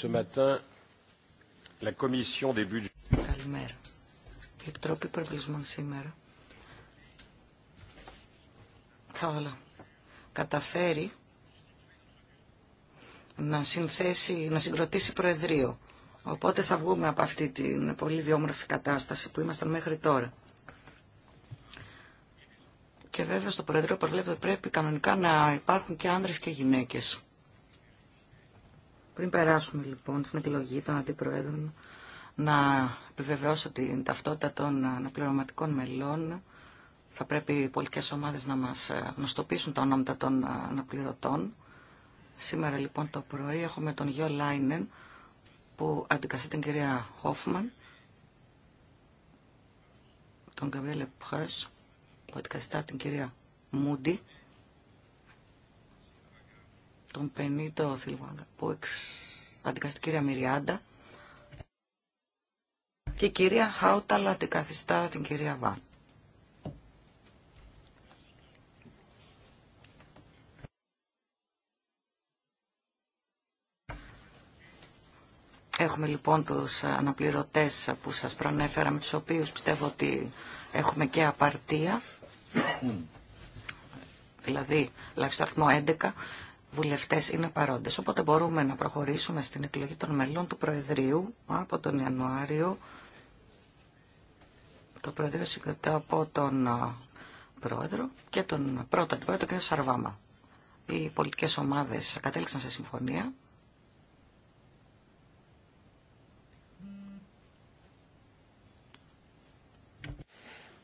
Καλημέρα. Η Επιτροπή σήμερα θα καταφέρει να συνθέσει, να συγκροτήσει Προεδρείο. Οπότε θα βγούμε από αυτή την πολύ διόμορφη κατάσταση που ήμασταν μέχρι τώρα. Και βέβαια στο Προεδρείο προβλέπεται πρέπει κανονικά να υπάρχουν και άνδρες και γυναίκες. Πριν περάσουμε λοιπόν στην εκλογή των αντιπροέδρων, να επιβεβαιώσω την ταυτότητα των αναπληρωματικών μελών. Θα πρέπει οι πολιτικές ομάδες να μας ε, γνωστοποιήσουν τα ονόματα των ε, αναπληρωτών. Σήμερα λοιπόν το πρωί έχουμε τον Γιώ Λάινεν που αντικαθεί την κυρία Χόφμαν, τον Καμπρίλε Πρέσ που αντικαστά την κυρία Μούντι, τον 50 Θηλβάγκα που εξ... αντικαστεί κυρία Μυριάντα και η κυρία Χάουταλα αντικαθιστά την κυρία Βά. Έχουμε λοιπόν τους αναπληρωτές που σας προνέφερα, με τους οποίους πιστεύω ότι έχουμε και απαρτία, δηλαδή λάχιστο αριθμό 11, βουλευτές είναι παρόντες. Οπότε μπορούμε να προχωρήσουμε στην εκλογή των μελών του Προεδρείου από τον Ιανουάριο. Το Προεδρείο συγκριτά από τον Πρόεδρο και τον πρώτο αντιπρόεδρο, τον κ. Σαρβάμα. Οι πολιτικές ομάδες κατέληξαν σε συμφωνία.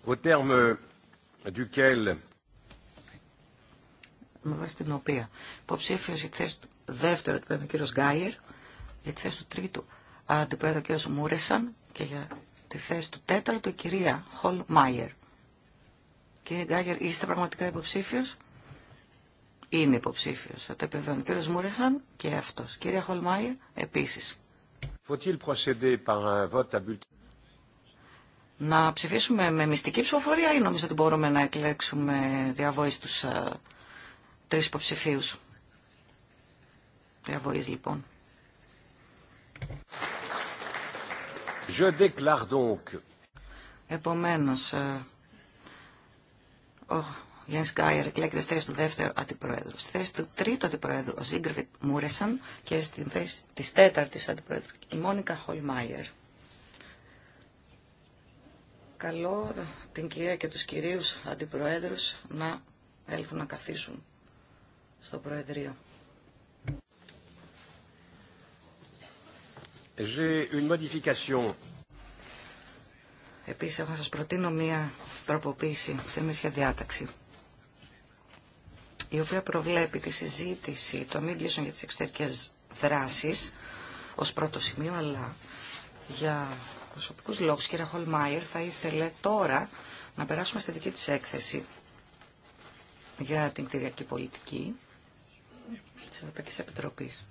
Au terme duquel με βάση την οποία υποψήφιο για τη θέση του δεύτερου αντιπρόεδρου κύριο Γκάιερ, για τη θέση του τρίτου αντιπρόεδρου κύριο Μούρεσαν και για τη θέση του τέταρτου η κυρία Χολ Μάιερ. Κύριε Γκάιερ, είστε πραγματικά υποψήφιο. Είναι υποψήφιο. Το επιβεβαιώνει ο κύριο Μούρεσαν και αυτό. Κυρία Χολ Μάιερ, επίσης. Να ψηφίσουμε με μυστική ψηφοφορία ή νομίζω ότι μπορούμε να εκλέξουμε διαβόηση τους ε, τρεις υποψηφίους. Διαβοής λοιπόν. Je déclare donc. Επομένως, ε, ο Γιάννης Γκάιερ εκλέγεται στη θέση του δεύτερου αντιπροέδρου. Στη θέση του τρίτου αντιπροέδρου ο Ζίγκρβιτ Μούρεσαν και στη θέση της τέταρτης αντιπροέδρου η Μόνικα Χολμάιερ. Καλό την κυρία και τους κυρίους αντιπροέδρους να έλθουν να καθίσουν στο Προεδρείο. Επίσης, έχω να σας προτείνω μία τροποποίηση σε μια διάταξη η οποία προβλέπει τη συζήτηση των εγγύσεων για τις εξωτερικές δράσεις ως πρώτο σημείο, αλλά για προσωπικούς λόγους, κύριε Χολμάιρ θα ήθελε τώρα να περάσουμε στη δική της έκθεση για την κτηριακή πολιτική της Ευρωπαϊκής Επιτροπής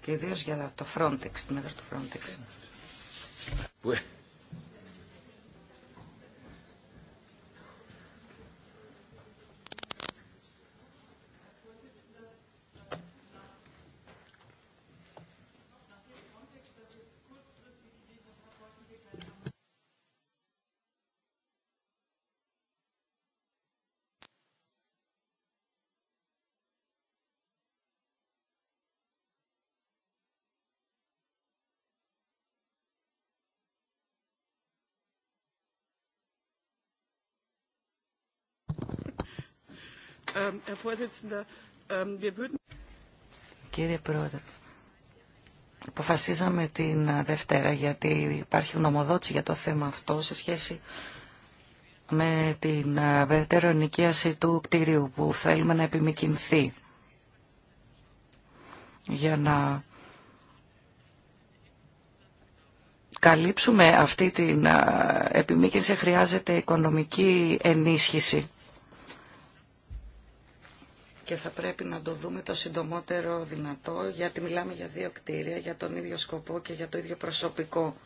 και ιδίως για το Frontex, τη μέτρα του Frontex. Ähm, ähm, Κύριε Πρόεδρε, αποφασίζαμε την ε, Δευτέρα γιατί υπάρχει νομοδότηση για το θέμα αυτό σε σχέση με την ε, περαιτέρω ενοικίαση του κτίριου που θέλουμε να επιμηκυνθεί για να καλύψουμε αυτή την ε, επιμήκυνση χρειάζεται οικονομική ενίσχυση και θα πρέπει να το δούμε το συντομότερο δυνατό, γιατί μιλάμε για δύο κτίρια, για τον ίδιο σκοπό και για το ίδιο προσωπικό.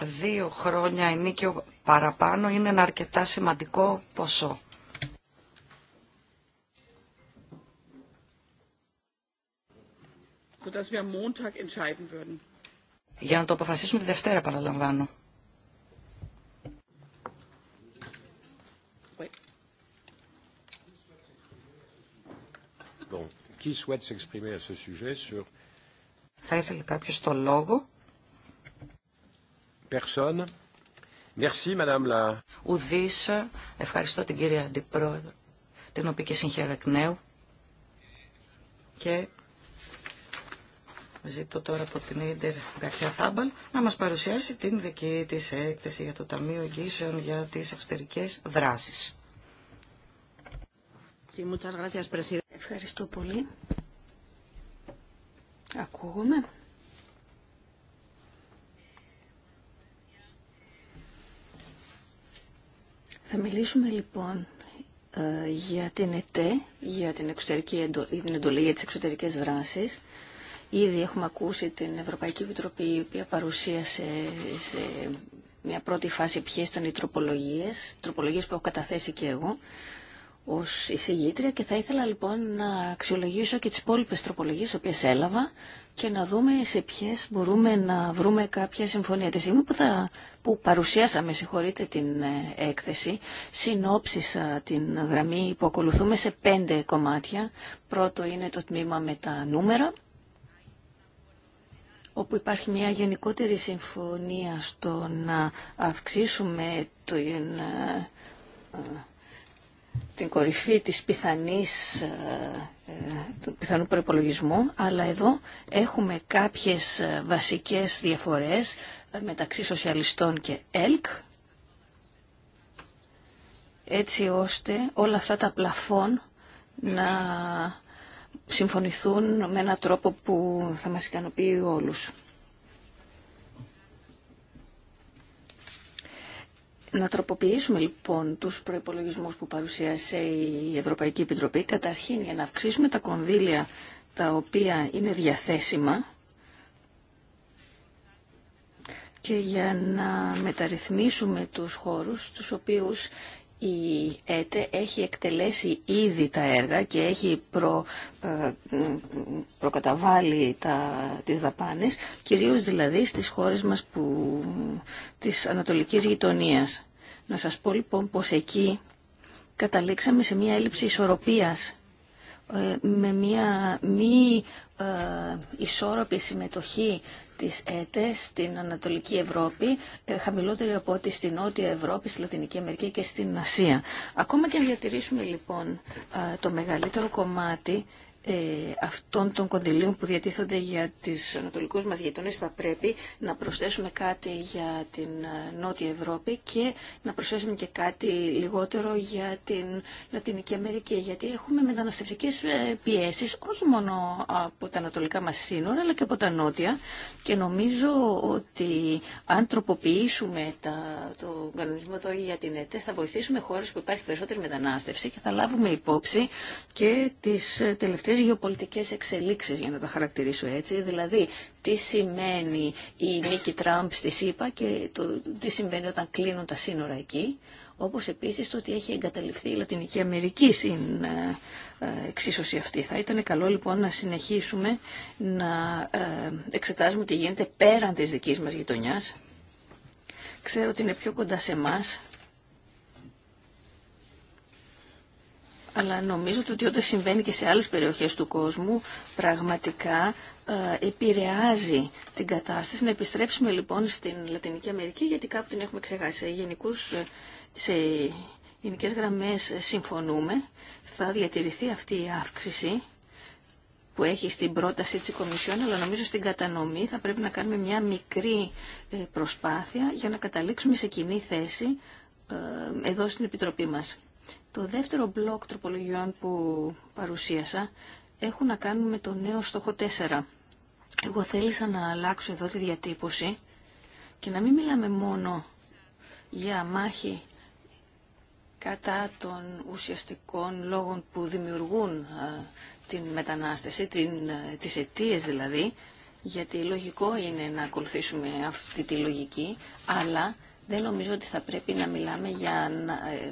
Δύο χρόνια ενίκιο παραπάνω είναι ένα αρκετά σημαντικό ποσό. wir am Montag entscheiden würden για να το αποφασίσουμε τη Δευτέρα παραλαμβάνω. Θα ήθελε κάποιο το λόγο. Personne. Merci, Madame la... Ουδής, ευχαριστώ την κυρία Αντιπρόεδρο, την οποία και συγχαίρω εκ νέου. Και Ζητώ τώρα από την Ίντερ Γκαρθιά Θάμπαλ να μας παρουσιάσει την δική της έκθεση για το Ταμείο Εγγύσεων για τις εξωτερικές δράσεις. Ευχαριστώ πολύ. Ακούγομαι. Θα μιλήσουμε λοιπόν ε, για την ΕΤΕ, για την, εξωτερική εντολή, την εντολή για τις εξωτερικές δράσεις Ήδη έχουμε ακούσει την Ευρωπαϊκή Επιτροπή η οποία παρουσίασε σε μια πρώτη φάση ποιε ήταν οι τροπολογίε, τροπολογίε που έχω καταθέσει και εγώ ω εισηγήτρια και θα ήθελα λοιπόν να αξιολογήσω και τι υπόλοιπε τι οποίε έλαβα και να δούμε σε ποιε μπορούμε να βρούμε κάποια συμφωνία. Τη στιγμή που, θα, που παρουσιάσαμε, συγχωρείτε, την ε, έκθεση, συνόψισα την γραμμή που ακολουθούμε σε πέντε κομμάτια. Πρώτο είναι το τμήμα με τα νούμερα, όπου υπάρχει μια γενικότερη συμφωνία στο να αυξήσουμε την, ε, την κορυφή της πιθανής ε, ε, του πιθανού προπολογισμού, αλλά εδώ έχουμε κάποιες βασικές διαφορές μεταξύ σοσιαλιστών και ΕΛΚ, έτσι ώστε όλα αυτά τα πλαφών να συμφωνηθούν με έναν τρόπο που θα μας ικανοποιεί όλους. Να τροποποιήσουμε λοιπόν τους προϋπολογισμούς που παρουσίασε η Ευρωπαϊκή Επιτροπή καταρχήν για να αυξήσουμε τα κονδύλια τα οποία είναι διαθέσιμα και για να μεταρρυθμίσουμε τους χώρους τους οποίους η ΕΤΕ έχει εκτελέσει ήδη τα έργα και έχει προ, ε, προκαταβάλει τα, τις δαπάνες, κυρίως δηλαδή στις χώρες μας που, της ανατολικής γειτονίας. Να σας πω λοιπόν πως εκεί καταλήξαμε σε μια έλλειψη ισορροπίας, ε, με μια μη ε, ισόρροπη συμμετοχή τις έτες στην Ανατολική Ευρώπη, ε, χαμηλότερη από ό,τι στην Νότια Ευρώπη, στη Λατινική Αμερική και στην Ασία. Ακόμα και αν διατηρήσουμε λοιπόν ε, το μεγαλύτερο κομμάτι ε, αυτών των κονδυλίων που διατίθονται για τις ανατολικούς μας γειτονές θα πρέπει να προσθέσουμε κάτι για την ε, Νότια Ευρώπη και να προσθέσουμε και κάτι λιγότερο για την Λατινική Αμερική γιατί έχουμε μεταναστευτικές ε, πιέσεις όχι μόνο από τα ανατολικά μας σύνορα αλλά και από τα νότια και νομίζω ότι αν τροποποιήσουμε τα, το κανονισμό εδώ για την ΕΤΕ θα βοηθήσουμε χώρες που υπάρχει περισσότερη μετανάστευση και θα λάβουμε υπόψη και τις τελευταίες γεωπολιτικές εξελίξεις, για να τα χαρακτηρίσω έτσι, δηλαδή τι σημαίνει η νίκη Τραμπ στη ΣΥΠΑ και τι συμβαίνει όταν κλείνουν τα σύνορα εκεί, όπως επίσης το ότι έχει εγκαταλειφθεί η Λατινική Αμερική στην ε, ε, εξίσωση αυτή. Θα ήταν καλό λοιπόν να συνεχίσουμε να ε, εξετάζουμε τι γίνεται πέραν της δικής μας γειτονιάς. Ξέρω ότι είναι πιο κοντά σε εμάς αλλά νομίζω ότι όταν συμβαίνει και σε άλλες περιοχές του κόσμου πραγματικά ε, επηρεάζει την κατάσταση. Να επιστρέψουμε λοιπόν στην Λατινική Αμερική γιατί κάπου την έχουμε ξεχάσει. Σε, γενικούς, ε, σε γενικές γραμμές ε, συμφωνούμε. Θα διατηρηθεί αυτή η αύξηση που έχει στην πρόταση της Κομισιόν, αλλά νομίζω στην κατανομή θα πρέπει να κάνουμε μια μικρή προσπάθεια για να καταλήξουμε σε κοινή θέση εδώ στην Επιτροπή μας. Το δεύτερο μπλοκ τροπολογιών που παρουσίασα έχουν να κάνουν με το νέο στόχο 4. Εγώ θέλησα να αλλάξω εδώ τη διατύπωση και να μην μιλάμε μόνο για μάχη κατά των ουσιαστικών λόγων που δημιουργούν την μετανάστευση, την, ε, τις αιτίες δηλαδή, γιατί λογικό είναι να ακολουθήσουμε αυτή τη λογική, αλλά δεν νομίζω ότι θα πρέπει να μιλάμε για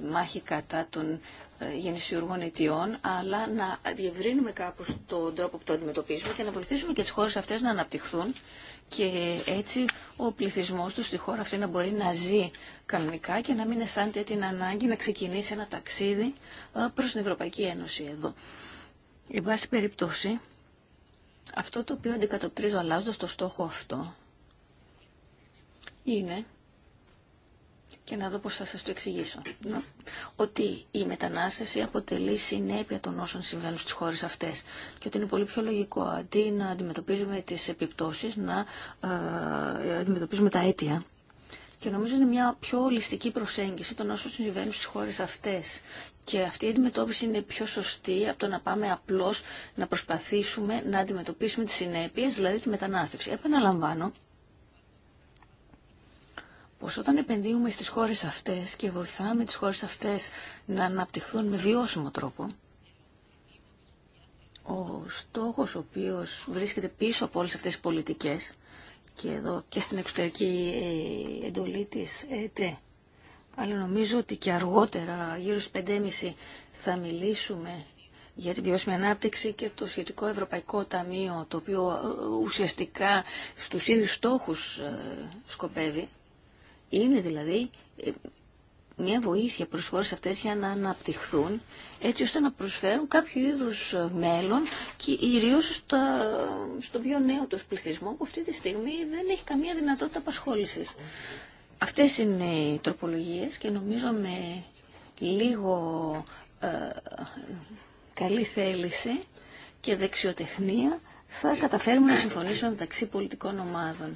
ε, μάχη κατά των ε, γεννησιουργών αιτιών, αλλά να διευρύνουμε κάπως τον τρόπο που το αντιμετωπίζουμε και να βοηθήσουμε και τις χώρες αυτές να αναπτυχθούν και έτσι ο πληθυσμός του στη χώρα αυτή να μπορεί να ζει κανονικά και να μην αισθάνεται την ανάγκη να ξεκινήσει ένα ταξίδι ε, προς την Ευρωπαϊκή Ένωση εδώ. Εν πάση περιπτώσει, αυτό το οποίο αντικατοπτρίζω αλλάζοντα το στόχο αυτό είναι και να δω πώς θα σας το εξηγήσω. Ότι η μετανάστευση αποτελεί συνέπεια των όσων συμβαίνουν στις χώρες αυτές και ότι είναι πολύ πιο λογικό αντί να αντιμετωπίζουμε τις επιπτώσεις, να ε, αντιμετωπίζουμε τα αίτια. Και νομίζω είναι μια πιο ολιστική προσέγγιση των όσων συμβαίνουν στις χώρες αυτές. Και αυτή η αντιμετώπιση είναι πιο σωστή από το να πάμε απλώς να προσπαθήσουμε να αντιμετωπίσουμε τις συνέπειες, δηλαδή τη μετανάστευση. Επαναλαμβάνω, πως όταν επενδύουμε στις χώρες αυτές και βοηθάμε τις χώρες αυτές να αναπτυχθούν με βιώσιμο τρόπο, ο στόχος ο οποίος βρίσκεται πίσω από όλες αυτές τις πολιτικές και εδώ και στην εξωτερική ε, εντολή της ΕΤΕ, αλλά νομίζω ότι και αργότερα, γύρω στις 5.30, θα μιλήσουμε για την βιώσιμη ανάπτυξη και το σχετικό Ευρωπαϊκό Ταμείο, το οποίο ε, ουσιαστικά στους ίδιους στόχους ε, σκοπεύει. Είναι δηλαδή ε, μια βοήθεια προς αυτές για να αναπτυχθούν έτσι ώστε να προσφέρουν κάποιο είδους ε, μέλλον και ιδίω στον πιο νέο τους πληθυσμό που αυτή τη στιγμή δεν έχει καμία δυνατότητα απασχόλησης. Αυτές είναι οι τροπολογίες και νομίζω με λίγο ε, καλή θέληση και δεξιοτεχνία θα καταφέρουμε να συμφωνήσουμε μεταξύ πολιτικών ομάδων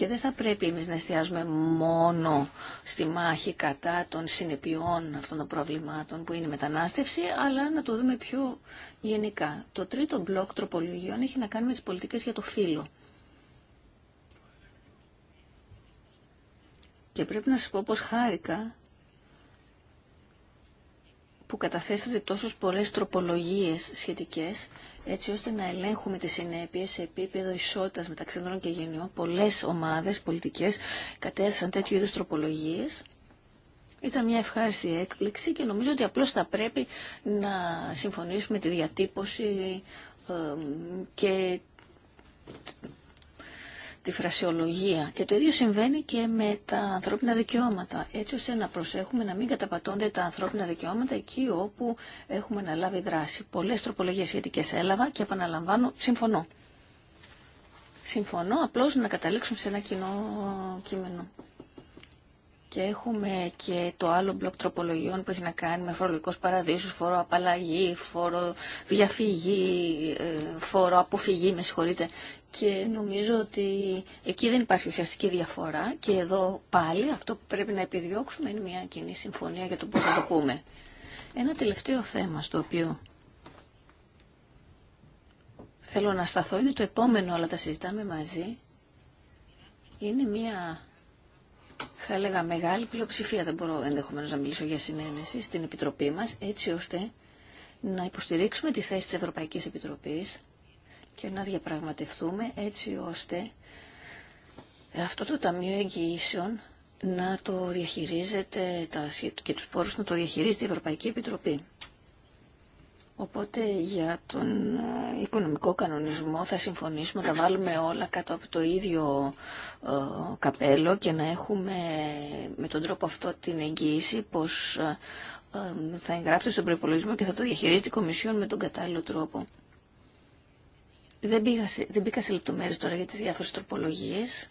και δεν θα πρέπει εμείς να εστιάζουμε μόνο στη μάχη κατά των συνεπειών αυτών των προβλημάτων που είναι η μετανάστευση, αλλά να το δούμε πιο γενικά. Το τρίτο μπλοκ τροπολογιών έχει να κάνει με τις πολιτικές για το φύλλο. Και πρέπει να σας πω πως χάρηκα που καταθέσατε τόσες πολλές τροπολογίες σχετικές έτσι ώστε να ελέγχουμε τις συνέπειες σε επίπεδο ισότητας μεταξύ ανδρών και γενιών. Πολλές ομάδες πολιτικές κατέθεσαν τέτοιου είδους τροπολογίες. Ήταν μια ευχάριστη έκπληξη και νομίζω ότι απλώς θα πρέπει να συμφωνήσουμε τη διατύπωση και τη φρασιολογία. Και το ίδιο συμβαίνει και με τα ανθρώπινα δικαιώματα, έτσι ώστε να προσέχουμε να μην καταπατώνται τα ανθρώπινα δικαιώματα εκεί όπου έχουμε να λάβει δράση. Πολλές τροπολογίες σχετικέ έλαβα και επαναλαμβάνω, συμφωνώ. Συμφωνώ απλώ να καταλήξουμε σε ένα κοινό κείμενο. Και έχουμε και το άλλο μπλοκ τροπολογιών που έχει να κάνει με φορολογικός παραδείσους, φόρο απαλλαγή, φόρο διαφυγή, ε, φόρο αποφυγή, με συγχωρείτε. Και νομίζω ότι εκεί δεν υπάρχει ουσιαστική διαφορά και εδώ πάλι αυτό που πρέπει να επιδιώξουμε είναι μια κοινή συμφωνία για το πώς θα το πούμε. Ένα τελευταίο θέμα στο οποίο θέλω να σταθώ είναι το επόμενο, αλλά τα συζητάμε μαζί. Είναι μια θα έλεγα μεγάλη πλειοψηφία, δεν μπορώ ενδεχομένως να μιλήσω για συνένεση, στην Επιτροπή μας, έτσι ώστε να υποστηρίξουμε τη θέση τη Ευρωπαϊκή Επιτροπής και να διαπραγματευτούμε έτσι ώστε αυτό το Ταμείο Εγγυήσεων να το διαχειρίζεται και τους πόρους να το διαχειρίζεται η Ευρωπαϊκή Επιτροπή. Οπότε για τον ε, οικονομικό κανονισμό θα συμφωνήσουμε, θα βάλουμε όλα κάτω από το ίδιο ε, καπέλο και να έχουμε με τον τρόπο αυτό την εγγύηση πως ε, θα εγγράφεται στον προπολογισμό και θα το διαχειρίζεται η Κομισιόν με τον κατάλληλο τρόπο. Δεν, πήγα, δεν μπήκα σε λεπτομέρειες τώρα για τις διάφορες τροπολογίες,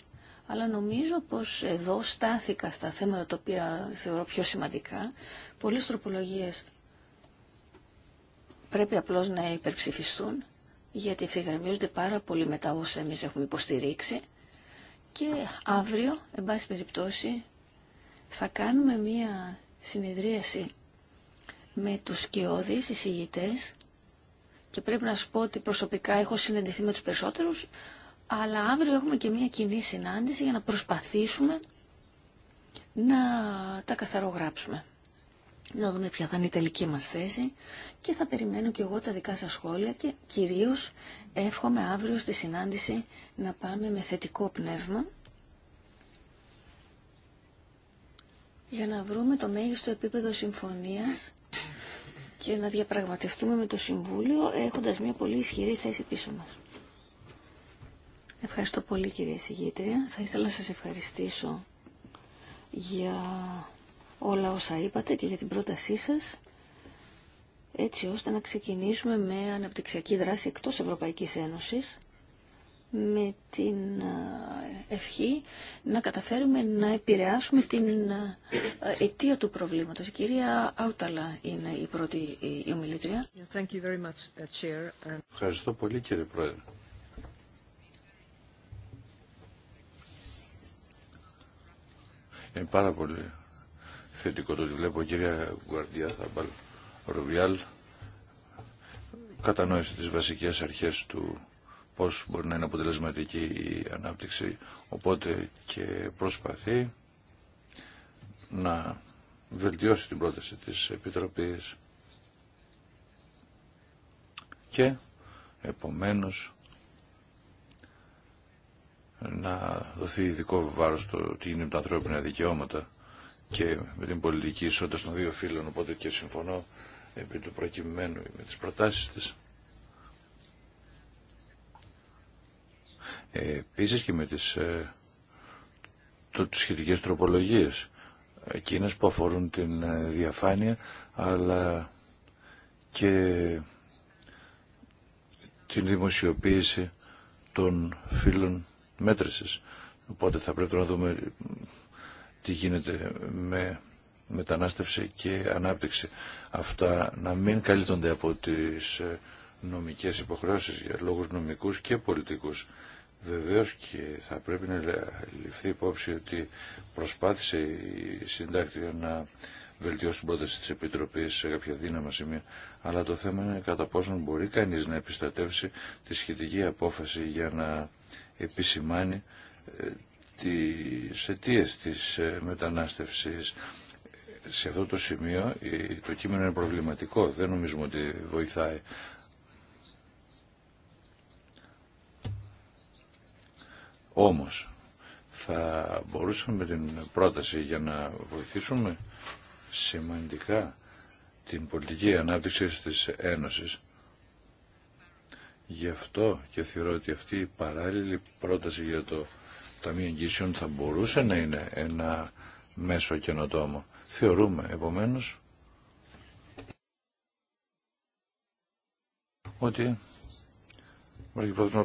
αλλά νομίζω πως εδώ στάθηκα στα θέματα τα οποία θεωρώ πιο σημαντικά. Πολλές τροπολογίες πρέπει απλώς να υπερψηφιστούν γιατί ευθυγραμμίζονται πάρα πολύ με τα όσα εμείς έχουμε υποστηρίξει και αύριο, εν πάση περιπτώσει, θα κάνουμε μία συνεδρίαση με τους σκιώδεις εισηγητές και πρέπει να σου πω ότι προσωπικά έχω συναντηθεί με τους περισσότερους αλλά αύριο έχουμε και μία κοινή συνάντηση για να προσπαθήσουμε να τα καθαρογράψουμε να δούμε ποια θα είναι η τελική μας θέση και θα περιμένω και εγώ τα δικά σας σχόλια και κυρίως εύχομαι αύριο στη συνάντηση να πάμε με θετικό πνεύμα για να βρούμε το μέγιστο επίπεδο συμφωνίας και να διαπραγματευτούμε με το Συμβούλιο έχοντας μια πολύ ισχυρή θέση πίσω μας. Ευχαριστώ πολύ κυρία Συγγήτρια. Θα ήθελα να σας ευχαριστήσω για όλα όσα είπατε και για την πρότασή σας έτσι ώστε να ξεκινήσουμε με αναπτυξιακή δράση εκτός Ευρωπαϊκής Ένωσης με την ευχή να καταφέρουμε να επηρεάσουμε την αιτία του προβλήματος. Η κυρία Άουταλα είναι η πρώτη η ομιλήτρια. Uh, Ευχαριστώ πολύ κύριε Πρόεδρε. Είναι πάρα πολύ θετικό το ότι βλέπω κυρία Γουαρδιά Θαμπαλ Ρουβιάλ κατανόησε τις βασικές αρχές του πώς μπορεί να είναι αποτελεσματική η ανάπτυξη οπότε και προσπαθεί να βελτιώσει την πρόταση της Επιτροπής και επομένως να δοθεί ειδικό βάρος στο τι είναι τα ανθρώπινα δικαιώματα και με την πολιτική ισότητα των δύο φίλων, οπότε και συμφωνώ επί του προκειμένου με τις προτάσεις της. Ε, επίσης και με τις, ε, το, τις σχετικές τροπολογίες, εκείνες που αφορούν την ε, διαφάνεια, αλλά και την δημοσιοποίηση των φίλων μέτρησης. Οπότε θα πρέπει να δούμε τι γίνεται με μετανάστευση και ανάπτυξη. Αυτά να μην καλύπτονται από τις ε, νομικές υποχρεώσεις για λόγους νομικούς και πολιτικούς. Βεβαίως και θα πρέπει να ληφθεί υπόψη ότι προσπάθησε η συντάκτρια να βελτιώσει την πρόταση τη Επιτροπής σε κάποια δύναμα σημεία, αλλά το θέμα είναι κατά πόσον μπορεί κανεί να επιστατεύσει τη σχετική απόφαση για να επισημάνει ε, τις αιτίες της ε, μετανάστευσης. Σε αυτό το σημείο το κείμενο είναι προβληματικό. Δεν νομίζουμε ότι βοηθάει. Όμως, θα μπορούσαμε την πρόταση για να βοηθήσουμε σημαντικά την πολιτική ανάπτυξη της Ένωσης. Γι' αυτό και θεωρώ ότι αυτή η παράλληλη πρόταση για το Ταμείο Εγγύσεων θα μπορούσε να είναι ένα μέσο καινοτόμο. Θεωρούμε, επομένως, ότι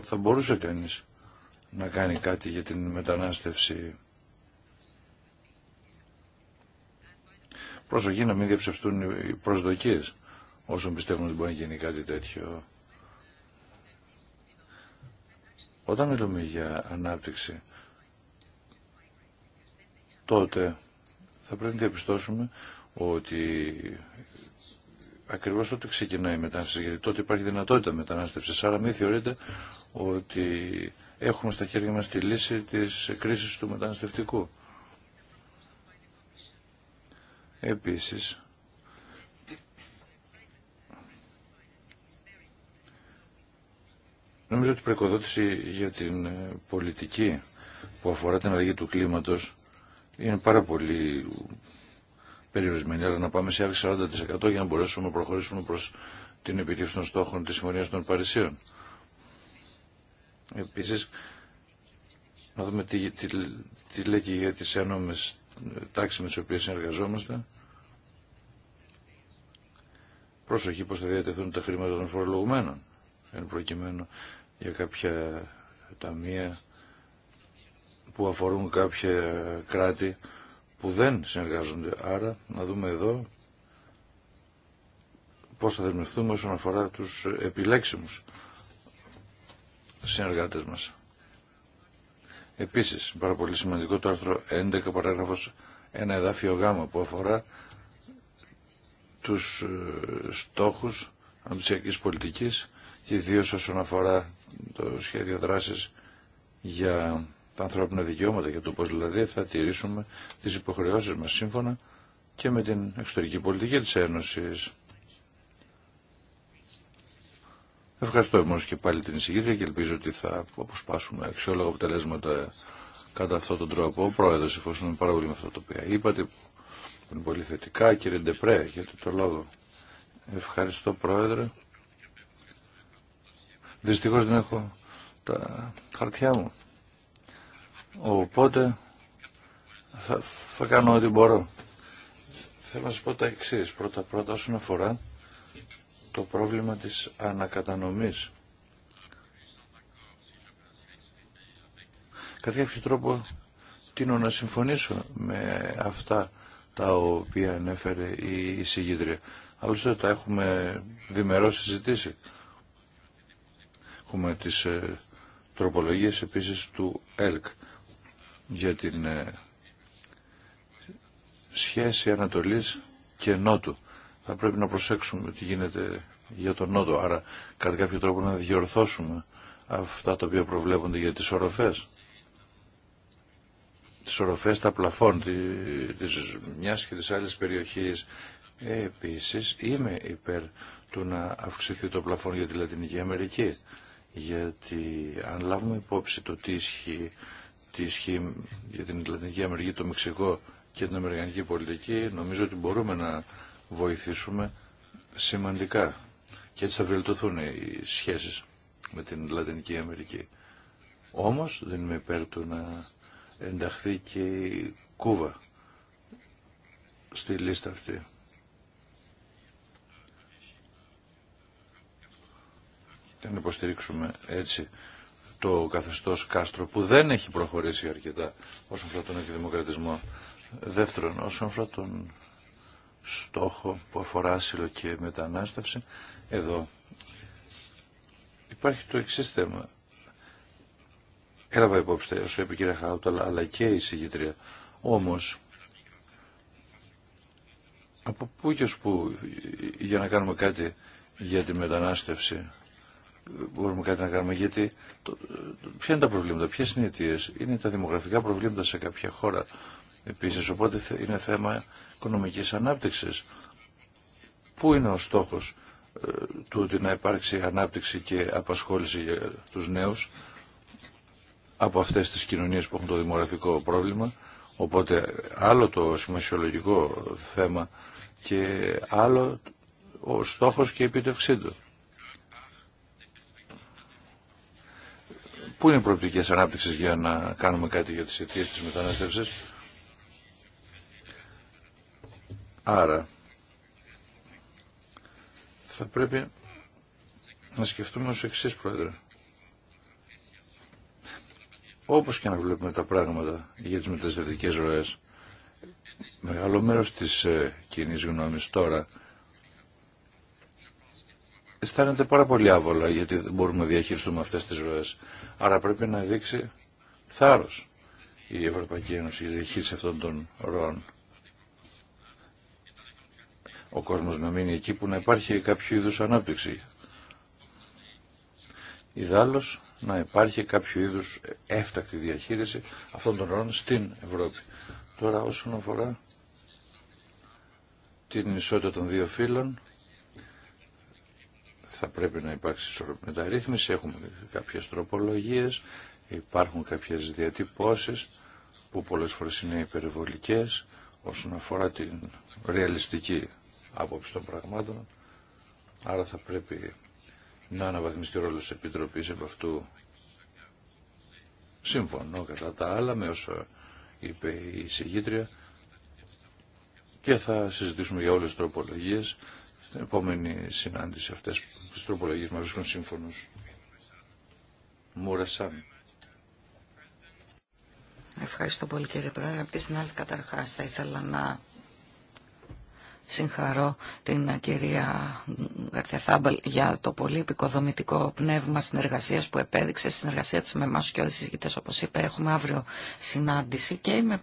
θα μπορούσε κανείς να κάνει κάτι για την μετανάστευση. Προσοχή να μην διαψευστούν οι προσδοκίες όσων πιστεύουν ότι μπορεί να γίνει κάτι τέτοιο. Όταν μιλούμε για ανάπτυξη, τότε θα πρέπει να διαπιστώσουμε ότι ακριβώς τότε ξεκινάει η μετανάστευση, γιατί τότε υπάρχει δυνατότητα μετανάστευσης. Άρα μην θεωρείτε ότι έχουμε στα χέρια μας τη λύση της κρίσης του μεταναστευτικού. Επίσης, νομίζω ότι η προεκοδότηση για την πολιτική που αφορά την αλλαγή του κλίματος είναι πάρα πολύ περιορισμένη, αλλά να πάμε σε άλλη 40% για να μπορέσουμε να προχωρήσουμε προς την επιτύχηση των στόχων της Συμφωνίας των Παρισίων. Επίσης, να δούμε τι, τι, τι λέει και για τις ένομες τάξεις με τις οποίες συνεργαζόμαστε. Πρόσοχη πώς θα διατεθούν τα χρήματα των φορολογουμένων, εν προκειμένου για κάποια ταμεία που αφορούν κάποια κράτη που δεν συνεργάζονται. Άρα να δούμε εδώ πώς θα δεσμευτούμε όσον αφορά τους επιλέξιμους συνεργάτες μας. Επίσης, πάρα πολύ σημαντικό το άρθρο 11 παράγραφος ένα εδάφιο γάμα που αφορά τους ε, στόχους αναπτυξιακής πολιτικής και ιδίω όσον αφορά το σχέδιο δράσης για τα ανθρώπινα δικαιώματα και το πώς δηλαδή θα τηρήσουμε τις υποχρεώσεις μας σύμφωνα και με την εξωτερική πολιτική της Ένωσης. Ευχαριστώ όμω και πάλι την εισηγήτρια και ελπίζω ότι θα αποσπάσουμε αξιόλογα αποτελέσματα κατά αυτόν τον τρόπο. Ο πρόεδρο, εφόσον είναι πάρα πολύ με αυτό το οποίο είπατε, που είναι πολύ θετικά, κύριε Ντεπρέ, για το λόγο. Ευχαριστώ, πρόεδρε. Δυστυχώ δεν έχω τα χαρτιά μου. Οπότε θα, θα κάνω ό,τι μπορώ. Θέλω να σας πω τα εξή Πρώτα πρώτα όσον αφορά το πρόβλημα της ανακατανομής. Κατά κάποιο τρόπο τίνω να συμφωνήσω με αυτά τα οποία ανέφερε η εισηγήτρια. Άλλωστε τα έχουμε διμερώς συζητήσει. Έχουμε τις ε, τροπολογίες επίσης του ΕΛΚ για την ε, σχέση Ανατολής και Νότου. Θα πρέπει να προσέξουμε τι γίνεται για τον Νότο, άρα κατά κάποιο τρόπο να διορθώσουμε αυτά τα οποία προβλέπονται για τις οροφές. Τις οροφές, τα πλαφών της μιας και της άλλης περιοχής. Ε, επίσης είμαι υπέρ του να αυξηθεί το πλαφόν για τη Λατινική Αμερική. Γιατί αν λάβουμε υπόψη το τι ισχύει τι ισχύει για την Λατινική Αμερική, το Μεξικό και την Αμερικανική πολιτική, νομίζω ότι μπορούμε να βοηθήσουμε σημαντικά. Και έτσι θα βελτιωθούν οι σχέσεις με την Λατινική Αμερική. Όμως δεν είμαι υπέρ του να ενταχθεί και η Κούβα στη λίστα αυτή. Και να υποστηρίξουμε έτσι το καθεστώς Κάστρο που δεν έχει προχωρήσει αρκετά όσον αφορά τον αντιδημοκρατισμό. Δεύτερον, όσον αφορά τον στόχο που αφορά άσυλο και μετανάστευση, εδώ υπάρχει το εξή θέμα. Έλαβα υπόψη, όσο είπε η κυρία αλλά και η συγκεντρία. Όμως, από πού και που για να κάνουμε κάτι για τη μετανάστευση μπορούμε κάτι να κάνουμε. Γιατί το, ποια είναι τα προβλήματα, ποιε είναι οι αιτίε. Είναι τα δημογραφικά προβλήματα σε κάποια χώρα. Επίση, οπότε είναι θέμα οικονομική ανάπτυξη. Πού είναι ο στόχο ε, του ότι να υπάρξει ανάπτυξη και απασχόληση για του νέου από αυτέ τι κοινωνίε που έχουν το δημογραφικό πρόβλημα. Οπότε άλλο το σημασιολογικό θέμα και άλλο ο στόχος και η επίτευξή του. Πού είναι οι προοπτικέ ανάπτυξης για να κάνουμε κάτι για τις αιτίε τη μετανάστευσης. Άρα, θα πρέπει να σκεφτούμε ως εξή Πρόεδρε. Όπως και να βλέπουμε τα πράγματα για τις μεταναστευτικές ροές, μεγάλο μέρος της ε, κοινή γνώμης τώρα αισθάνεται πάρα πολύ άβολα γιατί δεν μπορούμε να διαχειριστούμε αυτές τις ροέ. Άρα πρέπει να δείξει θάρρο η Ευρωπαϊκή Ένωση για τη διαχείριση αυτών των ροών. Ο κόσμος να μείνει εκεί που να υπάρχει κάποιο είδου ανάπτυξη. Ιδάλω να υπάρχει κάποιο είδους έφτακτη διαχείριση αυτών των ροών στην Ευρώπη. Τώρα όσον αφορά την ισότητα των δύο φύλων, θα πρέπει να υπάρξει μεταρρύθμιση, έχουμε κάποιες τροπολογίες, υπάρχουν κάποιες διατυπώσεις που πολλές φορές είναι υπερβολικές όσον αφορά την ρεαλιστική άποψη των πραγμάτων. Άρα θα πρέπει να αναβαθμιστεί ο ρόλος της Επιτροπής επ' αυτού. Συμφωνώ κατά τα άλλα με όσο είπε η συγγήτρια και θα συζητήσουμε για όλες τις τροπολογίες στην επόμενη συνάντηση αυτές στους τροπολογίες μας βρίσκουν σύμφωνος. Μουρασάν. Ευχαριστώ πολύ κύριε Πρόεδρε. Από τη συνάλλητη καταρχάς θα ήθελα να συγχαρώ την κυρία Γκαρθεθάμπελ για το πολύ επικοδομητικό πνεύμα συνεργασίας που επέδειξε, στη συνεργασία της με εμάς και όλες τις συζητητές όπως είπε. Έχουμε αύριο συνάντηση και είμαι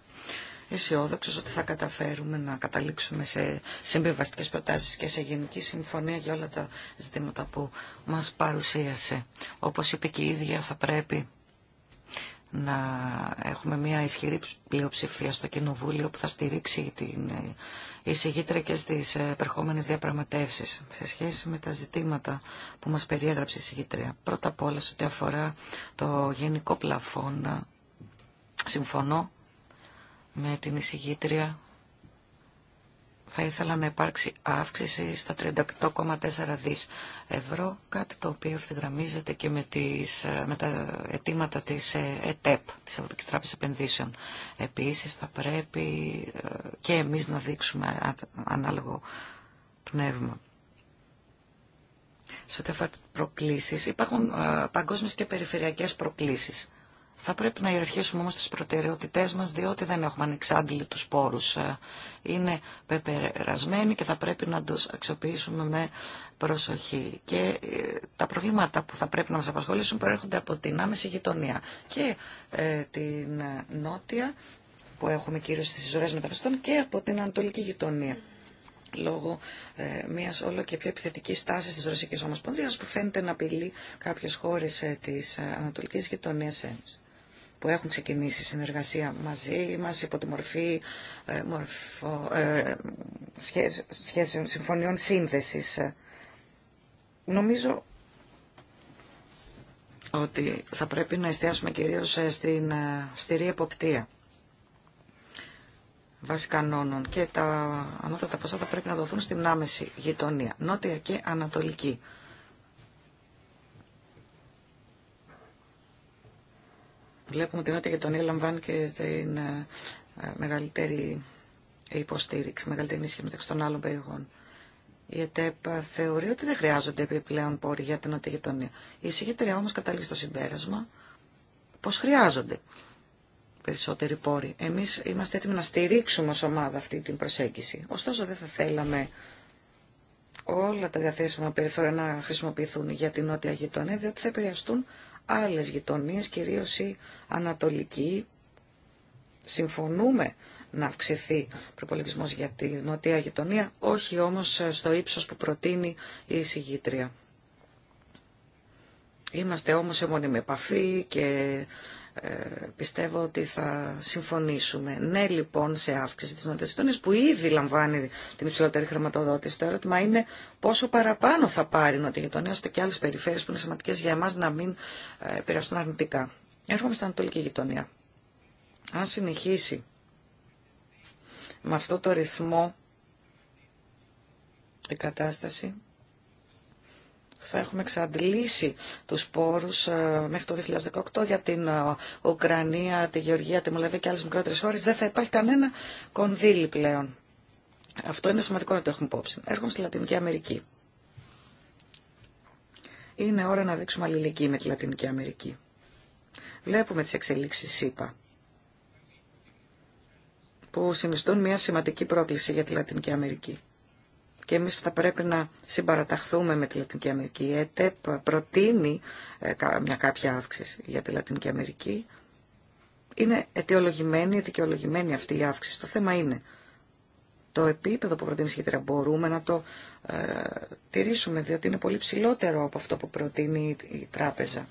αισιόδοξο ότι θα καταφέρουμε να καταλήξουμε σε συμβιβαστικέ προτάσει και σε γενική συμφωνία για όλα τα ζητήματα που μας παρουσίασε. Όπως είπε και η ίδια, θα πρέπει να έχουμε μια ισχυρή πλειοψηφία στο Κοινοβούλιο που θα στηρίξει την εισηγήτρια και στις ε, επερχόμενες διαπραγματεύσεις σε σχέση με τα ζητήματα που μας περιέγραψε η εισηγήτρια. Πρώτα απ' όλα, σε ό,τι αφορά το γενικό πλαφόν, συμφωνώ με την εισηγήτρια θα ήθελα να υπάρξει αύξηση στα 38,4 δις ευρώ, κάτι το οποίο ευθυγραμμίζεται και με, τις, ε, με τα αιτήματα της ε, ΕΤΕΠ, της Ευρωπαϊκής Τράπεζας Επενδύσεων. Επίσης θα πρέπει ε, και εμείς να δείξουμε ανάλογο πνεύμα. Σε ό,τι αφορά προκλήσει, υπάρχουν παγκόσμιες και περιφερειακές προκλήσεις. Θα πρέπει να ιεραρχήσουμε όμως τις προτεραιότητές μας, διότι δεν έχουμε ανεξάντλητους τους πόρους. Ε, είναι πεπερασμένοι και θα πρέπει να τους αξιοποιήσουμε με προσοχή. Και ε, τα προβλήματα που θα πρέπει να μας απασχολήσουν προέρχονται από την άμεση γειτονία και ε, την νότια που έχουμε κυρίως στις ζωές μεταναστών και από την ανατολική γειτονία λόγω ε, μιας όλο και πιο επιθετικής τάσης της Ρωσικής Ομοσπονδίας που φαίνεται να απειλεί κάποιες χώρες ε, της ε, Ανατολικής Γειτονίας που έχουν ξεκινήσει συνεργασία μαζί μας υπό τη μορφή ε, ε, συμφωνιών σύνδεσης. Νομίζω ότι θα πρέπει να εστιάσουμε κυρίως ε, στην στηρή εποπτεία βάσει κανόνων και τα ανώτατα ποσά θα πρέπει να δοθούν στην άμεση γειτονία, νότια και ανατολική. Βλέπουμε ότι η Νότια Γετονία λαμβάνει και την ε, ε, μεγαλύτερη υποστήριξη, μεγαλύτερη ενίσχυση μεταξύ των άλλων περιοχών. Η ΕΤΕΠ ε, θεωρεί ότι δεν χρειάζονται επιπλέον πόροι για την Νότια γειτονία. Η εισηγήτρια όμω καταλήγει στο συμπέρασμα πω χρειάζονται περισσότεροι πόροι. Εμεί είμαστε έτοιμοι να στηρίξουμε ω ομάδα αυτή την προσέγγιση. Ωστόσο, δεν θα θέλαμε όλα τα διαθέσιμα περιθώρια να χρησιμοποιηθούν για την νότια γειτονία, διότι θα επηρεαστούν άλλες γειτονίες, κυρίως η Ανατολική. Συμφωνούμε να αυξηθεί ο για τη νοτιά γειτονία, όχι όμως στο ύψος που προτείνει η εισηγήτρια. Είμαστε όμως σε μόνιμη επαφή και ε, πιστεύω ότι θα συμφωνήσουμε. Ναι λοιπόν σε αύξηση της νοτιοστονής που ήδη λαμβάνει την υψηλότερη χρηματοδότηση. Το ερώτημα είναι πόσο παραπάνω θα πάρει η νοτιογειτονία ώστε και άλλες περιφέρειες που είναι σημαντικές για εμάς να μην ε, επηρεαστούν αρνητικά. Έρχομαι στην Ανατολική γειτονία. Αν συνεχίσει με αυτό το ρυθμό η κατάσταση θα έχουμε εξαντλήσει τους πόρους ε, μέχρι το 2018 για την ε, Ουκρανία, τη Γεωργία, τη Μολδαβία και άλλες μικρότερες χώρες. Δεν θα υπάρχει κανένα κονδύλι πλέον. Αυτό είναι σημαντικό να το έχουμε υπόψη. Έρχομαι στη Λατινική Αμερική. Είναι ώρα να δείξουμε αλληλεγγύη με τη Λατινική Αμερική. Βλέπουμε τις εξελίξεις ΣΥΠΑ που συνιστούν μια σημαντική πρόκληση για τη Λατινική Αμερική και εμείς θα πρέπει να συμπαραταχθούμε με τη Λατινική Αμερική. Η ΕΤΕΠ προτείνει ε, μια κάποια αύξηση για τη Λατινική Αμερική. Είναι αιτιολογημένη, δικαιολογημένη αυτή η αύξηση. Το θέμα είναι το επίπεδο που προτείνει η μπορούμε να το ε, τηρήσουμε, διότι είναι πολύ ψηλότερο από αυτό που προτείνει η, τράπεζα.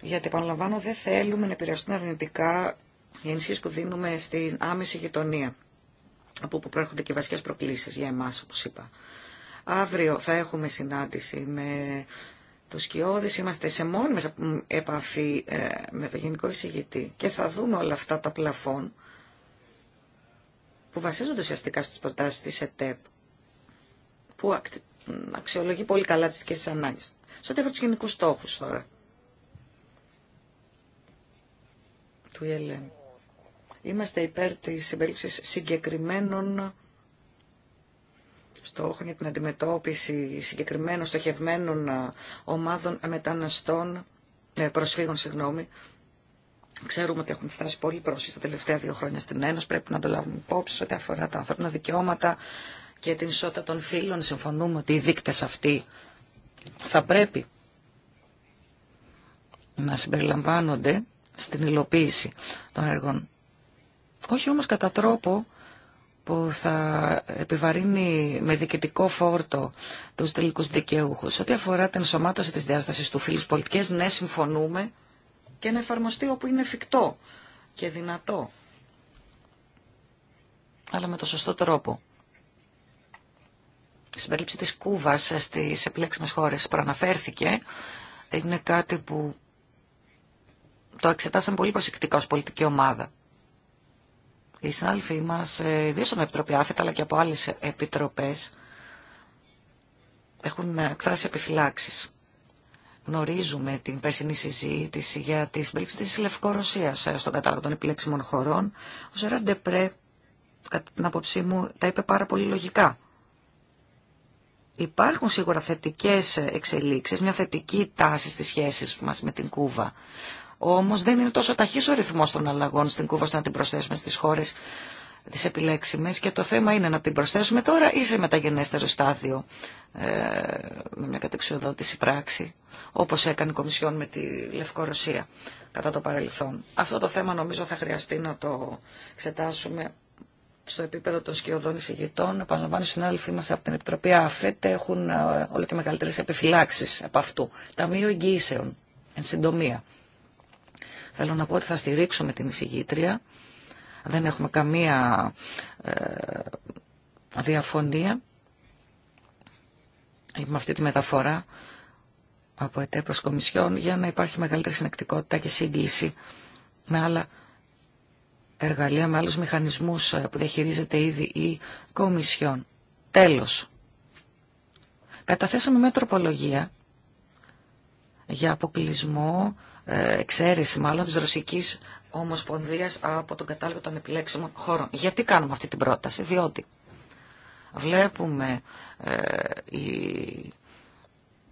Γιατί, επαναλαμβάνω, δεν θέλουμε να επηρεαστούν αρνητικά οι ενισχύσεις που δίνουμε στην άμεση γειτονία από όπου προέρχονται και βασικές προκλήσεις για εμάς, όπως είπα. Αύριο θα έχουμε συνάντηση με το Σκιώδης, είμαστε σε μόνιμη επαφή ε, με το Γενικό Εισηγητή και θα δούμε όλα αυτά τα πλαφόν που βασίζονται ουσιαστικά στις προτάσεις της ΕΤΕΠ, που αξιολογεί πολύ καλά τις δικές της ανάγκες. Σε ό,τι τους γενικούς στόχους τώρα του Ιελένη. Είμαστε υπέρ της συμπερίληψης συγκεκριμένων στόχων για την αντιμετώπιση συγκεκριμένων στοχευμένων ε, ομάδων μεταναστών, ε, προσφύγων, συγγνώμη. Ξέρουμε ότι έχουν φτάσει πολύ πρόσφυγες τα τελευταία δύο χρόνια στην Ένωση. Πρέπει να το λάβουμε υπόψη ό,τι αφορά τα ανθρώπινα δικαιώματα και την ισότητα των φίλων Συμφωνούμε ότι οι δείκτες αυτοί θα πρέπει να συμπεριλαμβάνονται στην υλοποίηση των έργων όχι όμως κατά τρόπο που θα επιβαρύνει με διοικητικό φόρτο τους τελικούς δικαιούχους. Ό,τι αφορά την σωμάτωση της διάστασης του φίλους πολιτικές, ναι, συμφωνούμε και να εφαρμοστεί όπου είναι εφικτό και δυνατό, αλλά με το σωστό τρόπο. Η συμπερίληψη της Κούβας στις επιλέξιμες χώρες αναφέρθηκε Είναι κάτι που το εξετάσαμε πολύ προσεκτικά ως πολιτική ομάδα οι συνάδελφοί μας, ε, ιδίως από Επιτροπή Άφητα, αλλά και από άλλες επιτροπές, έχουν εκφράσει επιφυλάξεις. Γνωρίζουμε την περσινή συζήτηση για τη συμπερίληψη της Λευκορωσία ε, στον κατάλογο των επιλέξιμων χωρών. Ο Ζεράν Ντεπρέ, κατά την άποψή μου, τα είπε πάρα πολύ λογικά. Υπάρχουν σίγουρα θετικές εξελίξεις, μια θετική τάση στις σχέσεις μας με την Κούβα. Όμως δεν είναι τόσο ταχύς ο ρυθμός των αλλαγών στην Κούβα ώστε να την προσθέσουμε στις χώρες τις επιλέξιμες και το θέμα είναι να την προσθέσουμε τώρα ή σε μεταγενέστερο στάδιο ε, με μια κατεξιοδότηση πράξη όπως έκανε η Κομισιόν με τη Λευκορωσία κατά το παρελθόν. Αυτό το θέμα νομίζω θα χρειαστεί να το εξετάσουμε στο επίπεδο των σκιωδών εισηγητών. Επαναλαμβάνω, οι συνάδελφοί μα από την Επιτροπή ΑΦΕΤ έχουν ε, όλο και μεγαλύτερε επιφυλάξει από αυτού. Ταμείο Εγγυήσεων, εν συντομία. Θέλω να πω ότι θα στηρίξουμε την εισηγήτρια. Δεν έχουμε καμία ε, διαφωνία με αυτή τη μεταφορά από ΕΤΕ προς Κομισιόν για να υπάρχει μεγαλύτερη συνεκτικότητα και σύγκληση με άλλα εργαλεία, με άλλους μηχανισμούς ε, που διαχειρίζεται ήδη η Κομισιόν. Τέλος. Καταθέσαμε μια τροπολογία για αποκλεισμό ε, εξαίρεση μάλλον της Ρωσικής Ομοσπονδίας από τον κατάλογο των επιλέξιμων χώρων. Γιατί κάνουμε αυτή την πρόταση, διότι βλέπουμε ε, η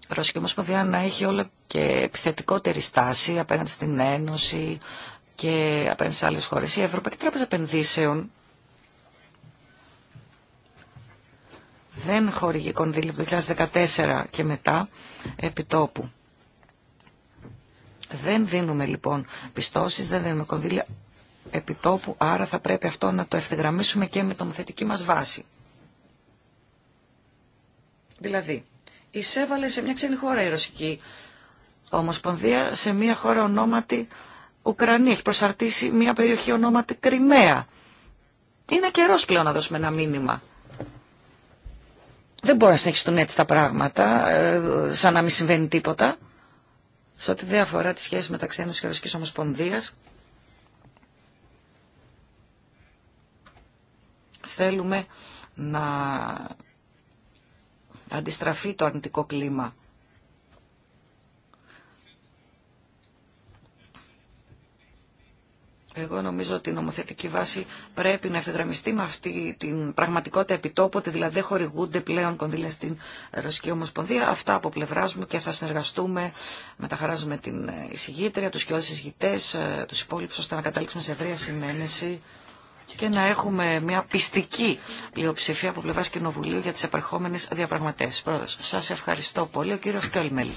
Ρωσική Ομοσπονδία να έχει όλο και επιθετικότερη στάση απέναντι στην Ένωση και απέναντι σε άλλες χώρες. Η Ευρωπαϊκή Τράπεζα Επενδύσεων δεν χορηγεί κονδύλι από το 2014 και μετά επιτόπου. Δεν δίνουμε λοιπόν πιστώσεις, δεν δίνουμε κονδύλια επιτόπου, άρα θα πρέπει αυτό να το ευθυγραμμίσουμε και με τομοθετική μας βάση. Δηλαδή, εισέβαλε σε μια ξένη χώρα η Ρωσική Ομοσπονδία, σε μια χώρα ονόματι Ουκρανία. Έχει προσαρτήσει μια περιοχή ονόματι Κρυμαία. Είναι καιρό πλέον να δώσουμε ένα μήνυμα. Δεν μπορεί να συνεχιστούν έτσι τα πράγματα, ε, σαν να μην συμβαίνει τίποτα σε ό,τι δεν αφορά τη σχέση μεταξύ Ένωσης και Ρωσικής Ομοσπονδίας. Θέλουμε να αντιστραφεί το αρνητικό κλίμα Εγώ νομίζω ότι η νομοθετική βάση πρέπει να ευθυγραμμιστεί με αυτή την πραγματικότητα επιτόπου, δηλαδή δεν χορηγούνται πλέον κονδύλια στην Ρωσική Ομοσπονδία. Αυτά από πλευρά μου και θα συνεργαστούμε με τα χαρά την εισηγήτρια, του κοιόδε εισηγητέ, ε, του υπόλοιπου, ώστε να καταλήξουμε σε ευρεία συνένεση και να έχουμε μια πιστική πλειοψηφία από πλευρά Κοινοβουλίου για τι επερχόμενε διαπραγματεύσει. σα ευχαριστώ πολύ, ο κύριο Κιόλμελ.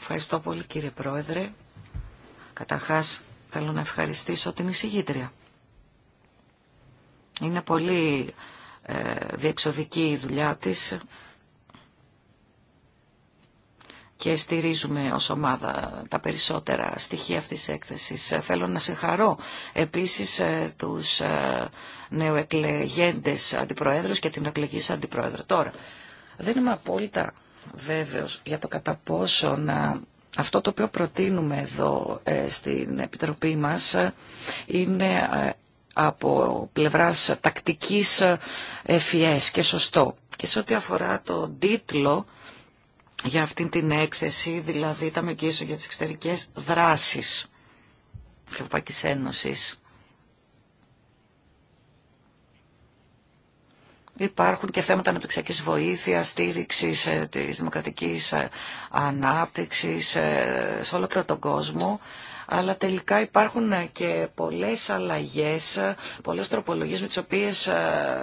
Ευχαριστώ πολύ κύριε Πρόεδρε. Καταρχάς θέλω να ευχαριστήσω την εισηγήτρια. Είναι πολύ ε, διεξοδική η δουλειά της και στηρίζουμε ως ομάδα τα περισσότερα στοιχεία αυτής της έκθεσης. Θέλω να συγχαρώ επίσης ε, τους ε, νεοεκλεγέντες αντιπροέδρους και την εκλεγής αντιπροέδρα. Τώρα, δεν είμαι απόλυτα βέβαιος για το κατά πόσο να αυτό το οποίο προτείνουμε εδώ ε, στην Επιτροπή μας ε, είναι ε, από πλευράς τακτικής ευφυές και σωστό. Και σε ό,τι αφορά το τίτλο για αυτήν την έκθεση, δηλαδή τα μεγκύσω για τις εξωτερικές δράσεις της Ευρωπαϊκής Ένωσης, Υπάρχουν και θέματα αναπτυξιακής βοήθειας, στήριξης ε, της δημοκρατικής ε, ανάπτυξης ε, σε ολόκληρο τον κόσμο. Αλλά τελικά υπάρχουν και πολλές αλλαγές, πολλές τροπολογίες με τις οποίες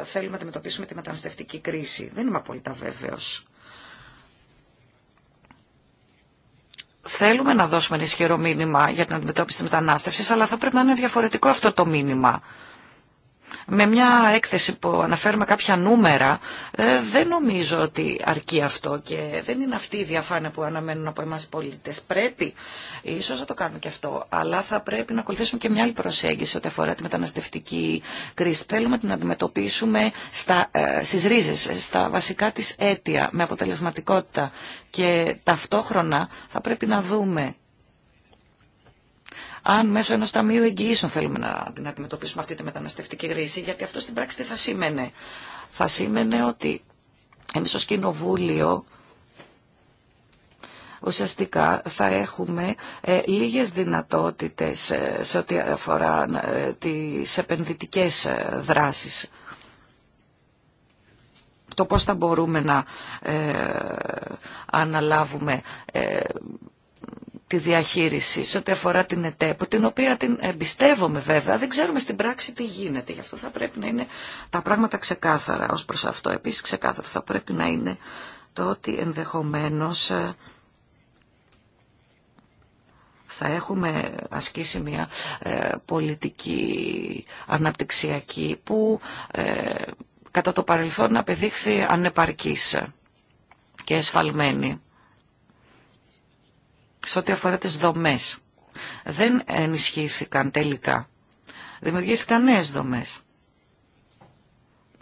θέλουμε να αντιμετωπίσουμε τη μεταναστευτική κρίση. Δεν είμαι απόλυτα βέβαιος. Θέλουμε να δώσουμε ένα ισχυρό μήνυμα για την αντιμετώπιση της μετανάστευσης, αλλά θα πρέπει να είναι διαφορετικό αυτό το μήνυμα με μια έκθεση που αναφέρουμε κάποια νούμερα, ε, δεν νομίζω ότι αρκεί αυτό και δεν είναι αυτή η διαφάνεια που αναμένουν από εμάς οι πολίτες. Πρέπει, ίσως να το κάνουμε και αυτό, αλλά θα πρέπει να ακολουθήσουμε και μια άλλη προσέγγιση ό,τι αφορά τη μεταναστευτική κρίση. Θέλουμε να την αντιμετωπίσουμε στα, ε, στις ρίζες, στα βασικά της αίτια, με αποτελεσματικότητα και ταυτόχρονα θα πρέπει να δούμε αν μέσω ενός ταμείου εγγυήσεων θέλουμε να την αντιμετωπίσουμε αυτή τη μεταναστευτική κρίση, γιατί αυτό στην πράξη τι θα σήμαινε. Θα σήμαινε ότι εμείς ως Κοινοβούλιο ουσιαστικά θα έχουμε ε, λίγες δυνατότητες ε, σε ό,τι αφορά ε, τις επενδυτικές δράσεις. Το πώς θα μπορούμε να αναλάβουμε τη διαχείριση σε ό,τι αφορά την ΕΤΕΠ, την οποία την εμπιστεύομαι βέβαια, δεν ξέρουμε στην πράξη τι γίνεται. Γι' αυτό θα πρέπει να είναι τα πράγματα ξεκάθαρα ως προς αυτό. Επίσης ξεκάθαρα θα πρέπει να είναι το ότι ενδεχομένως ε, θα έχουμε ασκήσει μια ε, πολιτική αναπτυξιακή που ε, κατά το παρελθόν απεδείχθη ανεπαρκής και εσφαλμένη σε ό,τι αφορά τις δομές. Δεν ενισχύθηκαν τελικά. Δημιουργήθηκαν νέες δομές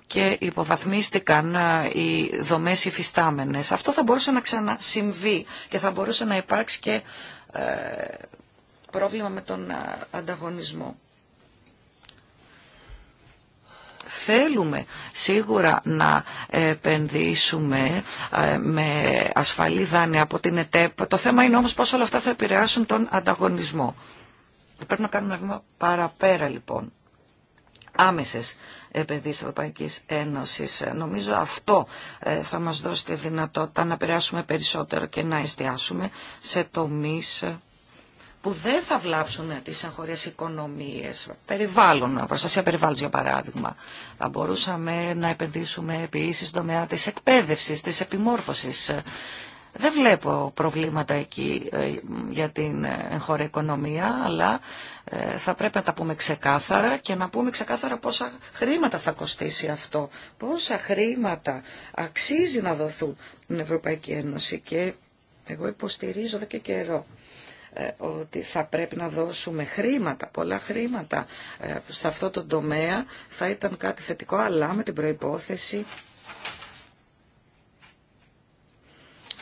και υποβαθμίστηκαν οι δομές υφιστάμενες. Αυτό θα μπορούσε να ξανασυμβεί και θα μπορούσε να υπάρξει και ε, πρόβλημα με τον ανταγωνισμό. Θέλουμε σίγουρα να επενδύσουμε ε, με ασφαλή δάνεια από την ΕΤΕΠ. Το θέμα είναι όμως πώς όλα αυτά θα επηρεάσουν τον ανταγωνισμό. Πρέπει να κάνουμε ένα βήμα παραπέρα λοιπόν. Άμεσες επενδύσεις Ευρωπαϊκή Ένωσης. Νομίζω αυτό ε, θα μας δώσει τη δυνατότητα να περάσουμε περισσότερο και να εστιάσουμε σε τομείς που δεν θα βλάψουν τις εγχώριες οικονομίες, περιβάλλον, προστασία περιβάλλοντο για παράδειγμα. Θα μπορούσαμε να επενδύσουμε επίσης στον τομέα της εκπαίδευσης, της επιμόρφωσης. Δεν βλέπω προβλήματα εκεί ε, για την εγχώρια οικονομία, αλλά ε, θα πρέπει να τα πούμε ξεκάθαρα και να πούμε ξεκάθαρα πόσα χρήματα θα κοστίσει αυτό, πόσα χρήματα αξίζει να δοθούν την Ευρωπαϊκή Ένωση και εγώ υποστηρίζω εδώ και καιρό ε, ότι θα πρέπει να δώσουμε χρήματα, πολλά χρήματα ε, σε αυτό το τομέα θα ήταν κάτι θετικό, αλλά με την προϋπόθεση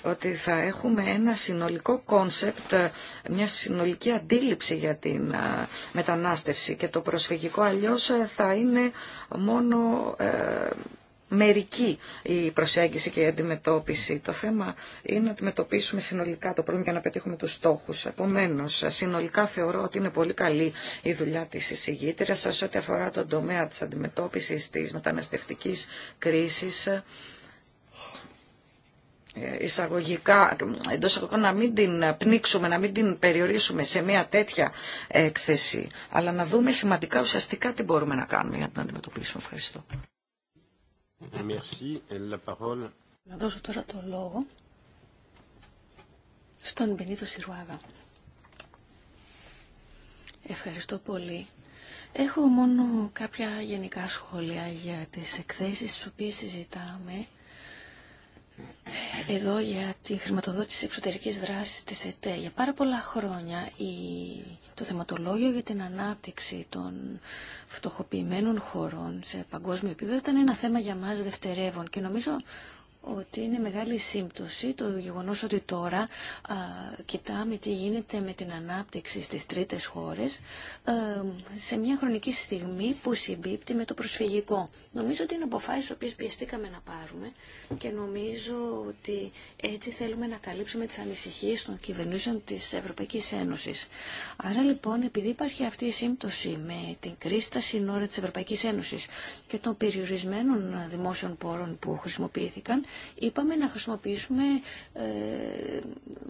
ότι θα έχουμε ένα συνολικό κόνσεπτ, ε, μια συνολική αντίληψη για την μετανάστευση και το προσφυγικό αλλιώς θα είναι μόνο μερική η προσέγγιση και η αντιμετώπιση. Το θέμα είναι να αντιμετωπίσουμε συνολικά το πρόβλημα για να πετύχουμε τους στόχους. Επομένω, συνολικά θεωρώ ότι είναι πολύ καλή η δουλειά της εισηγήτρια σε ό,τι αφορά τον τομέα της αντιμετώπισης της μεταναστευτικής κρίσης ε, εισαγωγικά, εντό εισαγωγικών να μην την πνίξουμε, να μην την περιορίσουμε σε μια τέτοια έκθεση, αλλά να δούμε σημαντικά ουσιαστικά τι μπορούμε να κάνουμε για να την αντιμετωπίσουμε. Ευχαριστώ. Να δώσω τώρα το λόγο στον Μπενίτο Σιρουάδα. Ευχαριστώ πολύ. Έχω μόνο κάποια γενικά σχόλια για τις εκθέσεις τις οποίες συζητάμε εδώ για τη χρηματοδότηση εξωτερικής δράσης της ΕΤΕ. Για πάρα πολλά χρόνια η... το θεματολόγιο για την ανάπτυξη των φτωχοποιημένων χωρών σε παγκόσμιο επίπεδο ήταν ένα θέμα για μας δευτερεύον και νομίζω ότι είναι μεγάλη σύμπτωση το γεγονός ότι τώρα α, κοιτάμε τι γίνεται με την ανάπτυξη στις τρίτες χώρες ε, σε μια χρονική στιγμή που συμπίπτει με το προσφυγικό. Νομίζω ότι είναι αποφάσεις οποίες πιεστήκαμε να πάρουμε και νομίζω ότι έτσι θέλουμε να καλύψουμε τις ανησυχίες των κυβερνήσεων της Ευρωπαϊκής Ένωσης. Άρα λοιπόν επειδή υπάρχει αυτή η σύμπτωση με την κρίση στα σύνορα της Ευρωπαϊκής Ένωσης και των περιορισμένων δημόσιων πόρων που χρησιμοποιήθηκαν, είπαμε να χρησιμοποιήσουμε ε,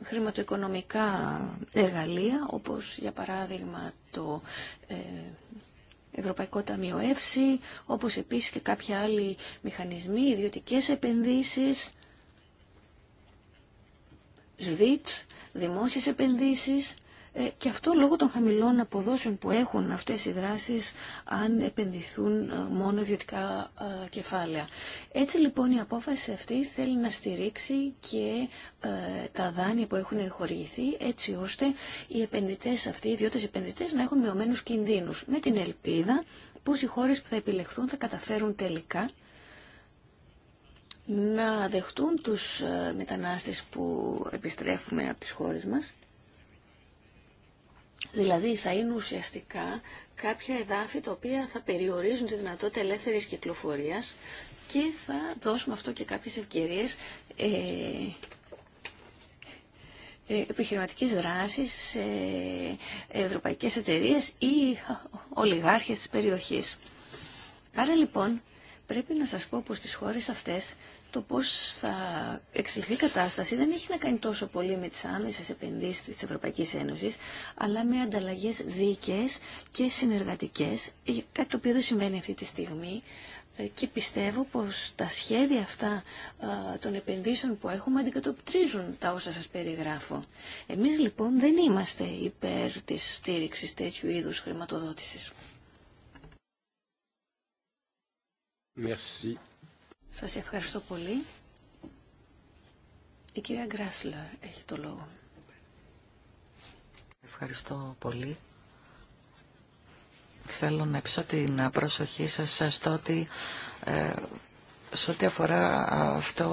χρηματοοικονομικά εργαλεία, όπως για παράδειγμα το ε, Ευρωπαϊκό Ταμείο Εύση, όπως επίσης και κάποια άλλη μηχανισμοί, ιδιωτικές επενδύσεις, ΣΔΙΤ, δημόσιες επενδύσεις, ε, και αυτό λόγω των χαμηλών αποδόσεων που έχουν αυτές οι δράσεις αν επενδυθούν ε, μόνο ιδιωτικά ε, κεφάλαια. Έτσι λοιπόν η απόφαση αυτή θέλει να στηρίξει και τα δάνεια που έχουν χορηγηθεί έτσι ώστε οι επενδυτές αυτοί, οι ιδιώτες επενδυτές να έχουν μειωμένους κινδύνους με την ελπίδα πως οι χώρες που θα επιλεχθούν θα καταφέρουν τελικά να δεχτούν τους μετανάστες που επιστρέφουμε από τις χώρες μας Δηλαδή θα είναι ουσιαστικά κάποια εδάφη τα οποία θα περιορίζουν τη δυνατότητα ελεύθερης κυκλοφορίας και θα δώσουμε αυτό και κάποιες ευκαιρίες ε, ε επιχειρηματικής δράσης σε ευρωπαϊκές εταιρείες ή ολιγάρχες της περιοχής. Άρα λοιπόν πρέπει να σας πω πως στις χώρες αυτές το πώς θα εξελιχθεί η κατάσταση δεν έχει να κάνει τόσο πολύ με τις άμεσες επενδύσεις της Ευρωπαϊκής Ένωσης, αλλά με ανταλλαγές δίκαιες και συνεργατικές, ε, κάτι το οποίο δεν συμβαίνει αυτή τη στιγμή ε, και πιστεύω πως τα σχέδια αυτά ε, των επενδύσεων που έχουμε αντικατοπτρίζουν τα όσα σας περιγράφω. Εμείς λοιπόν δεν είμαστε υπέρ της στήριξης τέτοιου είδους χρηματοδότησης. Merci. Σας ευχαριστώ πολύ. Η κυρία Γκράσλερ έχει το λόγο. Ευχαριστώ πολύ. Θέλω να επισώ την προσοχή σας στο ότι ε, σε ό,τι αφορά αυτό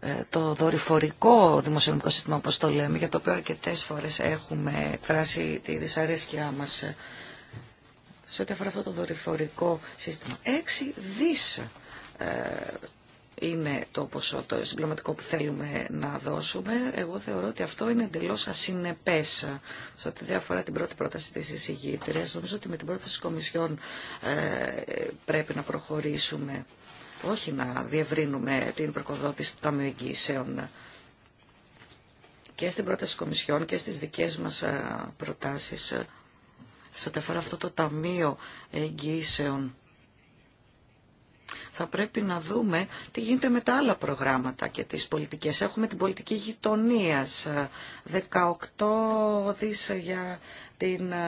ε, το δορυφορικό δημοσιονομικό σύστημα, όπως το λέμε, για το οποίο αρκετές φορές έχουμε εκφράσει τη δυσαρέσκειά μας ε, σε ό,τι αφορά αυτό το δορυφορικό σύστημα. Έξι δις ε, είναι το ποσό το συμπληρωματικό που θέλουμε να δώσουμε. Εγώ θεωρώ ότι αυτό είναι εντελώ ασυνεπέ σε ό,τι δεν αφορά την πρώτη πρόταση τη εισηγήτρια. Νομίζω ότι με την πρόταση τη Κομισιόν ε, πρέπει να προχωρήσουμε, όχι να διευρύνουμε την προκοδότηση του Ταμείου Εγγυησέων και στην πρόταση της Κομισιόν και στι δικέ μα ε, προτάσει σε ό,τι αφορά αυτό το Ταμείο Εγγυήσεων θα πρέπει να δούμε τι γίνεται με τα άλλα προγράμματα και τις πολιτικές. Έχουμε την πολιτική γειτονία 18 ε, δις για, την, ε,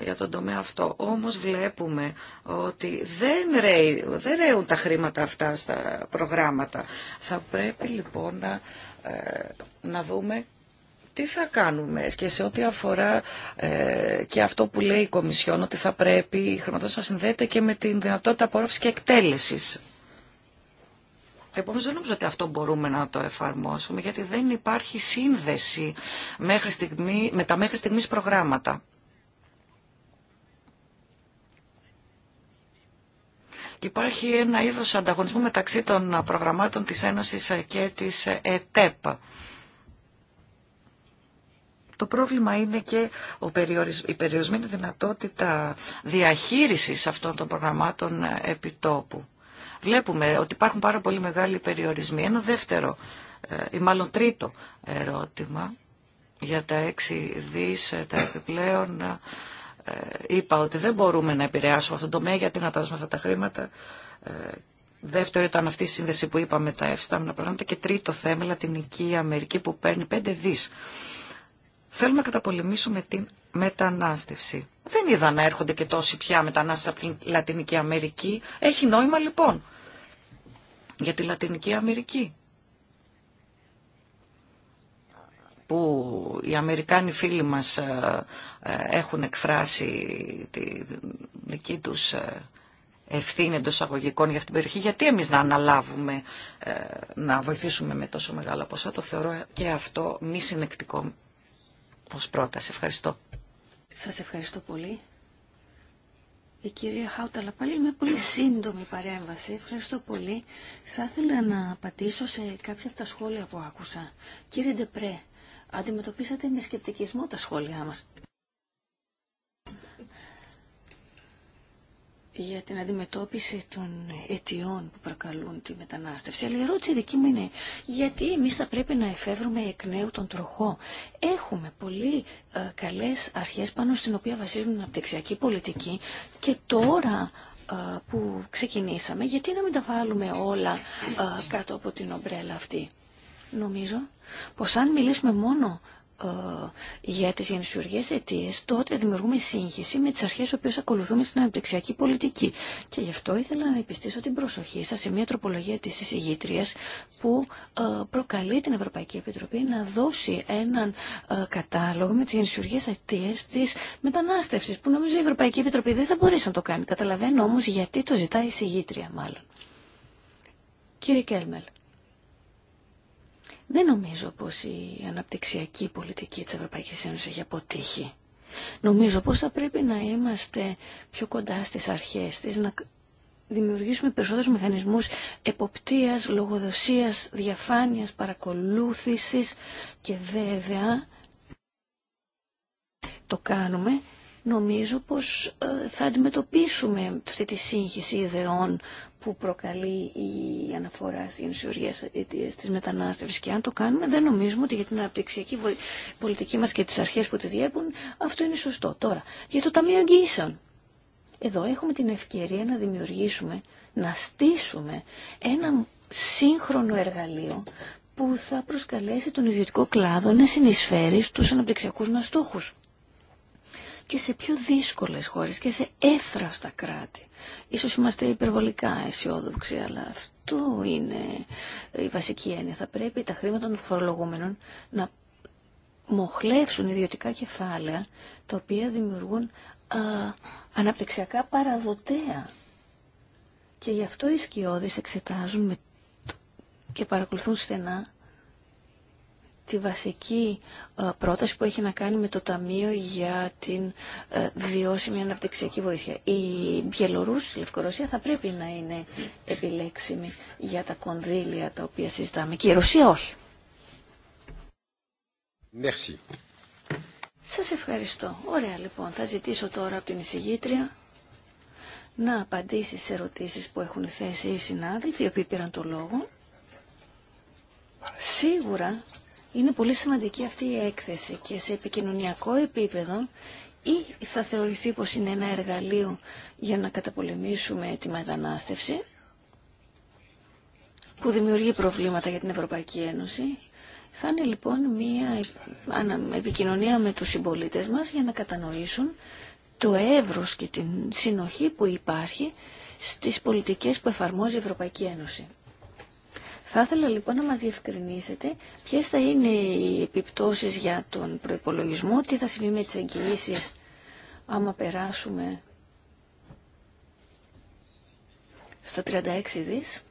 για τον τομέα αυτό. Όμως βλέπουμε ότι δεν, ρέει, δεν ρέουν τα χρήματα αυτά στα προγράμματα. Θα πρέπει λοιπόν να ε, δούμε τι θα κάνουμε και σε ό,τι αφορά ε, και αυτό που λέει η Κομισιόν ότι θα πρέπει η χρηματοδότηση να συνδέεται και με την δυνατότητα απορρόφησης και εκτέλεσης. Επομένως δεν νομίζω ότι αυτό μπορούμε να το εφαρμόσουμε γιατί δεν υπάρχει σύνδεση μέχρι στιγμή, με τα μέχρι στιγμής προγράμματα. υπάρχει ένα είδος ανταγωνισμού μεταξύ των προγραμμάτων της Ένωσης και της ΕΤΕΠ. Το πρόβλημα είναι και η περιορισμένη δυνατότητα διαχείρισης αυτών των προγραμμάτων επιτόπου. Βλέπουμε ότι υπάρχουν πάρα πολύ μεγάλοι περιορισμοί. Ένα δεύτερο ε, ή μάλλον τρίτο ερώτημα για τα έξι δις, ε, τα επιπλέον ε, είπα ότι δεν μπορούμε να επηρεάσουμε αυτό το τομέα γιατί να τα δώσουμε αυτά τα χρήματα. Δεύτερο ήταν αυτή η σύνδεση που είπαμε τα ευστάμενα προγράμματα και τρίτο θέμα Λατινική Αμερική που παίρνει 5 δις Θέλουμε να καταπολεμήσουμε την μετανάστευση. Δεν είδα να έρχονται και τόσοι πια μετανάστες από την Λατινική Αμερική. Έχει νόημα λοιπόν για τη Λατινική Αμερική. που οι Αμερικάνοι φίλοι μας ε, ε, έχουν εκφράσει τη δική τους ε, ευθύνη εντό αγωγικών για αυτήν την περιοχή, γιατί εμείς να αναλάβουμε να βοηθήσουμε με τόσο μεγάλα ποσά, το θεωρώ και αυτό μη συνεκτικό ως πρόταση. Ευχαριστώ. Σας ευχαριστώ πολύ. Η κυρία Χάουταλα πάλι μια πολύ σύντομη παρέμβαση. Ευχαριστώ πολύ. Θα ήθελα να πατήσω σε κάποια από τα σχόλια που άκουσα. Κύριε Ντεπρέ, αντιμετωπίσατε με σκεπτικισμό τα σχόλιά μας. για την αντιμετώπιση των αιτιών που προκαλούν τη μετανάστευση. Αλλά η ερώτηση δική μου είναι γιατί εμείς θα πρέπει να εφεύρουμε εκ νέου τον τροχό. Έχουμε πολύ ε, καλές αρχές πάνω στην οποία βασίζουν την απτυξιακή πολιτική και τώρα ε, που ξεκινήσαμε γιατί να μην τα βάλουμε όλα ε, κάτω από την ομπρέλα αυτή. Νομίζω πως αν μιλήσουμε μόνο ε, για τις γενεσιουργές αιτίε, τότε δημιουργούμε σύγχυση με τις αρχές που ακολουθούμε στην αναπτυξιακή πολιτική. Και γι' αυτό ήθελα να επιστήσω την προσοχή σας σε μια τροπολογία της εισηγήτριας που ε, προκαλεί την Ευρωπαϊκή Επιτροπή να δώσει έναν ε, κατάλογο με τις γενεσιουργές αιτίε τη μετανάστευση, που νομίζω η Ευρωπαϊκή Επιτροπή δεν θα μπορέσει να το κάνει. Καταλαβαίνω όμως γιατί το ζητάει η εισηγήτρια μάλλον. Κύριε Κέλμελ, δεν νομίζω πως η αναπτυξιακή πολιτική της Ευρωπαϊκής Ένωσης έχει αποτύχει. Νομίζω πως θα πρέπει να είμαστε πιο κοντά στις αρχές της, να δημιουργήσουμε περισσότερους μηχανισμούς εποπτείας, λογοδοσίας, διαφάνειας, παρακολούθησης και βέβαια το κάνουμε νομίζω πως ε, θα αντιμετωπίσουμε αυτή τη σύγχυση ιδεών που προκαλεί η αναφορά στην ουσιοργία τη μετανάστευση. Και αν το κάνουμε, δεν νομίζουμε ότι για την αναπτυξιακή πολιτική μα και τι αρχέ που τη διέπουν, αυτό είναι σωστό. Τώρα, για το Ταμείο Αγγίσεων. Εδώ έχουμε την ευκαιρία να δημιουργήσουμε, να στήσουμε ένα σύγχρονο εργαλείο που θα προσκαλέσει τον ιδιωτικό κλάδο να συνεισφέρει στους αναπτυξιακούς μας στόχους και σε πιο δύσκολες χώρες και σε έθραυστα κράτη. Ίσως είμαστε υπερβολικά αισιόδοξοι, αλλά αυτό είναι η βασική έννοια. Θα πρέπει τα χρήματα των φορολογούμενων να μοχλεύσουν ιδιωτικά κεφάλαια τα οποία δημιουργούν αναπτυξιακά παραδοτέα. Και γι' αυτό οι σκιώδεις εξετάζουν με... και παρακολουθούν στενά τη βασική ε, πρόταση που έχει να κάνει με το Ταμείο για την ε, βιώσιμη αναπτυξιακή βοήθεια. Η Μπιελορούς, η Λευκορωσία, θα πρέπει να είναι επιλέξιμη για τα κονδύλια τα οποία συζητάμε. Και η Ρωσία όχι. Merci. Σας ευχαριστώ. Ωραία λοιπόν. Θα ζητήσω τώρα από την εισηγήτρια να απαντήσει σε ερωτήσεις που έχουν θέσει οι συνάδελφοι, οι οποίοι πήραν το λόγο. Σίγουρα είναι πολύ σημαντική αυτή η έκθεση και σε επικοινωνιακό επίπεδο ή θα θεωρηθεί πως είναι ένα εργαλείο για να καταπολεμήσουμε τη μετανάστευση που δημιουργεί προβλήματα για την Ευρωπαϊκή Ένωση. Θα είναι λοιπόν μια επικοινωνία με τους συμπολίτε μας για να κατανοήσουν το εύρος και την συνοχή που υπάρχει στις πολιτικές που εφαρμόζει η Ευρωπαϊκή Ένωση. Θα ήθελα λοιπόν να μας διευκρινίσετε ποιες θα είναι οι επιπτώσεις για τον προϋπολογισμό, τι θα συμβεί με τις εγγυήσεις άμα περάσουμε στα 36 δις.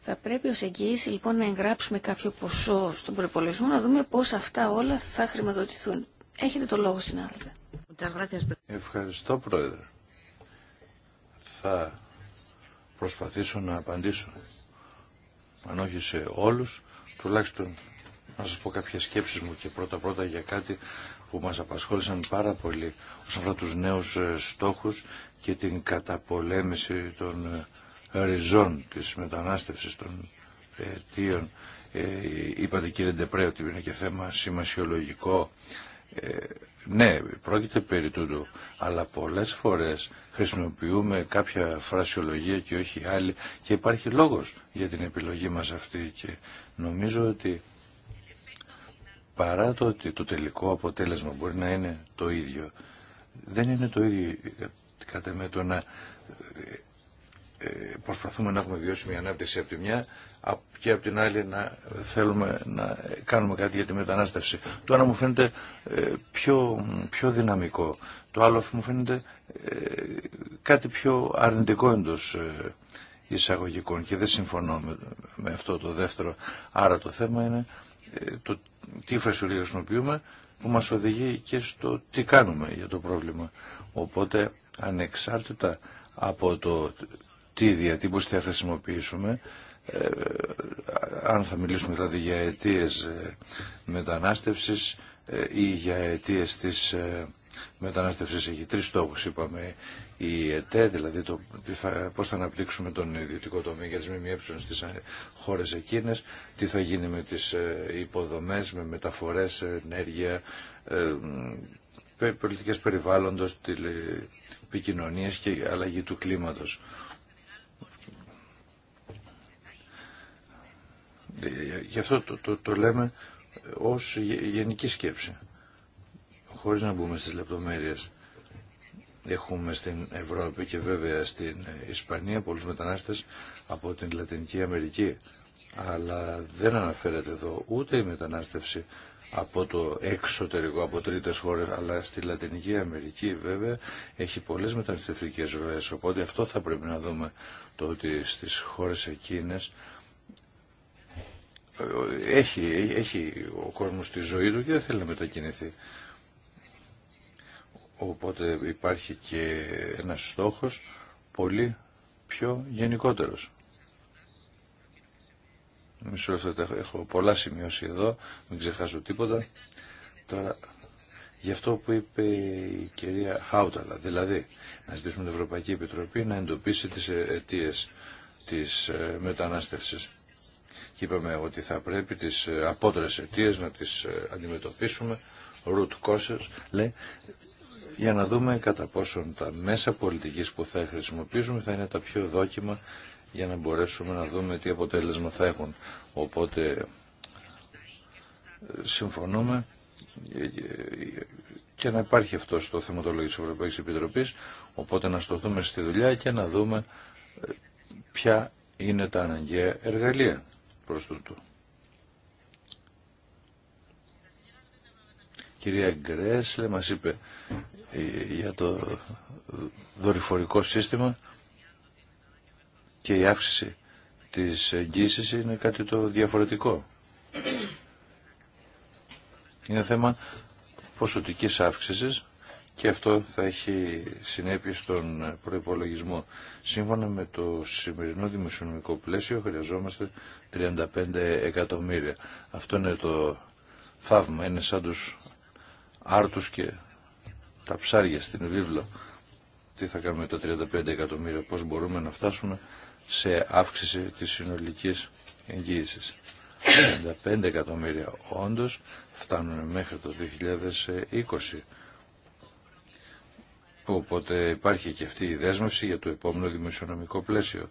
Θα πρέπει ως εγγύηση λοιπόν να εγγράψουμε κάποιο ποσό στον προπολογισμό να δούμε πώς αυτά όλα θα χρηματοδοτηθούν. Έχετε το λόγο συνάδελφε. Ευχαριστώ πρόεδρε. Θα προσπαθήσω να απαντήσω. Αν όχι σε όλους, τουλάχιστον να σας πω κάποιες σκέψεις μου και πρώτα-πρώτα για κάτι που μας απασχόλησαν πάρα πολύ όσον αφορά τους νέους ε, στόχους και την καταπολέμηση των ε, ριζών της μετανάστευσης των αιτίων. Ε, είπατε κύριε Ντεπρέ ότι είναι και θέμα σημασιολογικό ε, ναι, πρόκειται περί τούτου, αλλά πολλές φορές χρησιμοποιούμε κάποια φρασιολογία και όχι άλλη και υπάρχει λόγος για την επιλογή μας αυτή και νομίζω ότι παρά το ότι το τελικό αποτέλεσμα μπορεί να είναι το ίδιο, δεν είναι το ίδιο κατά να προσπαθούμε να έχουμε βιώσιμη ανάπτυξη από τη μια και από την άλλη να θέλουμε να κάνουμε κάτι για τη μετανάστευση. Το ένα μου φαίνεται ε, πιο, πιο δυναμικό. Το άλλο μου φαίνεται ε, κάτι πιο αρνητικό εντός ε, εισαγωγικών και δεν συμφωνώ με, αυτό το δεύτερο. Άρα το θέμα είναι το τι φασουλία χρησιμοποιούμε που μας οδηγεί και στο τι κάνουμε για το πρόβλημα. Οπότε ανεξάρτητα από το τι διατύπωση θα χρησιμοποιήσουμε, ε, αν θα μιλήσουμε δηλαδή για αιτίες ε, μετανάστευσης ε, ή για αιτίες της ε, μετανάστευσης. Έχει τρεις στόχους είπαμε, η ΕΤΕ, δηλαδή το, πώς θα αναπτύξουμε τον ιδιωτικό τομέα για τις ΜΜΕ στις χώρες εκείνες, τι θα γίνει με τις υποδομές, με μεταφορές, ενέργεια, πολιτικές περιβάλλοντος, τηλεπικοινωνίες και αλλαγή του κλίματος. Γι' αυτό το, το, το λέμε ως γενική σκέψη, χωρίς να μπούμε στις λεπτομέρειες. Έχουμε στην Ευρώπη και βέβαια στην Ισπανία πολλούς μετανάστες από την Λατινική Αμερική, αλλά δεν αναφέρεται εδώ ούτε η μετανάστευση από το εξωτερικό, από τρίτες χώρες, αλλά στη Λατινική Αμερική βέβαια έχει πολλές μεταναστευτικές ροές, οπότε αυτό θα πρέπει να δούμε το ότι στις χώρες εκείνες έχει, έχει ο κόσμος τη ζωή του και δεν θέλει να μετακινηθεί. Οπότε υπάρχει και ένας στόχος πολύ πιο γενικότερος. Μισό ότι έχω πολλά σημειώσει εδώ, μην ξεχάσω τίποτα. Τώρα, γι' αυτό που είπε η κυρία Χάουταλα, δηλαδή να ζητήσουμε την Ευρωπαϊκή Επιτροπή να εντοπίσει τις αιτίες της ε, μετανάστευσης και είπαμε ότι θα πρέπει τις ε, απότερες αιτίες να τις ε, αντιμετωπίσουμε, root causes, λέει, για να δούμε κατά πόσον τα μέσα πολιτικής που θα χρησιμοποιήσουμε θα είναι τα πιο δόκιμα για να μπορέσουμε να δούμε τι αποτέλεσμα θα έχουν. Οπότε ε, συμφωνούμε και να υπάρχει αυτό στο θεματολόγιο της Ευρωπαϊκής Επιτροπής, οπότε να στοθούμε στη δουλειά και να δούμε ποια είναι τα αναγκαία εργαλεία προς Κυρία Γκρέσλε μας είπε ε, για το δορυφορικό σύστημα και η αύξηση της εγγύησης είναι κάτι το διαφορετικό. Είναι θέμα ποσοτικής αύξησης και αυτό θα έχει συνέπειε στον προπολογισμό. Σύμφωνα με το σημερινό δημοσιονομικό πλαίσιο χρειαζόμαστε 35 εκατομμύρια. Αυτό είναι το θαύμα, είναι σαν τους άρτους και τα ψάρια στην βίβλο. Τι θα κάνουμε με τα 35 εκατομμύρια, πώς μπορούμε να φτάσουμε σε αύξηση της συνολικής εγγύησης. 35 εκατομμύρια όντως φτάνουν μέχρι το 2020 Οπότε υπάρχει και αυτή η δέσμευση για το επόμενο δημοσιονομικό πλαίσιο.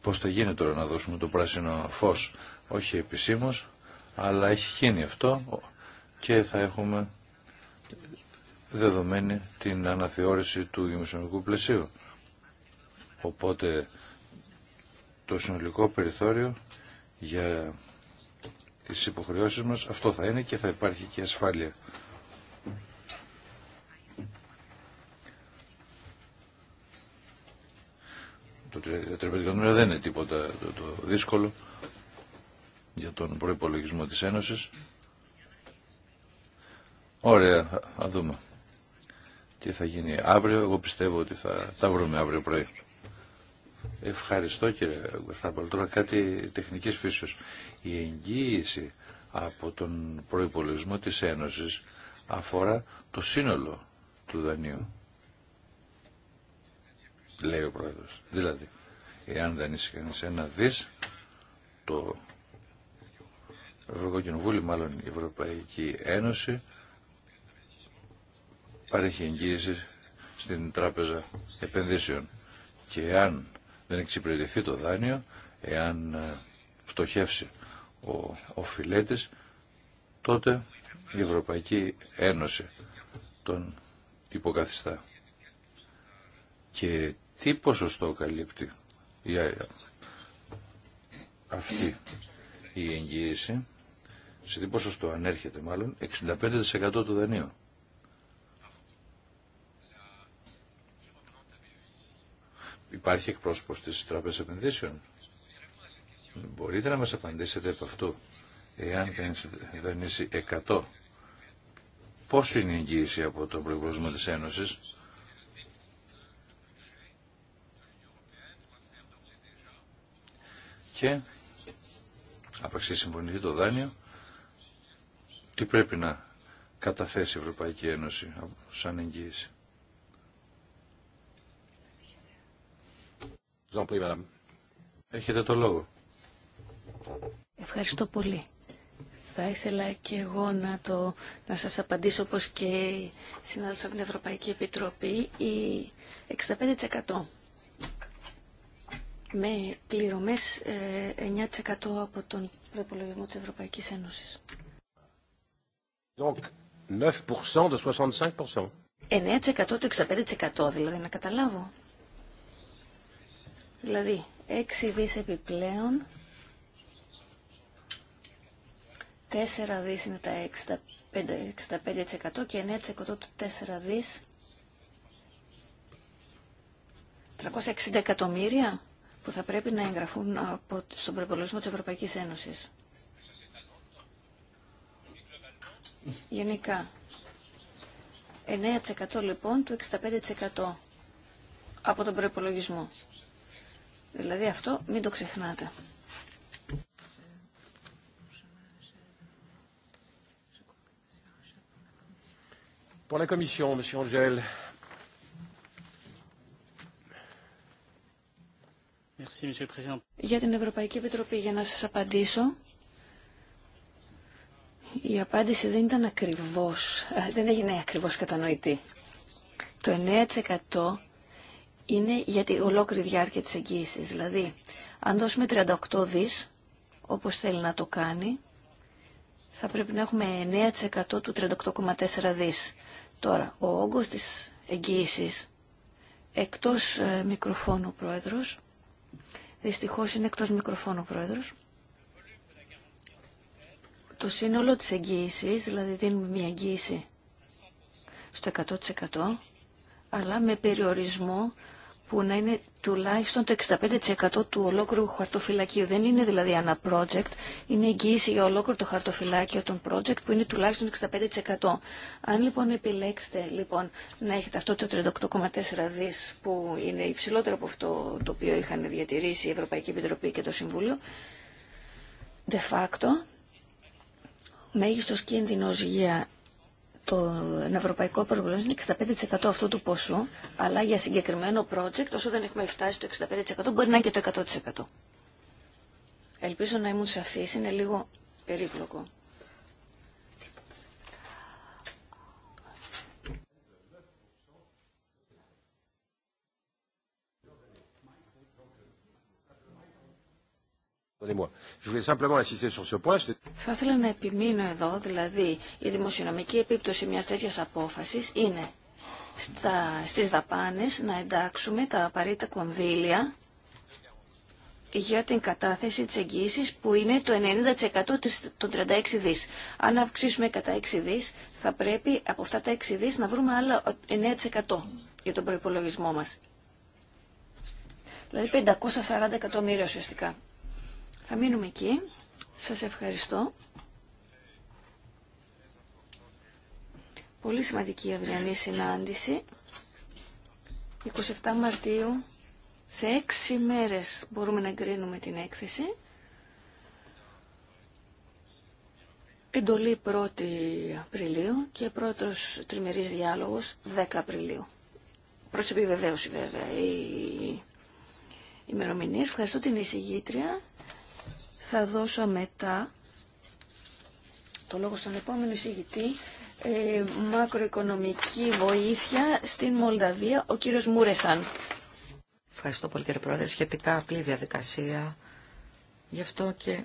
Πώς θα γίνει τώρα να δώσουμε το πράσινο φως, όχι επισήμως, αλλά έχει γίνει αυτό και θα έχουμε δεδομένη την αναθεώρηση του δημοσιονομικού πλαισίου. Οπότε το συνολικό περιθώριο για τις υποχρεώσεις μας αυτό θα είναι και θα υπάρχει και ασφάλεια. Το 3 δεν είναι τίποτα το, το δύσκολο για τον προϋπολογισμό της Ένωσης. Ωραία, θα δούμε τι θα γίνει αύριο. Εγώ πιστεύω ότι θα τα βρούμε αύριο πρωί. Ευχαριστώ κύριε Γκουρθάπολ. Τώρα κάτι τεχνικής φύσεως. Η εγγύηση από τον προϋπολογισμό της Ένωσης αφορά το σύνολο του δανείου λέει ο πρόεδρος. Δηλαδή, εάν δεν είσαι κανείς ένα δις, το Ευρωπαϊκό Κοινοβούλιο, μάλλον η Ευρωπαϊκή Ένωση, παρέχει εγγύηση στην Τράπεζα Επενδύσεων. Και εάν δεν εξυπηρετηθεί το δάνειο, εάν φτωχεύσει ε, ο, ο φιλέτης, τότε η Ευρωπαϊκή Ένωση τον υποκαθιστά. Και τι ποσοστό καλύπτει αυτή η εγγύηση, σε τι ποσοστό ανέρχεται μάλλον, 65% του δανείου. Υπάρχει εκπρόσωπος της Τράπεζας Επενδύσεων. Μπορείτε να μας απαντήσετε από αυτού. Εάν κανείς δανείσει 100, πόσο είναι η εγγύηση από τον προηγούμενο της Ένωσης, και απαξί συμφωνηθεί το δάνειο τι πρέπει να καταθέσει η Ευρωπαϊκή Ένωση σαν εγγύηση. Έχετε το λόγο. Ευχαριστώ πολύ. Θα ήθελα και εγώ να, το, να σας απαντήσω όπως και συνάδελφα από την Ευρωπαϊκή Επιτροπή. Η 65% με πληρωμές 9% ε, από τον προπολογισμό της Ευρωπαϊκής Ένωσης. 9% de 65%. το 65% δηλαδή να καταλάβω. Δηλαδή 6 δις επιπλέον, 4 δις είναι τα 65%, 65% και 9% το 4 δις 360 εκατομμύρια που θα πρέπει να εγγραφούν από, στον προπολογισμό της Ευρωπαϊκής Ένωσης. Γενικά, 9% λοιπόν του 65% από τον προπολογισμό. Δηλαδή αυτό μην το ξεχνάτε. Pour la Commission, Monsieur Angel. Για την Ευρωπαϊκή Επιτροπή, για να σας απαντήσω, η απάντηση δεν ήταν ακριβώς, ε, δεν έγινε ακριβώς κατανοητή. Το 9% είναι για την ολόκληρη διάρκεια της εγγύησης. Δηλαδή, αν δώσουμε 38 δις, όπως θέλει να το κάνει, θα πρέπει να έχουμε 9% του 38,4 δις. Τώρα, ο όγκος της εγγύησης, εκτός ε, μικροφώνου πρόεδρος, Δυστυχώς είναι εκτός μικροφώνου ο Πρόεδρος. Το σύνολο της εγγύησης, δηλαδή δίνουμε μια εγγύηση στο 100% αλλά με περιορισμό που να είναι τουλάχιστον το 65% του ολόκληρου χαρτοφυλακίου. Δεν είναι δηλαδή ένα project, είναι εγγύηση για ολόκληρο το χαρτοφυλάκιο των project που είναι τουλάχιστον 65%. Αν λοιπόν επιλέξετε λοιπόν, να έχετε αυτό το 38,4 δις που είναι υψηλότερο από αυτό το οποίο είχαν διατηρήσει η Ευρωπαϊκή Επιτροπή και το Συμβούλιο, de facto μέγιστος κίνδυνος για το ευρωπαϊκό προβλήμα είναι 65% αυτού του ποσού, αλλά για συγκεκριμένο project, όσο δεν έχουμε φτάσει το 65%, μπορεί να είναι και το 100%. Ελπίζω να ήμουν σαφής, είναι λίγο θα ήθελα να επιμείνω εδώ, δηλαδή η δημοσιονομική επίπτωση μιας τέτοιας απόφασης είναι στα, στις δαπάνες να εντάξουμε τα απαραίτητα κονδύλια για την κατάθεση της εγγύησης που είναι το 90% των 36 δις. Αν αυξήσουμε κατά 6 δις θα πρέπει από αυτά τα 6 δις να βρούμε άλλα 9% για τον προϋπολογισμό μας. Δηλαδή 540 εκατομμύρια ουσιαστικά. Θα μείνουμε εκεί. Σας ευχαριστώ. Πολύ σημαντική η αυριανή συνάντηση. 27 Μαρτίου, σε έξι μέρες μπορούμε να εγκρίνουμε την έκθεση. Εντολή 1η Απριλίου και πρώτος τριμερής διάλογος 10 Απριλίου. Προς επιβεβαίωση βέβαια η ημερομηνία. Ευχαριστώ την εισηγήτρια θα δώσω μετά το λόγο στον επόμενο εισηγητή ε, μακροοικονομική βοήθεια στην Μολδαβία, ο κύριος Μούρεσαν. Ευχαριστώ πολύ κύριε Πρόεδρε. Σχετικά απλή διαδικασία. Γι' αυτό και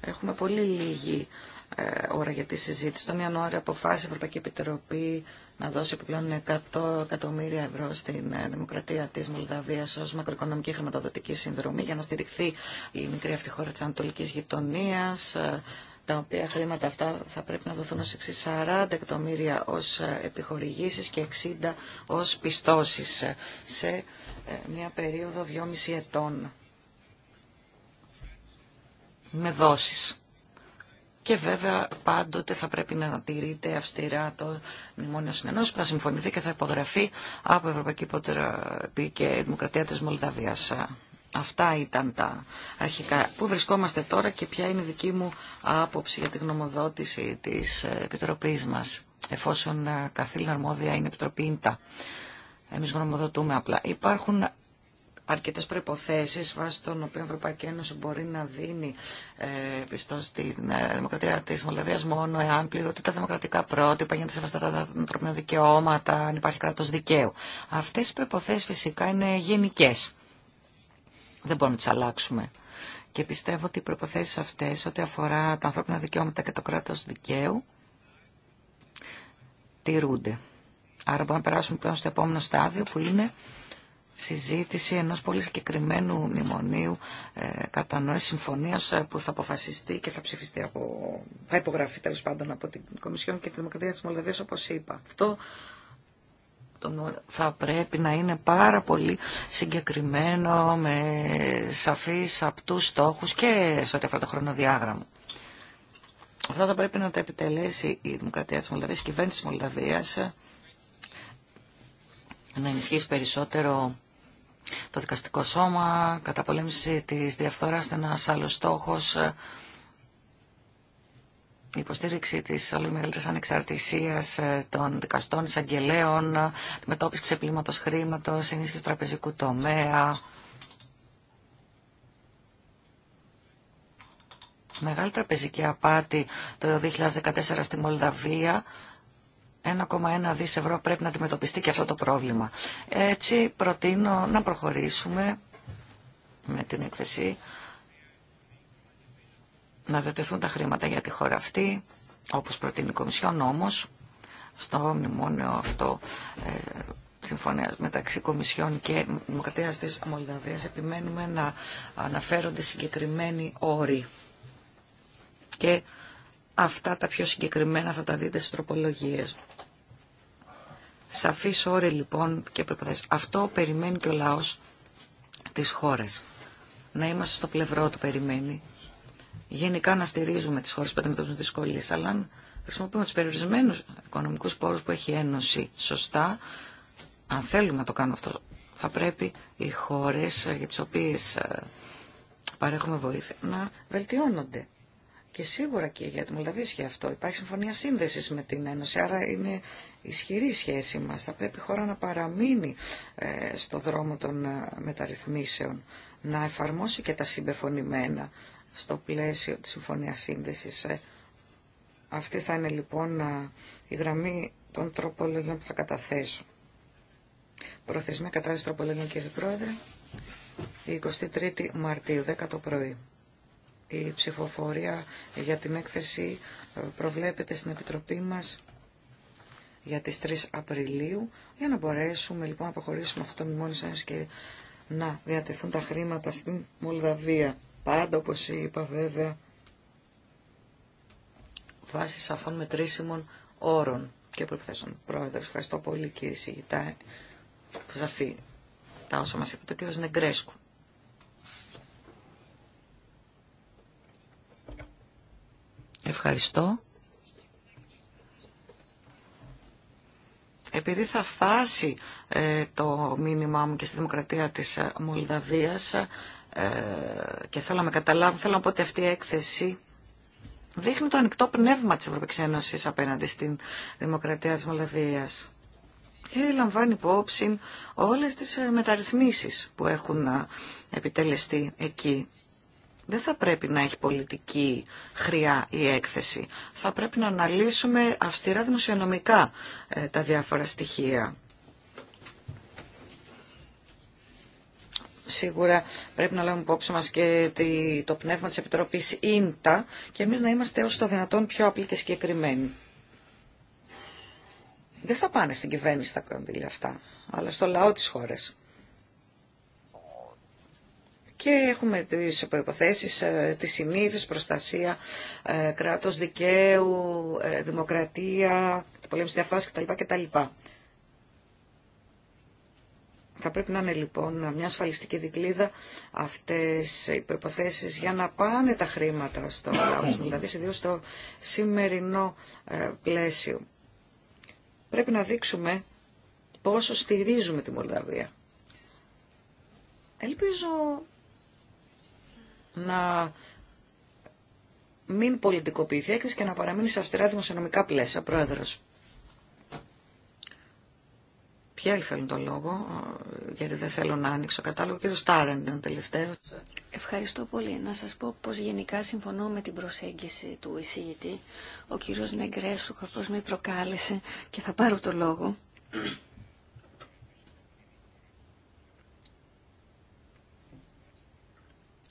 έχουμε πολύ λίγη ε, ώρα για τη συζήτηση. Στον Ιανουάριο αποφάσισε η Ευρωπαϊκή Επιτροπή να δώσει επιπλέον 100 εκατομμύρια ευρώ στην ε, Δημοκρατία τη Μολδαβία ω μακροοικονομική χρηματοδοτική συνδρομή για να στηριχθεί η μικρή αυτή χώρα τη Ανατολική Γειτονία ε, τα οποία χρήματα αυτά θα πρέπει να δοθούν ως 40 εκατομμύρια ως ε, επιχορηγήσεις και 60 ως πιστώσεις σε μια περίοδο 2,5 ετών με δόσεις. Και βέβαια πάντοτε θα πρέπει να τηρείται αυστηρά το μνημόνιο συνενώσεις που θα συμφωνηθεί και θα υπογραφεί από Ευρωπαϊκή Υποτροπή και Δημοκρατία της Μολδαβίας. Αυτά ήταν τα αρχικά. Πού βρισκόμαστε τώρα και ποια είναι η δική μου άποψη για τη γνωμοδότηση της Επιτροπής μας, εφόσον καθήλυνα αρμόδια είναι Επιτροπή ΙΝΤΑ. Εμείς γνωμοδοτούμε απλά. Υπάρχουν αρκετέ προποθέσει βάσει των οποίων η Ευρωπαϊκή Ένωση μπορεί να δίνει ε, πιστό στη ε, δημοκρατία τη Μολδαβία μόνο εάν πληρούνται τα δημοκρατικά πρότυπα, να σεβαστά τα ανθρώπινα δικαιώματα, αν υπάρχει κράτο δικαίου. Αυτέ οι προποθέσει φυσικά είναι γενικέ. Δεν μπορούμε να τι αλλάξουμε. Και πιστεύω ότι οι προποθέσει αυτέ, ό,τι αφορά τα ανθρώπινα δικαιώματα και το κράτο δικαίου, τηρούνται. Άρα μπορούμε να περάσουμε πλέον στο επόμενο στάδιο που είναι συζήτηση ενός πολύ συγκεκριμένου μνημονίου ε, κατανοές συμφωνίας ε, που θα αποφασιστεί και θα ψηφιστεί από, θα υπογραφεί τέλος πάντων από την Κομισιόν και τη Δημοκρατία της Μολδαβίας όπως είπα. Αυτό θα πρέπει να είναι πάρα πολύ συγκεκριμένο με σαφείς απτούς στόχους και σε ό,τι αφορά το χρονοδιάγραμμα. Αυτό θα πρέπει να τα επιτελέσει η Δημοκρατία της Μολδαβίας, η κυβέρνηση της Μολδαβίας, να ενισχύσει περισσότερο το δικαστικό σώμα, καταπολέμηση της διαφθοράς, ένας άλλος στόχος, η ε, υποστήριξη της όλο μεγαλύτερη ανεξαρτησίας ε, των δικαστών, εισαγγελέων, ε, αντιμετώπιση ξεπλήματο χρήματο, ενίσχυση του τραπεζικού τομέα, μεγάλη τραπεζική απάτη το 2014 στη Μολδαβία 1,1 δις ευρώ πρέπει να αντιμετωπιστεί και αυτό το πρόβλημα. Έτσι προτείνω να προχωρήσουμε με την έκθεση να δετεθούν τα χρήματα για τη χώρα αυτή, όπως προτείνει η Κομισιόν, όμως στο μνημόνιο αυτό ε, συμφωνία μεταξύ Κομισιόν και Δημοκρατία της Μολδαβία, επιμένουμε να αναφέρονται συγκεκριμένοι όροι. Και αυτά τα πιο συγκεκριμένα θα τα δείτε στις τροπολογίες. Σαφείς ώρες, λοιπόν και προποθέσει. Αυτό περιμένει και ο λαός της χώρας. Να είμαστε στο πλευρό του περιμένει. Γενικά να στηρίζουμε τις χώρες που αντιμετωπίζουν δυσκολίε. αλλά αν χρησιμοποιούμε του περιορισμένους οικονομικούς πόρους που έχει η Ένωση σωστά, αν θέλουμε να το κάνουμε αυτό, θα πρέπει οι χώρε για τι οποίε ε, παρέχουμε βοήθεια να βελτιώνονται. Και σίγουρα και για τη Μολδαβία ισχύει αυτό. Υπάρχει συμφωνία σύνδεση με την Ένωση, άρα είναι ισχυρή η σχέση μα. Θα πρέπει η χώρα να παραμείνει ε, στο δρόμο των ε, μεταρρυθμίσεων, να εφαρμόσει και τα συμπεφωνημένα στο πλαίσιο της συμφωνίας σύνδεσης. Ε. Αυτή θα είναι λοιπόν η γραμμή των τροπολογιών που θα καταθέσω. Προθεσμία κατάσταση τροπολογιών κύριε Πρόεδρε, η 23η Μαρτίου, 10 το πρωί. Η ψηφοφορία για την έκθεση ε, προβλέπεται στην Επιτροπή μας για τις 3 Απριλίου, για να μπορέσουμε λοιπόν να αποχωρήσουμε αυτό το μνημόνιο και να διατεθούν τα χρήματα στην Μολδαβία. Πάντα, όπως είπα βέβαια, βάσει σαφών μετρήσιμων όρων και προποθέσεων. Πρόεδρε, ευχαριστώ πολύ κύριε Σιγητά. φύγει τα όσα μας είπε το κύριο Νεγκρέσκου. Ευχαριστώ. Επειδή θα φτάσει ε, το μήνυμά μου και στη Δημοκρατία της ε, Μολδαβίας ε, και θέλω να με καταλάβω, θέλω να πω ότι αυτή η έκθεση δείχνει το ανοιχτό πνεύμα της Ευρωπαϊκής Ένωσης απέναντι στην Δημοκρατία της Μολδαβίας και λαμβάνει υπόψη όλες τις μεταρρυθμίσεις που έχουν επιτελεστεί εκεί. Δεν θα πρέπει να έχει πολιτική χρειά η έκθεση. Θα πρέπει να αναλύσουμε αυστηρά δημοσιονομικά ε, τα διάφορα στοιχεία. σίγουρα πρέπει να λάβουμε υπόψη μας και το πνεύμα της Επιτροπής ΙΝΤΑ και εμείς να είμαστε όσο το δυνατόν πιο απλοί και συγκεκριμένοι. Δεν θα πάνε στην κυβέρνηση τα κονδύλια αυτά, αλλά στο λαό της χώρας και έχουμε τις προϋποθέσεις ε, τη συνήθως προστασία ε, κράτος δικαίου, ε, δημοκρατία, πολέμηση διαφθάση κτλ. κτλ. Θα πρέπει να είναι λοιπόν μια ασφαλιστική δικλίδα αυτές οι προϋποθέσεις για να πάνε τα χρήματα στο λαό δηλαδή ιδίως στο σημερινό πλαίσιο. Πρέπει να δείξουμε πόσο στηρίζουμε τη Μολδαβία. Ελπίζω να μην πολιτικοποιηθεί έκθεση και να παραμείνει σε αυστηρά δημοσιονομικά πλαίσια. Πρόεδρος. Ποια άλλη θέλουν το λόγο, ε, γιατί δεν θέλω να άνοιξω κατάλογο. Κύριο Στάρεν ήταν τελευταίο. Ευχαριστώ πολύ. Να σας πω πως γενικά συμφωνώ με την προσέγγιση του εισηγητή. Ο κύριος Νεγκρέσου καθώς με προκάλεσε και θα πάρω το λόγο.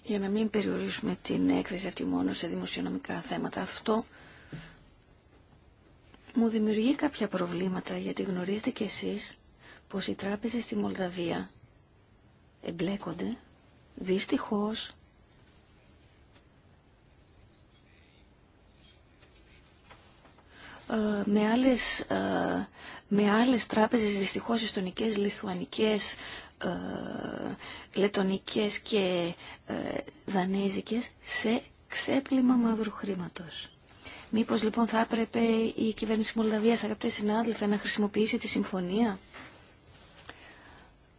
για να μην περιορίσουμε την έκθεση αυτή μόνο σε δημοσιονομικά θέματα. Αυτό μου δημιουργεί κάποια προβλήματα, γιατί γνωρίζετε κι εσείς πως οι τράπεζες στη Μολδαβία εμπλέκονται, δυστυχώς, ε, με άλλες, ε, με άλλες τράπεζες δυστυχώς ιστονικές, λιθουανικές, ε, λετονικές και ε, δανέζικες σε ξέπλυμα μαύρου χρήματος. Μήπως λοιπόν θα έπρεπε η κυβέρνηση Μολδαβίας, αγαπητέ συνάδελφε, να χρησιμοποιήσει τη συμφωνία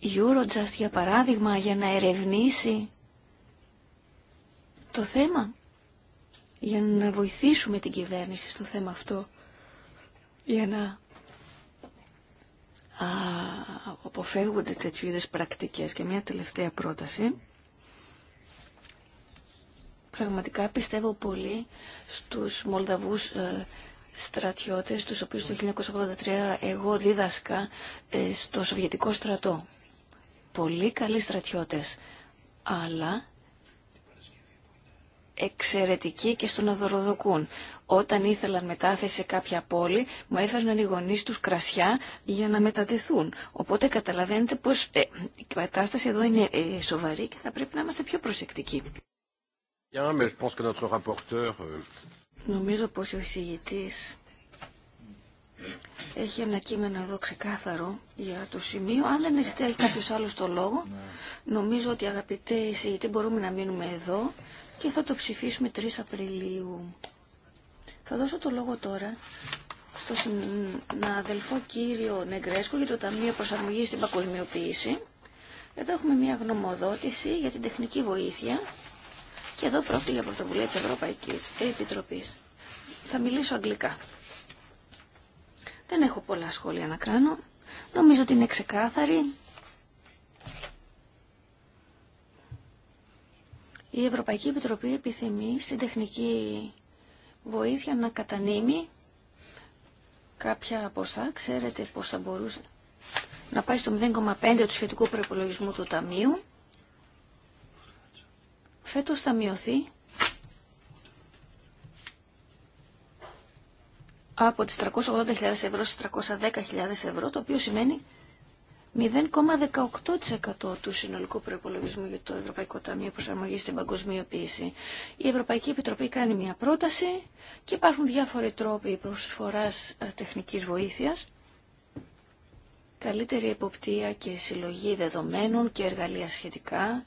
Eurojust για παράδειγμα για να ερευνήσει το θέμα, για να βοηθήσουμε την κυβέρνηση στο θέμα αυτό, για να αποφεύγονται τέτοιου είδες πρακτικές. Και μια τελευταία πρόταση. Πραγματικά πιστεύω πολύ στους Μολδαβούς ε, στρατιώτες, τους οποίους το 1983 εγώ δίδασκα ε, στο Σοβιετικό στρατό. Πολύ καλοί στρατιώτες, αλλά εξαιρετικοί και στον δωροδοκούν όταν ήθελαν μετάθεση σε κάποια πόλη, μου έφερναν οι γονεί του κρασιά για να μετατεθούν. Οπότε καταλαβαίνετε πώ ε, η κατάσταση εδώ είναι ε, σοβαρή και θα πρέπει να είμαστε πιο προσεκτικοί. Euh, νομίζω πως ο εισηγητής έχει ένα κείμενο εδώ ξεκάθαρο για το σημείο. Αν δεν ζητάει κάποιο άλλο το λόγο, νομίζω ότι αγαπητέ εισηγητή μπορούμε να μείνουμε εδώ και θα το ψηφίσουμε 3 Απριλίου. Θα δώσω το λόγο τώρα στο αδελφό κύριο Νεγκρέσκο για το Ταμείο Προσαρμογή στην Παγκοσμιοποίηση. Εδώ έχουμε μια γνωμοδότηση για την τεχνική βοήθεια και εδώ πρόκειται για πρωτοβουλία τη Ευρωπαϊκής Επιτροπής. Θα μιλήσω αγγλικά. Δεν έχω πολλά σχόλια να κάνω. Νομίζω ότι είναι ξεκάθαρη. Η Ευρωπαϊκή Επιτροπή επιθυμεί στην τεχνική βοήθεια να κατανείμει κάποια ποσά. Ξέρετε πώς θα μπορούσε να πάει στο 0,5 του σχετικού προπολογισμού του Ταμείου. Φέτος θα μειωθεί από τις 380.000 ευρώ στις 310.000 ευρώ, το οποίο σημαίνει 0,18% του συνολικού προπολογισμού για το Ευρωπαϊκό Ταμείο προσαρμογή στην Παγκοσμιοποίηση. Η Ευρωπαϊκή Επιτροπή κάνει μια πρόταση και υπάρχουν διάφοροι τρόποι προσφοράς ε, τεχνικής βοήθειας, καλύτερη εποπτεία και συλλογή δεδομένων και εργαλεία σχετικά,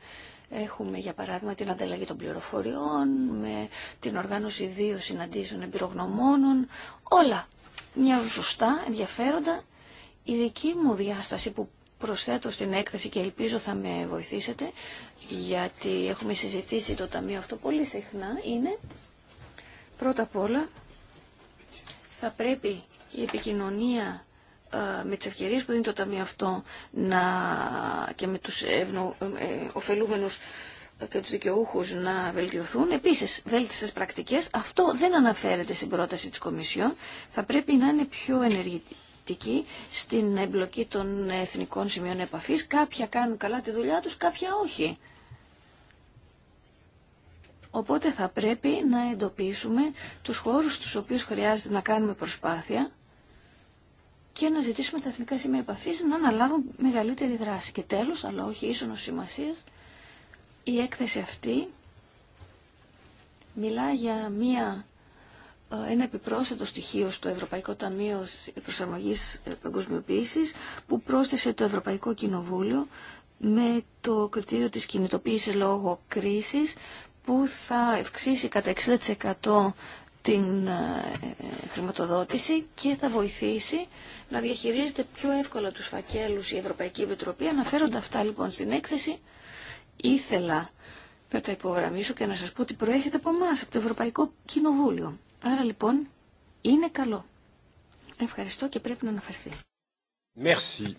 Έχουμε για παράδειγμα την ανταλλαγή των πληροφοριών, με την οργάνωση δύο συναντήσεων εμπειρογνωμόνων. Όλα μοιάζουν σωστά, ενδιαφέροντα. Η δική μου διάσταση που προσθέτω στην έκθεση και ελπίζω θα με βοηθήσετε, γιατί έχουμε συζητήσει το Ταμείο αυτό πολύ συχνά, είναι πρώτα απ' όλα θα πρέπει η επικοινωνία ε, με τις ευκαιρίες που δίνει το Ταμείο αυτό να, και με τους ευνο, ε, ωφελούμενους και τους δικαιούχους να βελτιωθούν. Επίσης, βέλτιστες πρακτικές, αυτό δεν αναφέρεται στην πρόταση της Κομισιόν, θα πρέπει να είναι πιο ενεργητική στην εμπλοκή των εθνικών σημείων επαφής. Κάποια κάνουν καλά τη δουλειά τους, κάποια όχι. Οπότε θα πρέπει να εντοπίσουμε τους χώρους στους οποίους χρειάζεται να κάνουμε προσπάθεια και να ζητήσουμε τα εθνικά σημεία επαφή να αναλάβουν μεγαλύτερη δράση. Και τέλος, αλλά όχι ίσονος σημασία, η έκθεση αυτή μιλά για μία ε, ένα επιπρόσθετο στοιχείο στο Ευρωπαϊκό Ταμείο Προσαρμογής ε, Παγκοσμιοποίησης που πρόσθεσε το Ευρωπαϊκό Κοινοβούλιο με το κριτήριο της κινητοποίησης λόγω κρίσης που θα ευξήσει κατά 60% την ε, χρηματοδότηση και θα βοηθήσει να διαχειρίζεται πιο εύκολα τους φακέλους η Ευρωπαϊκή Επιτροπή. Αναφέροντα αυτά λοιπόν στην έκθεση, ήθελα να τα υπογραμμίσω και να σας πω ότι προέρχεται από εμά από το Ευρωπαϊκό Κοινοβούλιο. Άρα λοιπόν είναι καλό. Ευχαριστώ και πρέπει να αναφερθεί. Merci.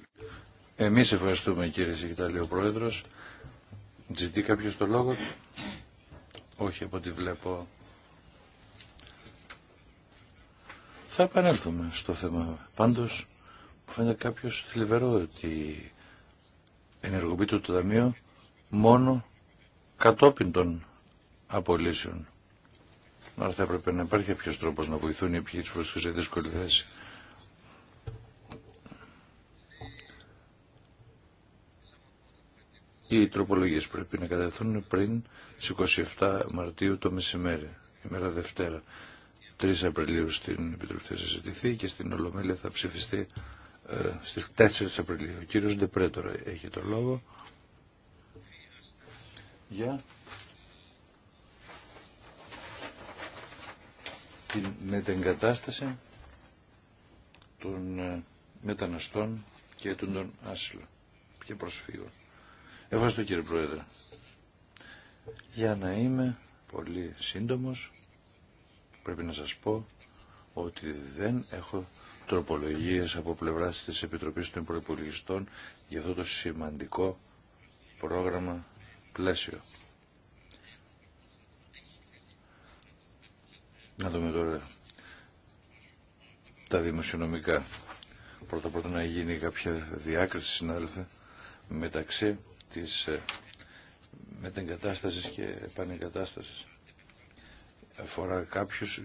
Εμείς ευχαριστούμε κύριε Σιγητάλη ο Πρόεδρος. Ζητεί κάποιος το λόγο. Όχι από ό,τι βλέπω. Θα επανέλθουμε στο θέμα. Πάντως μου φαίνεται κάποιος θλιβερό ότι ενεργοποιείται το Ταμείο μόνο κατόπιν των απολύσεων. Άρα θα έπρεπε να υπάρχει κάποιο τρόπο να βοηθούν οι επιχείρησει που βρίσκονται σε δύσκολη θέση. Οι τροπολογίε πρέπει να καταδεχθούν πριν στις 27 Μαρτίου το μεσημέρι, ημέρα Δευτέρα. 3 Απριλίου στην Επιτροπή θα συζητηθεί και στην Ολομέλεια θα ψηφιστεί ε, στις 4 Απριλίου. Ο κύριος Ντεπρέτορα έχει το λόγο για την μετεγκατάσταση των ε, μεταναστών και των άσυλων και προσφύγων. Ευχαριστώ κύριε Πρόεδρε. Για να είμαι πολύ σύντομος, πρέπει να σας πω ότι δεν έχω τροπολογίες από πλευράς της Επιτροπής των Προϋπολογιστών για αυτό το σημαντικό πρόγραμμα πλαίσιο. Να δούμε τώρα τα δημοσιονομικά. Πρώτα πρώτα να γίνει κάποια διάκριση, συνάδελφε, μεταξύ της ε, μετεγκατάστασης και επανεγκατάστασης. Αφορά κάποιους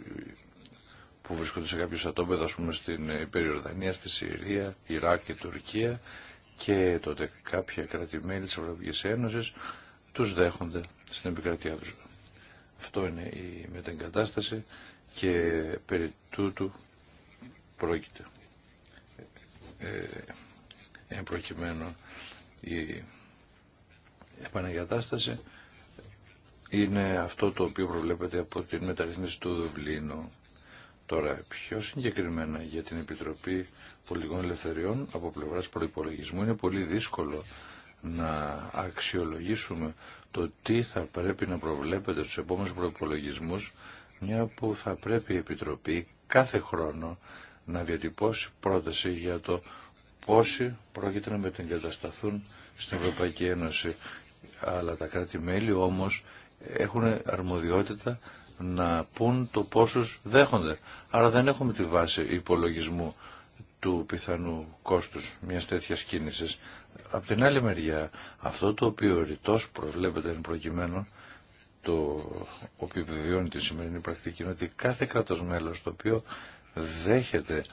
που βρίσκονται σε κάποιους ατόμπε, ας πούμε, στην ε, Περιορδανία, στη Συρία, Ιράκ και Τουρκία και τότε κάποια κράτη-μέλη της Ευρωπαϊκής Ένωσης τους δέχονται στην επικρατεία τους. Αυτό είναι η μετεγκατάσταση και περί τούτου πρόκειται. Ε, προκειμένου η επανεγκατάσταση είναι αυτό το οποίο προβλέπεται από την μεταρρύθμιση του Δουβλίνου. Τώρα, πιο συγκεκριμένα για την Επιτροπή Πολιτικών Ελευθεριών από πλευράς προϋπολογισμού είναι πολύ δύσκολο να αξιολογήσουμε το τι θα πρέπει να προβλέπετε στους επόμενους προπολογισμού, μια που θα πρέπει η Επιτροπή κάθε χρόνο να διατυπώσει πρόταση για το πόσοι πρόκειται να μετεγκατασταθούν στην Ευρωπαϊκή Ένωση. Αλλά τα κράτη-μέλη όμως έχουν αρμοδιότητα να πούν το πόσους δέχονται. Άρα δεν έχουμε τη βάση υπολογισμού του πιθανού κόστους μιας τέτοιας κίνησης. Από την άλλη μεριά, αυτό το οποίο ρητός προβλέπεται εν προκειμένου, το οποίο επιβιώνει τη σημερινή πρακτική, είναι ότι κάθε κράτος μέλος το οποίο δέχεται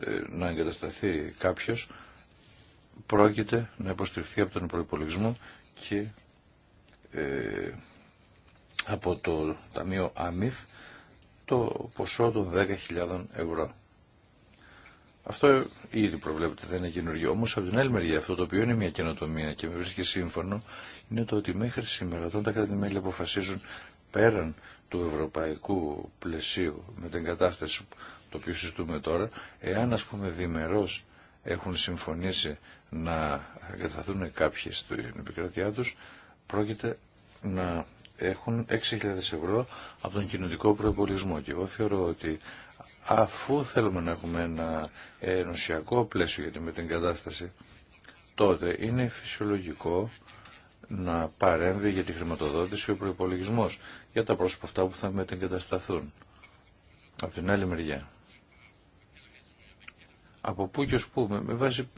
ε, να εγκατασταθεί κάποιος, πρόκειται να υποστηριχθεί από τον προπολογισμό και ε, από το Ταμείο ΑΜΙΦ το ποσό των 10.000 ευρώ. Αυτό ήδη προβλέπεται, δεν είναι καινούργιο. Όμω, από την άλλη μεριά, αυτό το οποίο είναι μια καινοτομία και με βρίσκει σύμφωνο, είναι το ότι μέχρι σήμερα, όταν τα κράτη-μέλη αποφασίζουν πέραν του ευρωπαϊκού πλαισίου με την κατάσταση το οποίο συζητούμε τώρα, εάν α πούμε διμερό έχουν συμφωνήσει να εγκαταθούν κάποιοι στην επικρατειά του, πρόκειται να έχουν 6.000 ευρώ από τον κοινωνικό προπολογισμό. Και εγώ θεωρώ ότι Αφού θέλουμε να έχουμε ένα ενωσιακό πλαίσιο για την μετεγκατάσταση, τότε είναι φυσιολογικό να παρέμβει για τη χρηματοδότηση ο προπολογισμό για τα πρόσωπα αυτά που θα μετεγκατασταθούν. Από την άλλη μεριά. Από πού και ως πού, με βάση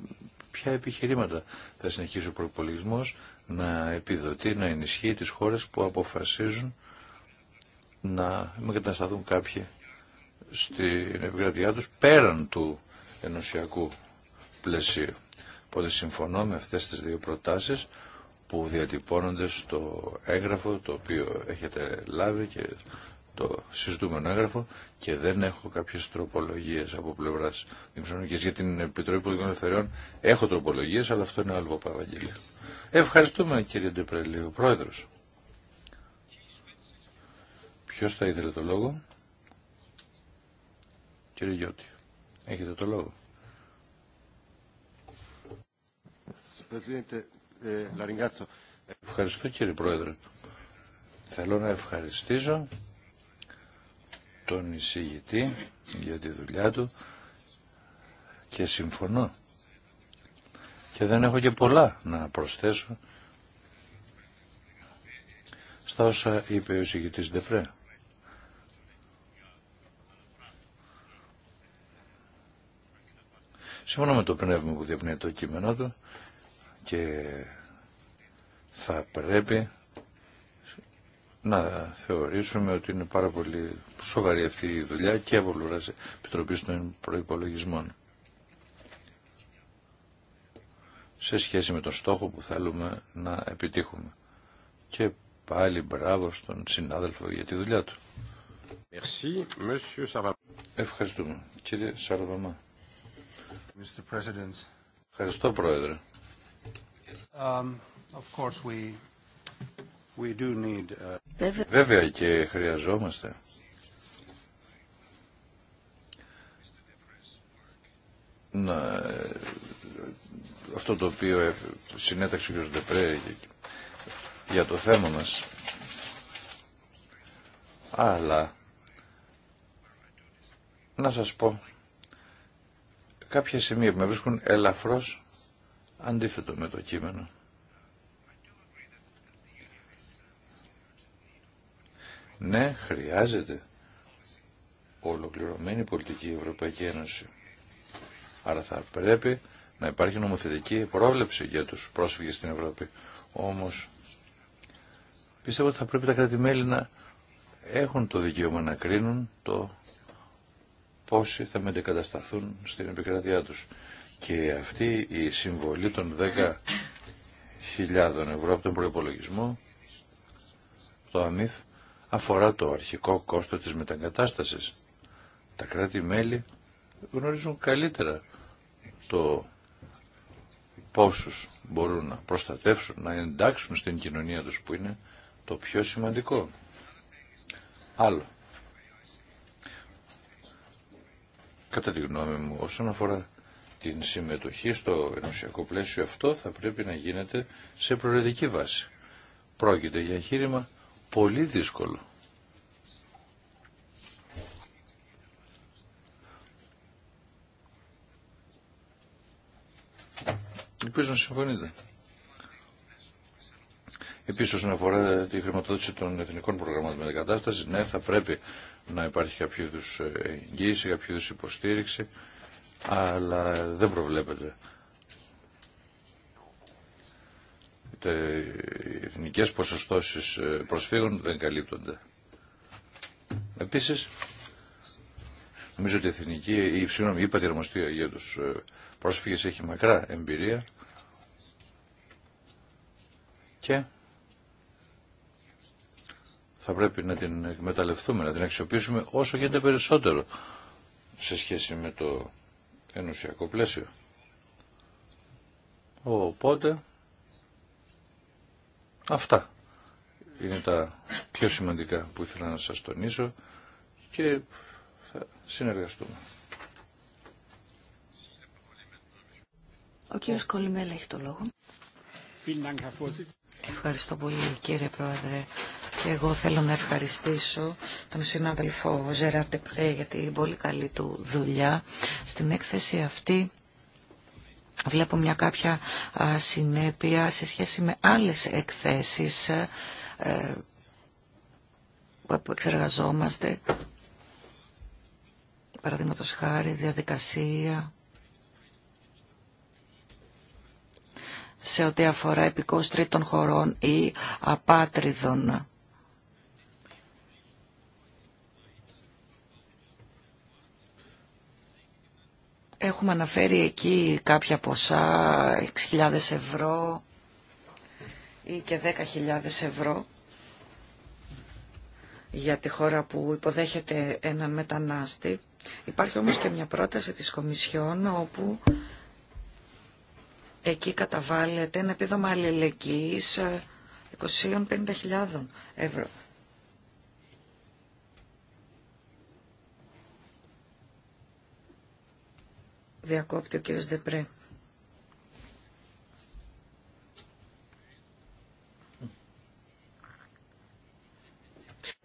ποια επιχειρήματα θα συνεχίσει ο προπολογισμό να επιδοτεί, να ενισχύει τις χώρες που αποφασίζουν να μετεγκατασταθούν κάποιοι στην επικρατειά τους πέραν του ενωσιακού πλαισίου. Οπότε συμφωνώ με αυτές τις δύο προτάσεις που διατυπώνονται στο έγγραφο το οποίο έχετε λάβει και το συζητούμενο έγγραφο και δεν έχω κάποιες τροπολογίες από πλευράς δημοσιονομικής για την Επιτροπή Πολιτικών Ελευθεριών έχω τροπολογίες αλλά αυτό είναι άλλο παπαγγελία. Ευχαριστούμε κύριε ο πρόεδρος. Ποιος θα ήθελε το λόγο. Κύριε Γιώτη, έχετε το λόγο. Ευχαριστώ κύριε Πρόεδρε. Θέλω να ευχαριστήσω τον εισηγητή για τη δουλειά του και συμφωνώ. Και δεν έχω και πολλά να προσθέσω στα όσα είπε ο εισηγητής Ντεπρέα. Σύμφωνα με το πνεύμα που διαπνέει το κείμενό του και θα πρέπει να θεωρήσουμε ότι είναι πάρα πολύ σοβαρή αυτή η δουλειά και από πλευρά Επιτροπή των Προπολογισμών. Σε σχέση με τον στόχο που θέλουμε να επιτύχουμε. Και πάλι μπράβο στον συνάδελφο για τη δουλειά του. Ευχαριστούμε. Κύριε Σαρβαμά. Ευχαριστώ, Πρόεδρε. Um, uh, Βέβαια. Βέβαια και χρειαζόμαστε. Να, αυτό το οποίο ε, συνέταξε ο κ. Ντεπρέ για το θέμα μας. Αλλά να σας πω κάποια σημεία που με βρίσκουν ελαφρώς αντίθετο με το κείμενο. Ναι, χρειάζεται ολοκληρωμένη πολιτική Ευρωπαϊκή Ένωση. Άρα θα πρέπει να υπάρχει νομοθετική πρόβλεψη για τους πρόσφυγες στην Ευρώπη. Όμως πιστεύω ότι θα πρέπει τα κράτη-μέλη να έχουν το δικαίωμα να κρίνουν το πόσοι θα μετεκατασταθούν στην επικρατεία τους. Και αυτή η συμβολή των 10.000 ευρώ από τον προϋπολογισμό, το ΑΜΙΦ, αφορά το αρχικό κόστο της μεταγκατάστασης. Τα κράτη-μέλη γνωρίζουν καλύτερα το πόσους μπορούν να προστατεύσουν, να εντάξουν στην κοινωνία τους που είναι το πιο σημαντικό. Άλλο, Κατά τη γνώμη μου, όσον αφορά την συμμετοχή στο ενωσιακό πλαίσιο αυτό θα πρέπει να γίνεται σε προεδρική βάση. Πρόκειται για εγχείρημα πολύ δύσκολο. Ελπίζω να συμφωνείτε. Επίση, όσον αφορά τη χρηματοδότηση των εθνικών προγραμμάτων κατάσταση ναι, θα πρέπει να υπάρχει κάποιο είδου ε, εγγύηση, κάποιο είδου υποστήριξη, αλλά δεν προβλέπεται. Οι εθνικέ ποσοστώσει ε, προσφύγων δεν καλύπτονται. Επίση, νομίζω ότι η εθνική, η συγγνώμη, η για του ε, πρόσφυγε έχει μακρά εμπειρία και θα πρέπει να την εκμεταλλευτούμε, να την αξιοποιήσουμε όσο γίνεται περισσότερο σε σχέση με το ενωσιακό πλαίσιο. Οπότε, αυτά είναι τα πιο σημαντικά που ήθελα να σας τονίσω και θα συνεργαστούμε. Ο κύριος Κολυμέλα έχει το λόγο. Ευχαριστώ πολύ κύριε Πρόεδρε. Και εγώ θέλω να ευχαριστήσω τον συνάδελφο Ζερά Τεπρέ για την πολύ καλή του δουλειά. Στην έκθεση αυτή βλέπω μια κάποια συνέπεια σε σχέση με άλλες εκθέσεις ε, ε, που εξεργαζόμαστε. Παραδείγματο χάρη, διαδικασία σε ό,τι αφορά επικός των χωρών ή απάτριδων Έχουμε αναφέρει εκεί κάποια ποσά, 6.000 ευρώ ή και 10.000 ευρώ για τη χώρα που υποδέχεται έναν μετανάστη. Υπάρχει όμως και μια πρόταση της Κομισιόν όπου εκεί καταβάλλεται ένα επίδομα αλληλεγγύης 250.000 ευρώ. διακόπτει ο κύριος Δεπρέ.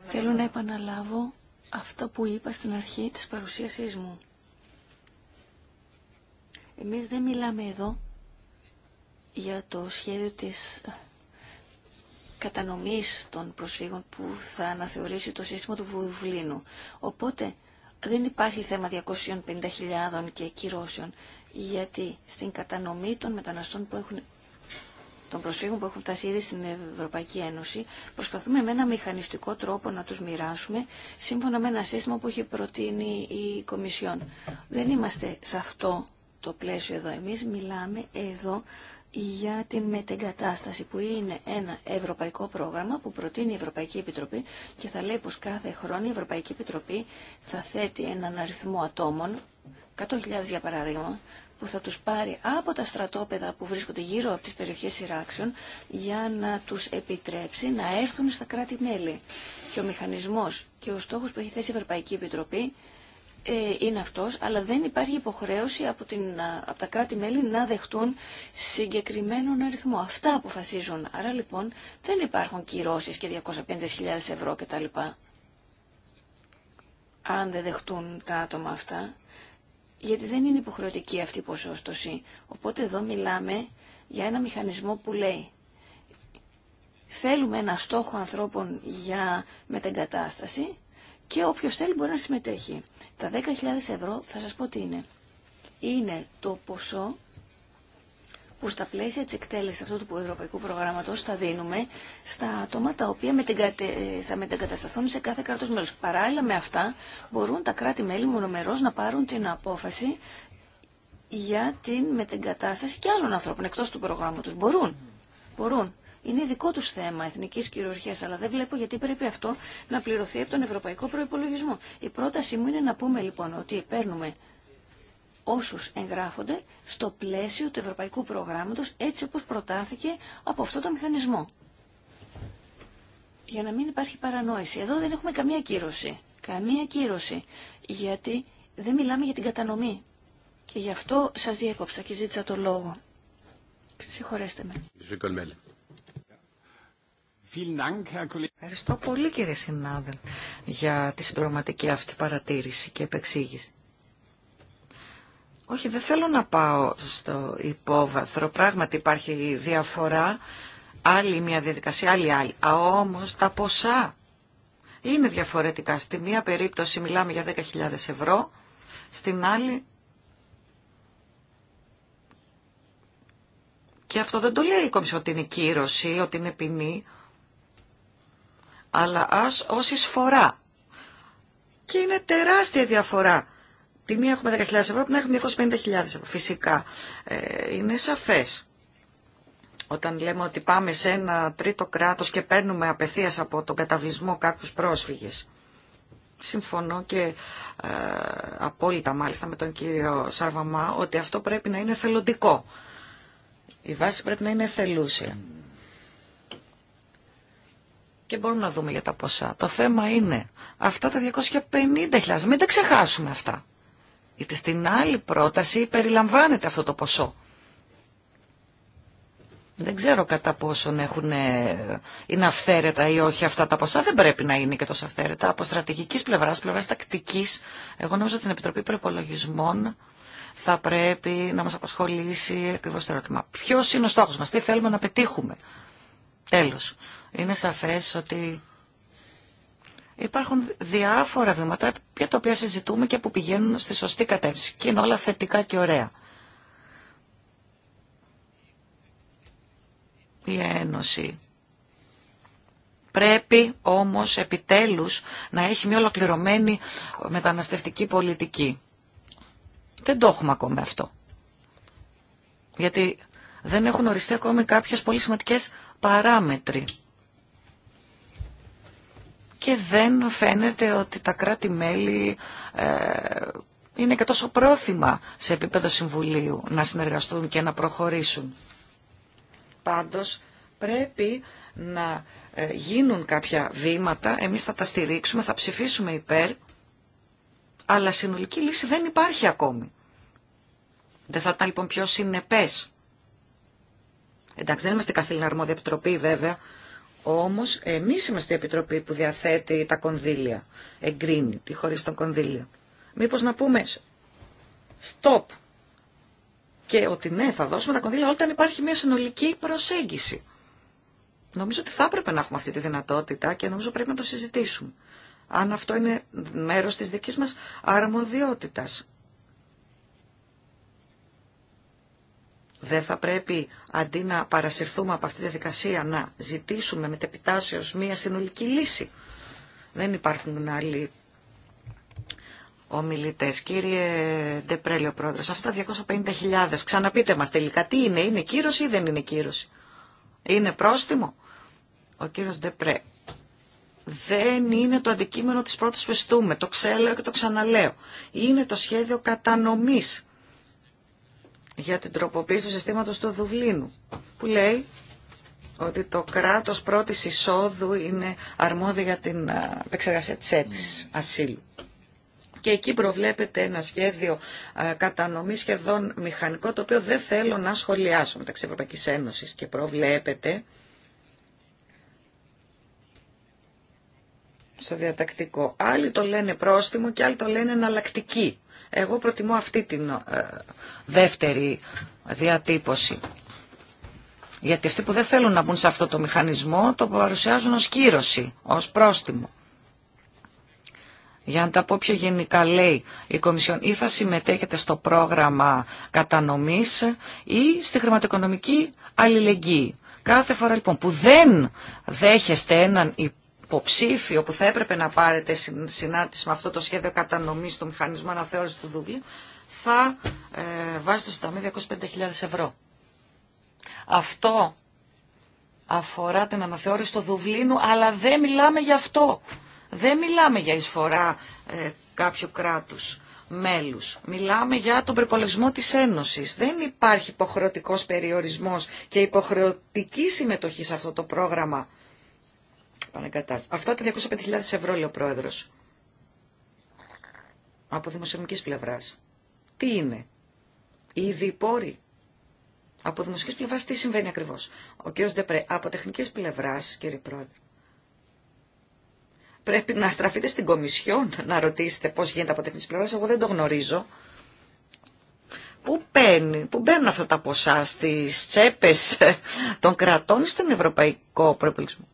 Θέλω να επαναλάβω αυτά που είπα στην αρχή της παρουσίασής μου. Εμείς δεν μιλάμε εδώ για το σχέδιο της ε, κατανομής των προσφύγων που θα αναθεωρήσει το σύστημα του Βουβλίνου. Οπότε δεν υπάρχει θέμα 250.000 και κυρώσεων, γιατί στην κατανομή των μεταναστών που έχουν των προσφύγων που έχουν φτάσει ήδη στην Ευρωπαϊκή Ένωση, προσπαθούμε με ένα μηχανιστικό τρόπο να τους μοιράσουμε, σύμφωνα με ένα σύστημα που έχει προτείνει η Κομισιόν. Δεν είμαστε σε αυτό το πλαίσιο εδώ. Εμείς μιλάμε εδώ για την μετεγκατάσταση που είναι ένα ευρωπαϊκό πρόγραμμα που προτείνει η Ευρωπαϊκή Επιτροπή και θα λέει πως κάθε χρόνο η Ευρωπαϊκή Επιτροπή θα θέτει έναν αριθμό ατόμων, 100.000 για παράδειγμα, που θα τους πάρει από τα στρατόπεδα που βρίσκονται γύρω από τις περιοχές σειράξεων για να τους επιτρέψει να έρθουν στα κράτη-μέλη. Και ο μηχανισμός και ο στόχος που έχει θέσει η Ευρωπαϊκή Επιτροπή ε, είναι αυτός, αλλά δεν υπάρχει υποχρέωση από, την, από τα κράτη-μέλη να δεχτούν συγκεκριμένον αριθμό. Αυτά αποφασίζουν. Άρα λοιπόν δεν υπάρχουν κυρώσεις και 250.000 ευρώ κτλ. Αν δεν δεχτούν τα άτομα αυτά, γιατί δεν είναι υποχρεωτική αυτή η ποσόστοση. Οπότε εδώ μιλάμε για ένα μηχανισμό που λέει θέλουμε ένα στόχο ανθρώπων για μετεγκατάσταση και όποιο θέλει μπορεί να συμμετέχει. Τα 10.000 ευρώ θα σας πω τι είναι. Είναι το ποσό που στα πλαίσια τη εκτέλεσης αυτού του ευρωπαϊκού προγράμματος θα δίνουμε στα άτομα τα οποία θα μετεγκατασταθούν σε κάθε κράτο μέλο. Παράλληλα με αυτά μπορούν τα κράτη-μέλη μονομερώς να πάρουν την απόφαση για την μετεγκατάσταση και άλλων ανθρώπων εκτό του προγράμματο. Μπορούν. Μπορούν. Είναι δικό του θέμα εθνική κυριαρχία, αλλά δεν βλέπω γιατί πρέπει αυτό να πληρωθεί από τον ευρωπαϊκό προπολογισμό. Η πρότασή μου είναι να πούμε λοιπόν ότι παίρνουμε όσου εγγράφονται στο πλαίσιο του ευρωπαϊκού προγράμματο έτσι όπω προτάθηκε από αυτό το μηχανισμό. Για να μην υπάρχει παρανόηση. Εδώ δεν έχουμε καμία κύρωση. Καμία κύρωση. Γιατί δεν μιλάμε για την κατανομή. Και γι' αυτό σα διέκοψα και ζήτησα το λόγο. Συγχωρέστε με. Ευχαριστώ πολύ κύριε Συνάδε για τη συμπληρωματική αυτή παρατήρηση και επεξήγηση. Όχι, δεν θέλω να πάω στο υπόβαθρο. Πράγματι υπάρχει διαφορά, άλλη μια διαδικασία, άλλη άλλη. Α, όμως τα ποσά είναι διαφορετικά. Στη μία περίπτωση μιλάμε για 10.000 ευρώ, στην άλλη Και αυτό δεν το λέει η Κομισιόν ότι είναι κύρωση, ότι είναι ποινή αλλά ας, ως εισφορά. Και είναι τεράστια διαφορά. Τη μία έχουμε 10.000 ευρώ, την έχουμε 250.000 ευρώ. Φυσικά, ε, είναι σαφές. Όταν λέμε ότι πάμε σε ένα τρίτο κράτος και παίρνουμε απευθείας από τον καταβλισμό κάποιους πρόσφυγες. Συμφωνώ και ε, απόλυτα μάλιστα με τον κύριο Σάρβαμα ότι αυτό πρέπει να είναι θελοντικό. Η βάση πρέπει να είναι θελούσια και μπορούμε να δούμε για τα ποσά. Το θέμα είναι αυτά τα 250.000, μην τα ξεχάσουμε αυτά. Γιατί στην άλλη πρόταση περιλαμβάνεται αυτό το ποσό. Δεν ξέρω κατά πόσον έχουν, ε, είναι αυθαίρετα ή όχι αυτά τα ποσά. Δεν πρέπει να είναι και τόσο αυθαίρετα. Από στρατηγικής πλευράς, πλευράς τακτικής, εγώ νομίζω ότι στην Επιτροπή Προπολογισμών θα πρέπει να μας απασχολήσει ακριβώς το ερώτημα. Ποιος είναι ο στόχος μας, τι θέλουμε να πετύχουμε. τέλο είναι σαφές ότι υπάρχουν διάφορα βήματα για τα οποία συζητούμε και που πηγαίνουν στη σωστή κατεύθυνση και είναι όλα θετικά και ωραία. Η Ένωση πρέπει όμως επιτέλους να έχει μια ολοκληρωμένη μεταναστευτική πολιτική. Δεν το έχουμε ακόμα αυτό. Γιατί δεν έχουν οριστεί ακόμη κάποιες πολύ σημαντικές παράμετροι και δεν φαίνεται ότι τα κράτη-μέλη ε, είναι και τόσο πρόθυμα σε επίπεδο Συμβουλίου να συνεργαστούν και να προχωρήσουν. Πάντως πρέπει να ε, γίνουν κάποια βήματα, εμείς θα τα στηρίξουμε, θα ψηφίσουμε υπέρ, αλλά συνολική λύση δεν υπάρχει ακόμη. Δεν θα ήταν λοιπόν πιο συνεπές. Εντάξει, δεν είμαστε καθήλυνα αρμόδια επιτροπή βέβαια, όμως εμείς είμαστε η Επιτροπή που διαθέτει τα κονδύλια, εγκρίνει τη χωρίς των κονδύλιων, Μήπως να πούμε stop και ότι ναι θα δώσουμε τα κονδύλια όταν υπάρχει μια συνολική προσέγγιση. Νομίζω ότι θα έπρεπε να έχουμε αυτή τη δυνατότητα και νομίζω πρέπει να το συζητήσουμε. Αν αυτό είναι μέρος της δικής μας αρμοδιότητας. δεν θα πρέπει αντί να παρασυρθούμε από αυτή τη διαδικασία να ζητήσουμε με μετεπιτάσεως μία συνολική λύση. Δεν υπάρχουν άλλοι ομιλητέ. Κύριε Ντεπρέλιο Πρόεδρο, αυτά τα 250.000, ξαναπείτε μα τελικά τι είναι, είναι κύρωση ή δεν είναι κύρωση. Είναι πρόστιμο. Ο κύριο Ντεπρέ. Δεν είναι το αντικείμενο της πρώτης φεστούμε, το ξέλεω και το ξαναλέω. Είναι το σχέδιο κατανομής για την τροποποίηση του συστήματος του Δουβλίνου, που λέει ότι το κράτος πρώτης εισόδου είναι αρμόδιο για την ε, επεξεργασία της αίτησης ναι. ασύλου. Και εκεί προβλέπεται ένα σχέδιο ε, κατανομής σχεδόν μηχανικό, το οποίο δεν θέλω να σχολιάσω μεταξύ Ευρωπαϊκής Ένωσης και προβλέπεται στο διατακτικό. Άλλοι το λένε πρόστιμο και άλλοι το λένε εναλλακτική εγώ προτιμώ αυτή την ε, δεύτερη διατύπωση. Γιατί αυτοί που δεν θέλουν να μπουν σε αυτό το μηχανισμό το παρουσιάζουν ως κύρωση, ως πρόστιμο. Για να τα πω πιο γενικά λέει η Κομισιόν ή θα συμμετέχετε στο πρόγραμμα κατανομής ή στη χρηματοοικονομική αλληλεγγύη. Κάθε φορά λοιπόν που δεν δέχεστε έναν υπόλοιπο υποψήφιο που θα έπρεπε να πάρετε συνάρτηση με αυτό το σχέδιο κατανομής του μηχανισμού αναθεώρησης του Δουβλίνου, θα ε, βάζετε στο ταμείο 205.000 ευρώ. Αυτό αφορά την αναθεώρηση του Δουβλίνου, αλλά δεν μιλάμε για αυτό. Δεν μιλάμε για εισφορά ε, κάποιου κράτους μέλους. Μιλάμε για τον προπολογισμό της Ένωσης. Δεν υπάρχει υποχρεωτικός περιορισμός και υποχρεωτική συμμετοχή σε αυτό το πρόγραμμα Αυτά τα 205.000 ευρώ, λέει ο πρόεδρος, από δημοσιονομικής πλευράς. Τι είναι, ήδη διπόροι, Από δημοσιονομικής πλευράς τι συμβαίνει ακριβώς. Ο κ. Ντεπρέ, από τεχνικής πλευράς, κύριε πρόεδρε, πρέπει να στραφείτε στην Κομισιόν να ρωτήσετε πώς γίνεται από τεχνικής πλευράς. Εγώ δεν το γνωρίζω. Πού, πού μπαίνουν αυτά τα ποσά στις τσέπες των κρατών στον ευρωπαϊκό Προεπολισμό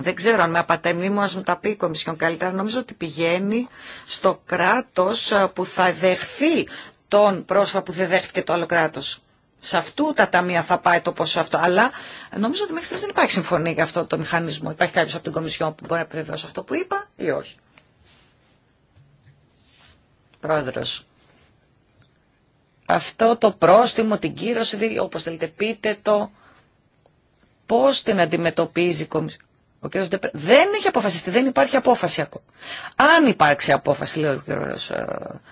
δεν ξέρω αν με απατέμνει μου, ας μου τα πει η Κομισιόν καλύτερα. Νομίζω ότι πηγαίνει στο κράτος ε, που θα δεχθεί τον πρόσφατο που δεν δέχτηκε το άλλο κράτος. Σε αυτού τα ταμεία θα πάει το ποσό αυτό. Αλλά νομίζω ότι μέχρι στιγμή δεν υπάρχει συμφωνία για αυτό το μηχανισμό. Υπάρχει κάποιο από την Κομισιόν που μπορεί να επιβεβαιώσει αυτό που είπα ή όχι. Πρόεδρος. Αυτό το πρόστιμο, την κύρωση, όπως θέλετε πείτε το, πώς την αντιμετωπίζει η Κομισιόν. Ο κ. δεν έχει αποφασιστεί, δεν υπάρχει απόφαση ακόμα. Αν υπάρξει απόφαση, λέει ο κ. Ε,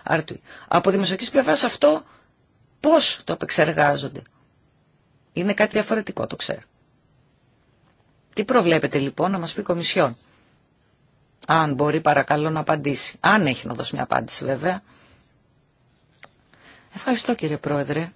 Άρτουι, από δημοσιογραφική πλευρά αυτό πώ το απεξεργάζονται. Είναι κάτι διαφορετικό, το ξέρω. Τι προβλέπετε λοιπόν να μας πει η Κομισιόν. Αν μπορεί παρακαλώ να απαντήσει. Αν έχει να δώσει μια απάντηση βέβαια. Ευχαριστώ κύριε Πρόεδρε.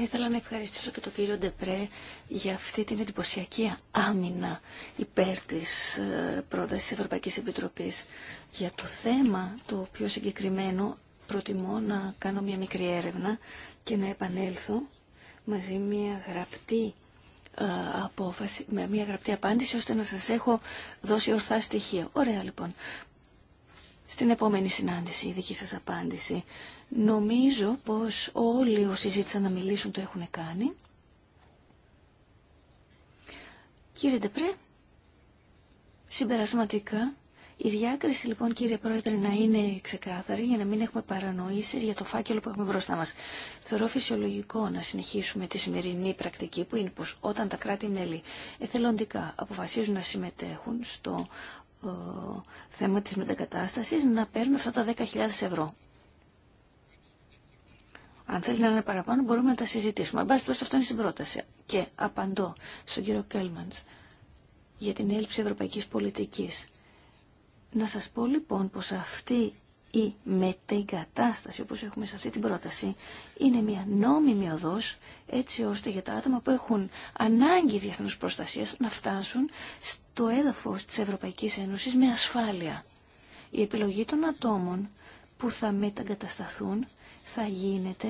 Θα ήθελα να ευχαριστήσω και τον κύριο Ντεπρέ για αυτή την εντυπωσιακή άμυνα υπέρ της ε, πρότασης της Ευρωπαϊκής Επιτροπής. Για το θέμα το πιο συγκεκριμένο προτιμώ να κάνω μια μικρή έρευνα και να επανέλθω μαζί μια γραπτή ε, απόφαση, με μια γραπτή απάντηση ώστε να σας έχω δώσει ορθά στοιχεία. Ωραία λοιπόν. Στην επόμενη συνάντηση η δική σας απάντηση Νομίζω πως όλοι όσοι ζήτησαν να μιλήσουν το έχουν κάνει. Κύριε Ντεπρέ, συμπερασματικά, η διάκριση λοιπόν κύριε Πρόεδρε να είναι ξεκάθαρη για να μην έχουμε παρανοήσεις για το φάκελο που έχουμε μπροστά μας. Θεωρώ φυσιολογικό να συνεχίσουμε τη σημερινή πρακτική που είναι πως όταν τα κράτη-μέλη εθελοντικά αποφασίζουν να συμμετέχουν στο ε, θέμα της μετακατάστασης να παίρνουν αυτά τα 10.000 ευρώ. Αν θέλει να είναι παραπάνω, μπορούμε να τα συζητήσουμε. Εν πάση αυτό είναι στην πρόταση. Και απαντώ στον κύριο Κέλμαντ για την έλλειψη ευρωπαϊκή πολιτική. Να σα πω λοιπόν πω αυτή η μετεγκατάσταση όπω έχουμε σε αυτή την πρόταση είναι μια νόμιμη οδό έτσι ώστε για τα άτομα που έχουν ανάγκη διεθνού προστασία να φτάσουν στο έδαφο τη Ευρωπαϊκή Ένωση με ασφάλεια. Η επιλογή των ατόμων που θα μεταγκατασταθούν θα γίνεται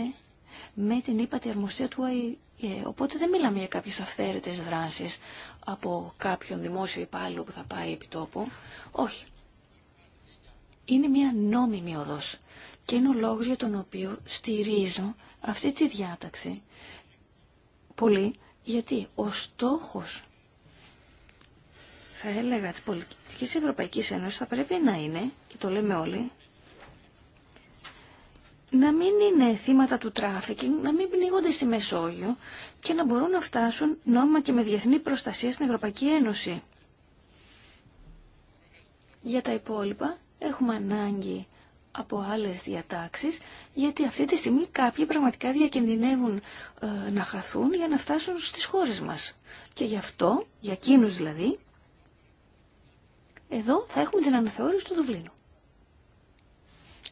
με την ύπατη αρμοστία του ΑΕΕ. Οπότε δεν μιλάμε για κάποιες αυθαίρετε δράσεις από κάποιον δημόσιο υπάλληλο που θα πάει επί τόπου. Όχι. Είναι μια νόμιμη οδός και είναι ο για τον οποίο στηρίζω αυτή τη διάταξη πολύ γιατί ο στόχος θα έλεγα τη πολιτική Ευρωπαϊκή Ένωση θα πρέπει να είναι και το λέμε όλοι να μην είναι θύματα του τράφικινγκ, να μην πνίγονται στη Μεσόγειο και να μπορούν να φτάσουν νόμιμα και με διεθνή προστασία στην Ευρωπαϊκή Ένωση. Για τα υπόλοιπα έχουμε ανάγκη από άλλες διατάξεις, γιατί αυτή τη στιγμή κάποιοι πραγματικά διακινδυνεύουν ε, να χαθούν για να φτάσουν στις χώρες μας. Και γι' αυτό, για εκείνους δηλαδή, εδώ θα έχουμε την αναθεώρηση του Δουβλίνου.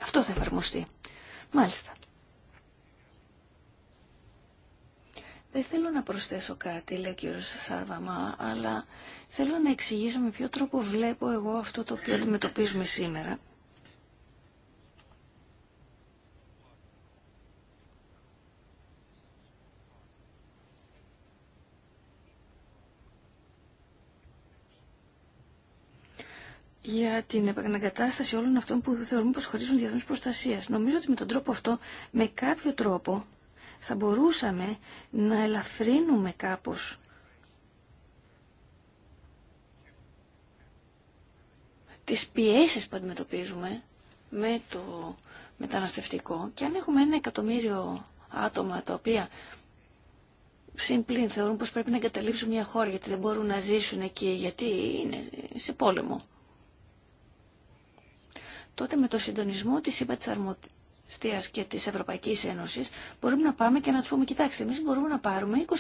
Αυτό θα εφαρμοστεί. Μάλιστα. Δεν θέλω να προσθέσω κάτι, λέει ο κύριο Σαρβαμά, αλλά θέλω να εξηγήσω με ποιο τρόπο βλέπω εγώ αυτό το οποίο αντιμετωπίζουμε σήμερα για την επαναγκατάσταση όλων αυτών που θεωρούμε πως χωρίζουν διεθνούς προστασία. Νομίζω ότι με τον τρόπο αυτό, με κάποιο τρόπο, θα μπορούσαμε να ελαφρύνουμε κάπως τις πιέσεις που αντιμετωπίζουμε με το μεταναστευτικό και αν έχουμε ένα εκατομμύριο άτομα τα οποία συμπλήν θεωρούν πως πρέπει να εγκαταλείψουν μια χώρα γιατί δεν μπορούν να ζήσουν εκεί, γιατί είναι σε πόλεμο τότε με το συντονισμό της ΥΠΑ και της Ευρωπαϊκής Ένωσης μπορούμε να πάμε και να τους πούμε, κοιτάξτε, εμείς μπορούμε να πάρουμε 20.000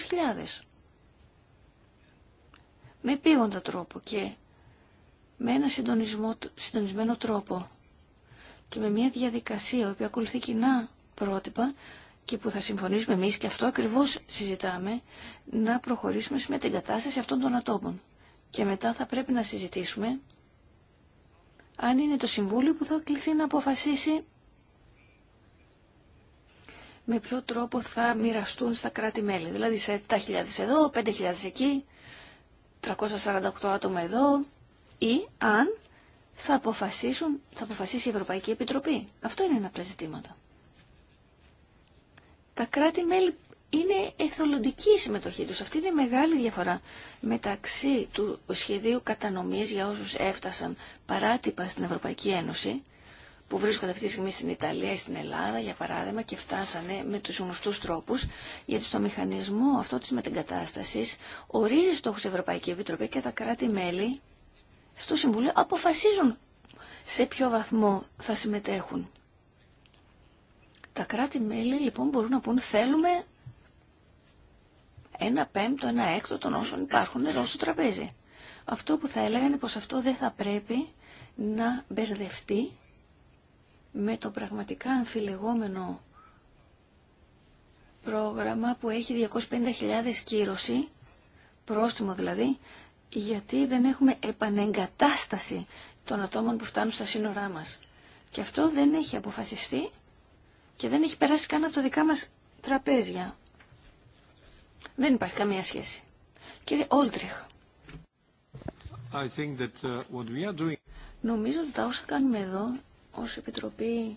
με επίγοντα τρόπο και με ένα συντονισμό, συντονισμένο τρόπο και με μια διαδικασία που ακολουθεί κοινά πρότυπα και που θα συμφωνήσουμε εμείς και αυτό ακριβώς συζητάμε να προχωρήσουμε την κατάσταση αυτών των ατόμων. Και μετά θα πρέπει να συζητήσουμε αν είναι το Συμβούλιο που θα κληθεί να αποφασίσει με ποιο τρόπο θα μοιραστούν στα κράτη-μέλη. Δηλαδή σε 7.000 εδώ, 5.000 εκεί, 348 άτομα εδώ ή αν θα, αποφασίσουν, θα αποφασίσει η Ευρωπαϊκή Επιτροπή. Αυτό είναι ένα από τα ζητήματα. Τα κράτη-μέλη είναι εθολοντική η συμμετοχή τους. Αυτή είναι η μεγάλη διαφορά μεταξύ του σχεδίου κατανομής για όσους έφτασαν παράτυπα στην Ευρωπαϊκή Ένωση, που βρίσκονται αυτή τη στιγμή στην Ιταλία ή στην Ελλάδα, για παράδειγμα, και φτάσανε με τους γνωστούς τρόπους, γιατί στο μηχανισμό αυτό της μετεγκατάστασης ορίζει στόχους η Ευρωπαϊκή Επιτροπή και τα κράτη-μέλη στο Συμβούλιο αποφασίζουν σε ποιο βαθμό θα συμμετέχουν. Τα κράτη-μέλη λοιπόν μπορούν να πούν θέλουμε ένα πέμπτο, ένα έκτο των όσων υπάρχουν εδώ στο τραπέζι. Αυτό που θα έλεγα είναι πως αυτό δεν θα πρέπει να μπερδευτεί με το πραγματικά αμφιλεγόμενο πρόγραμμα που έχει 250.000 κύρωση, πρόστιμο δηλαδή, γιατί δεν έχουμε επανεγκατάσταση των ατόμων που φτάνουν στα σύνορά μας. Και αυτό δεν έχει αποφασιστεί και δεν έχει περάσει καν από τα δικά μας τραπέζια. Δεν υπάρχει καμία σχέση. Κύριε Όλτριχ. Uh, Νομίζω ότι τα όσα κάνουμε εδώ ως Επιτροπή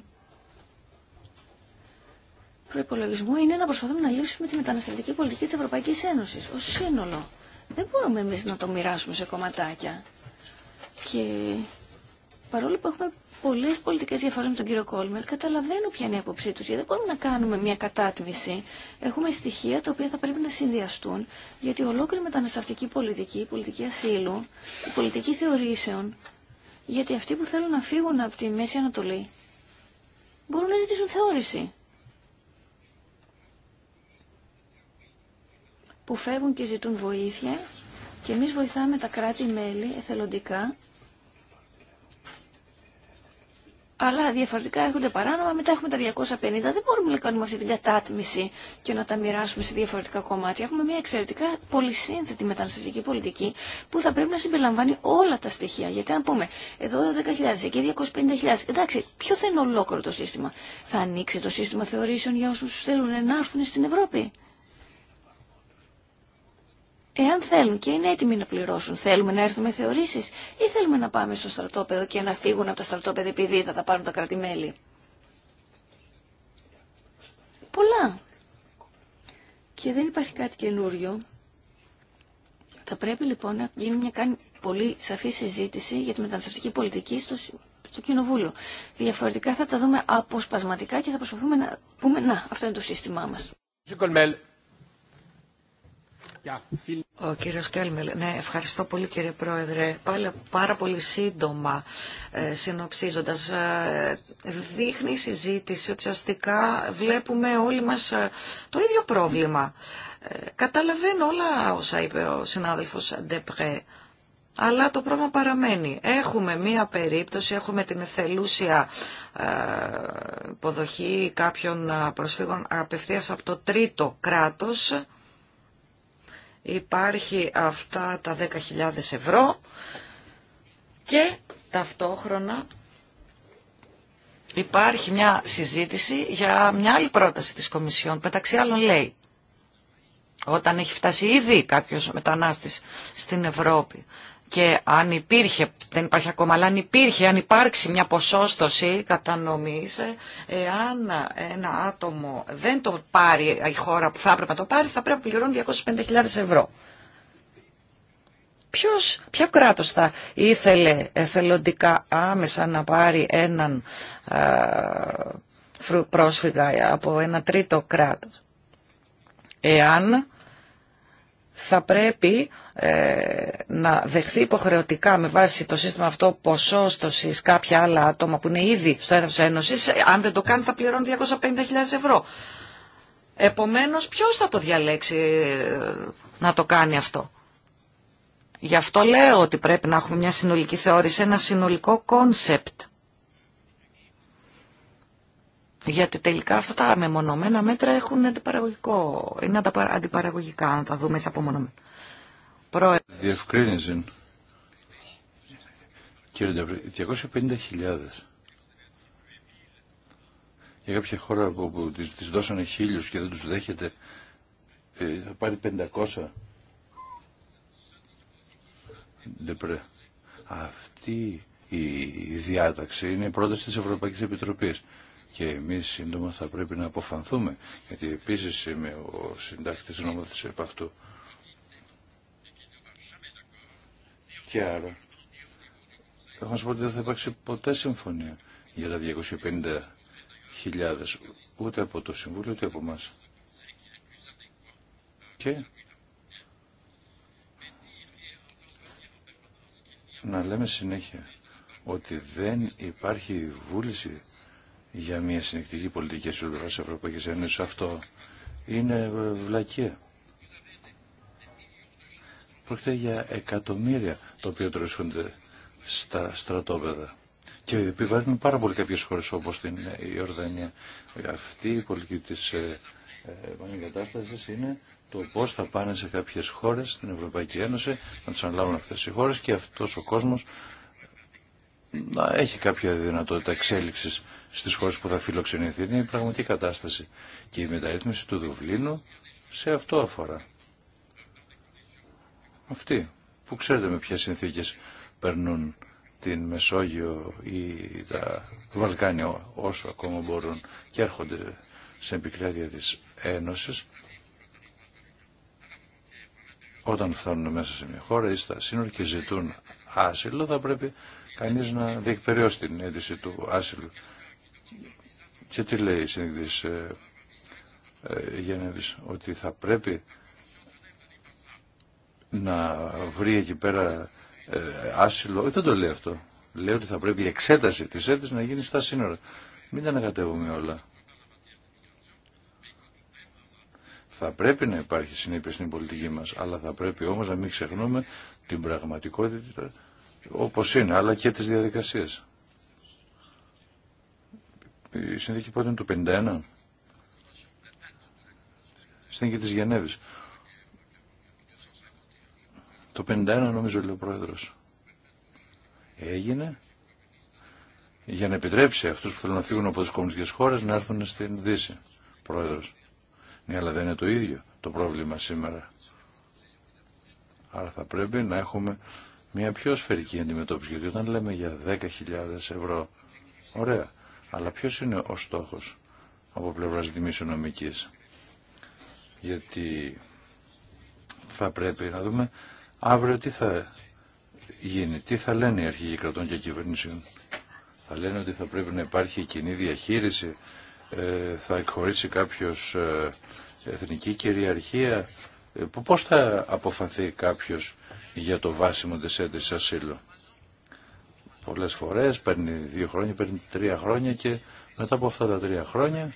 Προϋπολογισμού είναι να προσπαθούμε να λύσουμε τη μεταναστευτική πολιτική της Ευρωπαϊκής Ένωσης ως σύνολο. Δεν μπορούμε εμείς να το μοιράσουμε σε κομματάκια. Και παρόλο που έχουμε πολλέ πολιτικέ διαφορέ με τον κύριο Κόλμερ Καταλαβαίνω ποια είναι η άποψή του, γιατί δεν μπορούμε να κάνουμε μια κατάτμιση. Έχουμε στοιχεία τα οποία θα πρέπει να συνδυαστούν, γιατί ολόκληρη μεταναστευτική πολιτική, η πολιτική ασύλου, η πολιτική θεωρήσεων, γιατί αυτοί που θέλουν να φύγουν από τη Μέση Ανατολή μπορούν να ζητήσουν θεώρηση. Που φεύγουν και ζητούν βοήθεια και εμείς βοηθάμε τα κράτη-μέλη εθελοντικά αλλά διαφορετικά έρχονται παράνομα, μετά έχουμε τα 250. Δεν μπορούμε να κάνουμε αυτή την κατάτμιση και να τα μοιράσουμε σε διαφορετικά κομμάτια. Έχουμε μια εξαιρετικά πολυσύνθετη μεταναστευτική πολιτική που θα πρέπει να συμπεριλαμβάνει όλα τα στοιχεία. Γιατί αν πούμε εδώ 10.000, εκεί 250.000, εντάξει, ποιο θα είναι ολόκληρο το σύστημα. Θα ανοίξει το σύστημα θεωρήσεων για όσου θέλουν να έρθουν στην Ευρώπη. Εάν θέλουν και είναι έτοιμοι να πληρώσουν, θέλουμε να έρθουμε θεωρήσεις ή θέλουμε να πάμε στο στρατόπεδο και να φύγουν από τα στρατόπεδα επειδή θα τα πάρουν τα κρατημέλη. Πολλά. Και δεν υπάρχει κάτι καινούριο. Θα πρέπει λοιπόν να γίνει μια κάνει πολύ σαφή συζήτηση για τη μεταναστευτική πολιτική στο, στο Κοινοβούλιο. Διαφορετικά θα τα δούμε αποσπασματικά και θα προσπαθούμε να πούμε να, αυτό είναι το σύστημά μας. Ο κύριος Κέλμελ, ναι, ευχαριστώ πολύ κύριε Πρόεδρε. Πάλι πάρα πολύ σύντομα ε, συνοψίζοντας. Ε, δείχνει η συζήτηση ότι αστικά βλέπουμε όλοι μας ε, το ίδιο πρόβλημα. Ε, καταλαβαίνω όλα όσα είπε ο συνάδελφος Ντεπρέ. Αλλά το πρόβλημα παραμένει. Έχουμε μία περίπτωση, έχουμε την εθελούσια υποδοχή κάποιων προσφύγων απευθείας από το τρίτο κράτος υπάρχει αυτά τα 10.000 ευρώ και ταυτόχρονα υπάρχει μια συζήτηση για μια άλλη πρόταση της Κομισιόν. Μεταξύ άλλων λέει, όταν έχει φτάσει ήδη κάποιος μετανάστης στην Ευρώπη, και αν υπήρχε, δεν υπάρχει ακόμα, αλλά αν υπήρχε, αν υπάρξει μια ποσόστοση κατανομής, εάν ένα άτομο δεν το πάρει η χώρα που θα έπρεπε να το πάρει, θα πρέπει να πληρώνει 250.000 ευρώ. Ποιος, ποιο κράτος θα ήθελε εθελοντικά άμεσα να πάρει έναν α, πρόσφυγα από ένα τρίτο κράτος. Εάν θα πρέπει ε, να δεχθεί υποχρεωτικά με βάση το σύστημα αυτό ποσόστοση κάποια άλλα άτομα που είναι ήδη στο τη Ένωση, ε, Αν δεν το κάνει θα πληρώνει 250.000 ευρώ. Επομένω, ποιο θα το διαλέξει ε, να το κάνει αυτό. Γι' αυτό λέω ότι πρέπει να έχουμε μια συνολική θεώρηση, ένα συνολικό κόνσεπτ γιατί τελικά αυτά τα μεμονωμένα μέτρα έχουν αντιπαραγωγικό, είναι αντιπαραγωγικά, αν τα δούμε έτσι απομονωμένα. Διευκρίνηση. Κύριε 250.000. Για κάποια χώρα που, που τις, δώσανε χίλιους και δεν τους δέχεται, ε, θα πάρει 500. Ντεπρέ. Αυτή η διάταξη είναι η πρόταση τη Ευρωπαϊκής Επιτροπή και εμείς σύντομα θα πρέπει να αποφανθούμε γιατί επίσης είμαι ο συντάκτης νομότης επ' αυτού. Και άρα έχω να πω ότι δεν θα υπάρξει ποτέ συμφωνία για τα 250.000 ούτε από το Συμβούλιο ούτε από μας. Και να λέμε συνέχεια ότι δεν υπάρχει βούληση για μια συνεκτική πολιτική συνολικά της Ευρωπαϊκής Ένωσης. Αυτό είναι ε, βλακία. Πρόκειται για εκατομμύρια το οποίο τρέχονται στα στρατόπεδα. Και επιβαρύνουν πάρα πολύ κάποιε χώρες όπως την Ιορδανία. Ε, Αυτή η πολιτική της ε, επανεγκατάσταση είναι το πώ θα πάνε σε κάποιε χώρε στην Ευρωπαϊκή Ένωση, να τι αναλάβουν αυτέ οι χώρε και αυτό ο κόσμο να έχει κάποια δυνατότητα εξέλιξης στις χώρες που θα φιλοξενηθεί. Είναι η πραγματική κατάσταση. Και η μεταρρύθμιση του Δουβλίνου σε αυτό αφορά. Αυτή που ξέρετε με ποιες συνθήκες περνούν την Μεσόγειο ή τα Βαλκάνια όσο ακόμα μπορούν και έρχονται σε επικράτεια της Ένωσης όταν φτάνουν μέσα σε μια χώρα ή στα σύνορα και ζητούν άσυλο θα πρέπει Κανεί να διεκπαιρεώσει την αίτηση του άσυλου. Και τι λέει η συνήθιση ε, ε, ότι θα πρέπει να βρει εκεί πέρα ε, άσυλο, ε, δεν το λέει αυτό. Λέει ότι θα πρέπει η εξέταση της αίτησης να γίνει στα σύνορα. Μην τα ανακατεύουμε όλα. Θα πρέπει να υπάρχει συνέπεια στην πολιτική μας, αλλά θα πρέπει όμως να μην ξεχνούμε την πραγματικότητα όπως είναι, αλλά και τις διαδικασίες. Η συνθήκη πότε είναι του 51. Στην και της Γενέβης. Το 51 νομίζω λέει ο Πρόεδρος. Έγινε για να επιτρέψει αυτούς που θέλουν να φύγουν από τις κομμουνιστικές χώρες να έρθουν στην Δύση. Πρόεδρος. Ναι, αλλά δεν είναι το ίδιο το πρόβλημα σήμερα. Άρα θα πρέπει να έχουμε μια πιο σφαιρική αντιμετώπιση. Γιατί όταν λέμε για 10.000 ευρώ, ωραία. Αλλά ποιος είναι ο στόχος από πλευράς δημισιονομικής; Γιατί θα πρέπει να δούμε αύριο τι θα γίνει, τι θα λένε οι αρχηγοί κρατών και κυβερνήσεων. Θα λένε ότι θα πρέπει να υπάρχει κοινή διαχείριση, ε, θα εκχωρήσει κάποιος ε, εθνική κυριαρχία. Ε, πώς θα αποφανθεί κάποιος για το βάσιμο της αίτησης ασύλου. Πολλές φορές παίρνει δύο χρόνια, παίρνει τρία χρόνια και μετά από αυτά τα τρία χρόνια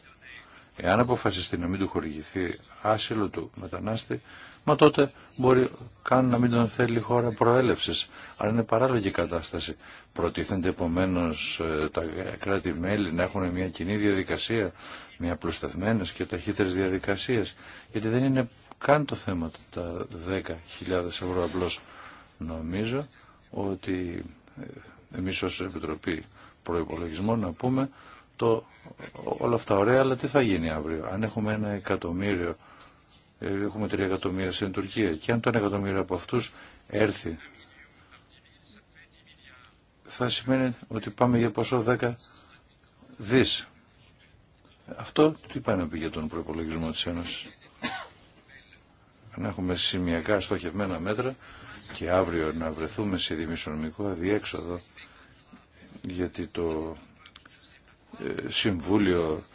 εάν αποφασιστεί να μην του χορηγηθεί άσυλο του μετανάστη μα τότε μπορεί καν να μην τον θέλει η χώρα προέλευσης. αλλά είναι παράλογη κατάσταση. Προτίθενται επομένω ε, τα κράτη-μέλη να έχουν μια κοινή διαδικασία, μια προσταθμένες και ταχύτερες διαδικασίες, γιατί δεν είναι καν το θέμα τα 10.000 ευρώ απλώς. Νομίζω ότι ε, εμείς ως Επιτροπή Προϋπολογισμών να πούμε το, όλα αυτά ωραία, αλλά τι θα γίνει αύριο. Αν έχουμε ένα εκατομμύριο, ε, έχουμε τρία εκατομμύρια στην Τουρκία και αν το ένα εκατομμύριο από αυτούς έρθει θα σημαίνει ότι πάμε για ποσό 10 δις. Αυτό τι πάει να πει για τον προπολογισμό της Ένωσης να έχουμε σημειακά στοχευμένα μέτρα και αύριο να βρεθούμε σε δημισιονομικό αδιέξοδο γιατί το ε, Συμβούλιο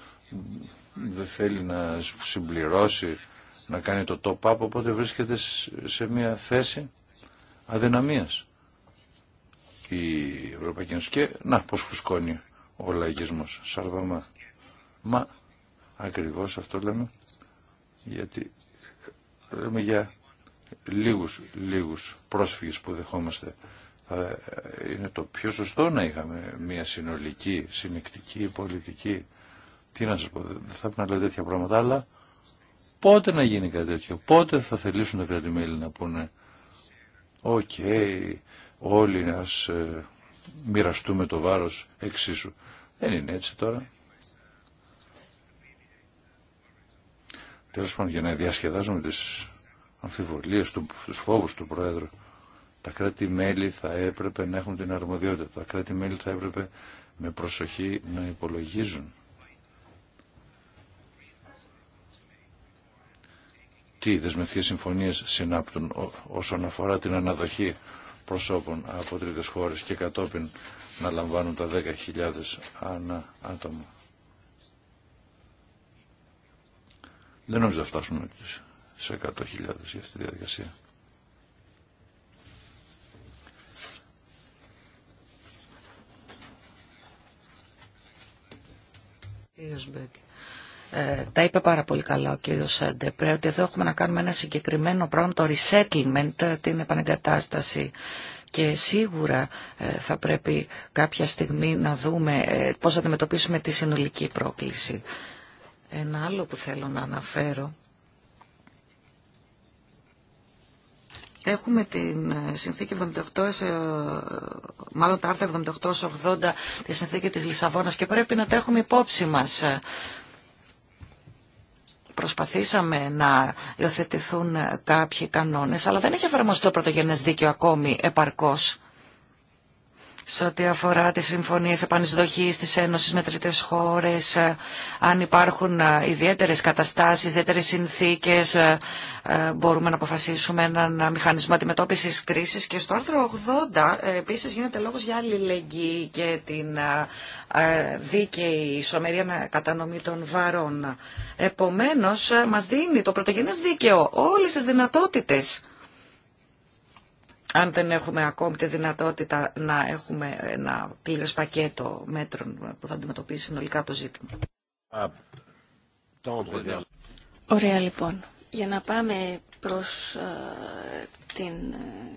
δεν θέλει να συμπληρώσει, να κάνει το top-up, οπότε βρίσκεται σε μια θέση αδυναμίας η Ευρωπαϊκή Ένωση. Και να, πώς φουσκώνει ο λαϊκισμός. Σαρβαμά. Μα, ακριβώς αυτό λέμε, γιατί λέμε για λίγους, λίγους πρόσφυγες που δεχόμαστε. Ε, είναι το πιο σωστό να είχαμε μια συνολική, συνεκτική, πολιτική. Τι να σας πω, δεν θα πρέπει να λέω τέτοια πράγματα, αλλά πότε να γίνει κάτι τέτοιο, πότε θα θελήσουν τα κρατημέλη να πούνε «Οκ, okay, όλοι να ε, μοιραστούμε το βάρος εξίσου». Δεν είναι έτσι τώρα. τέλο πάντων για να διασκεδάζουμε τις αμφιβολίε, του, φόβου του Πρόεδρου. Τα κράτη-μέλη θα έπρεπε να έχουν την αρμοδιότητα. Τα κράτη-μέλη θα έπρεπε με προσοχή να υπολογίζουν. Τι δεσμευτικές συμφωνίες συνάπτουν όσον αφορά την αναδοχή προσώπων από τρίτες χώρες και κατόπιν να λαμβάνουν τα 10.000 άτομα. Δεν νομίζω να φτάσουμε σε 100.000 για αυτή τη διαδικασία. Ε, τα είπε πάρα πολύ καλά ο κύριος Ντεπρέ ότι εδώ έχουμε να κάνουμε ένα συγκεκριμένο πράγμα, το resettlement, την επανεγκατάσταση και σίγουρα ε, θα πρέπει κάποια στιγμή να δούμε ε, πώς θα αντιμετωπίσουμε τη συνολική πρόκληση. Ένα άλλο που θέλω να αναφέρω. Έχουμε την ε, συνθήκη 78, ε, μάλλον τα άρθρα 78-80 τη συνθήκη της Λισαβόνας και πρέπει να τα έχουμε υπόψη μας. Ε, προσπαθήσαμε να υιοθετηθούν κάποιοι κανόνες, αλλά δεν έχει εφαρμοστεί το πρωτογενές δίκαιο ακόμη επαρκώς σε ό,τι αφορά τις συμφωνίες επανεισδοχής της Ένωσης με τρίτες χώρες, ε, αν υπάρχουν ε, ιδιαίτερες καταστάσεις, ιδιαίτερες συνθήκες, ε, μπορούμε να αποφασίσουμε έναν μηχανισμό αντιμετώπισης κρίσης. Και στο άρθρο 80 επίσης γίνεται λόγος για αλληλεγγύη και την δίκαιη ισομερία κατανομή των βαρών. Επομένως, μας δίνει το πρωτογενές δίκαιο όλες τις δυνατότητες αν δεν έχουμε ακόμη τη δυνατότητα να έχουμε ένα πλήρε πακέτο μέτρων που θα αντιμετωπίσει συνολικά το ζήτημα. Ωραία λοιπόν. Για να πάμε προς, ε, την,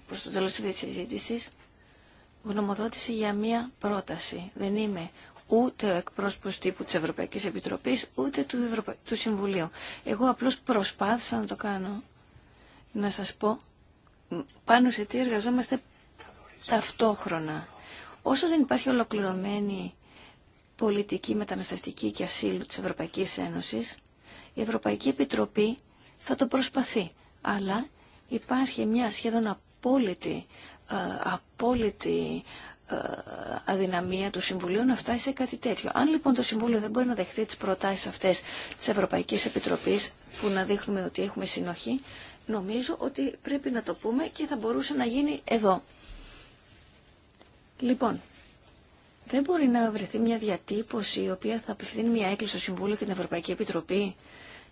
προς το τέλος της συζήτησης, γνωμοδότηση για μία πρόταση. Δεν είμαι ούτε ο εκπρόσωπος τύπου της Ευρωπαϊκής Επιτροπής, ούτε του, του Συμβουλίου. Εγώ απλώς προσπάθησα να το κάνω, να σας πω πάνω σε τι εργαζόμαστε ταυτόχρονα. Όσο δεν υπάρχει ολοκληρωμένη πολιτική μεταναστευτική και ασύλου της Ευρωπαϊκής Ένωσης, η Ευρωπαϊκή Επιτροπή θα το προσπαθεί. Αλλά υπάρχει μια σχεδόν απόλυτη, ε, ε, αδυναμία του Συμβουλίου να φτάσει σε κάτι τέτοιο. Αν λοιπόν το Συμβούλιο δεν μπορεί να δεχτεί τις προτάσεις αυτές της Ευρωπαϊκής Επιτροπής που να δείχνουμε ότι έχουμε συνοχή, νομίζω ότι πρέπει να το πούμε και θα μπορούσε να γίνει εδώ. Λοιπόν, δεν μπορεί να βρεθεί μια διατύπωση η οποία θα απευθύνει μια έκκληση στο Συμβούλιο και την Ευρωπαϊκή Επιτροπή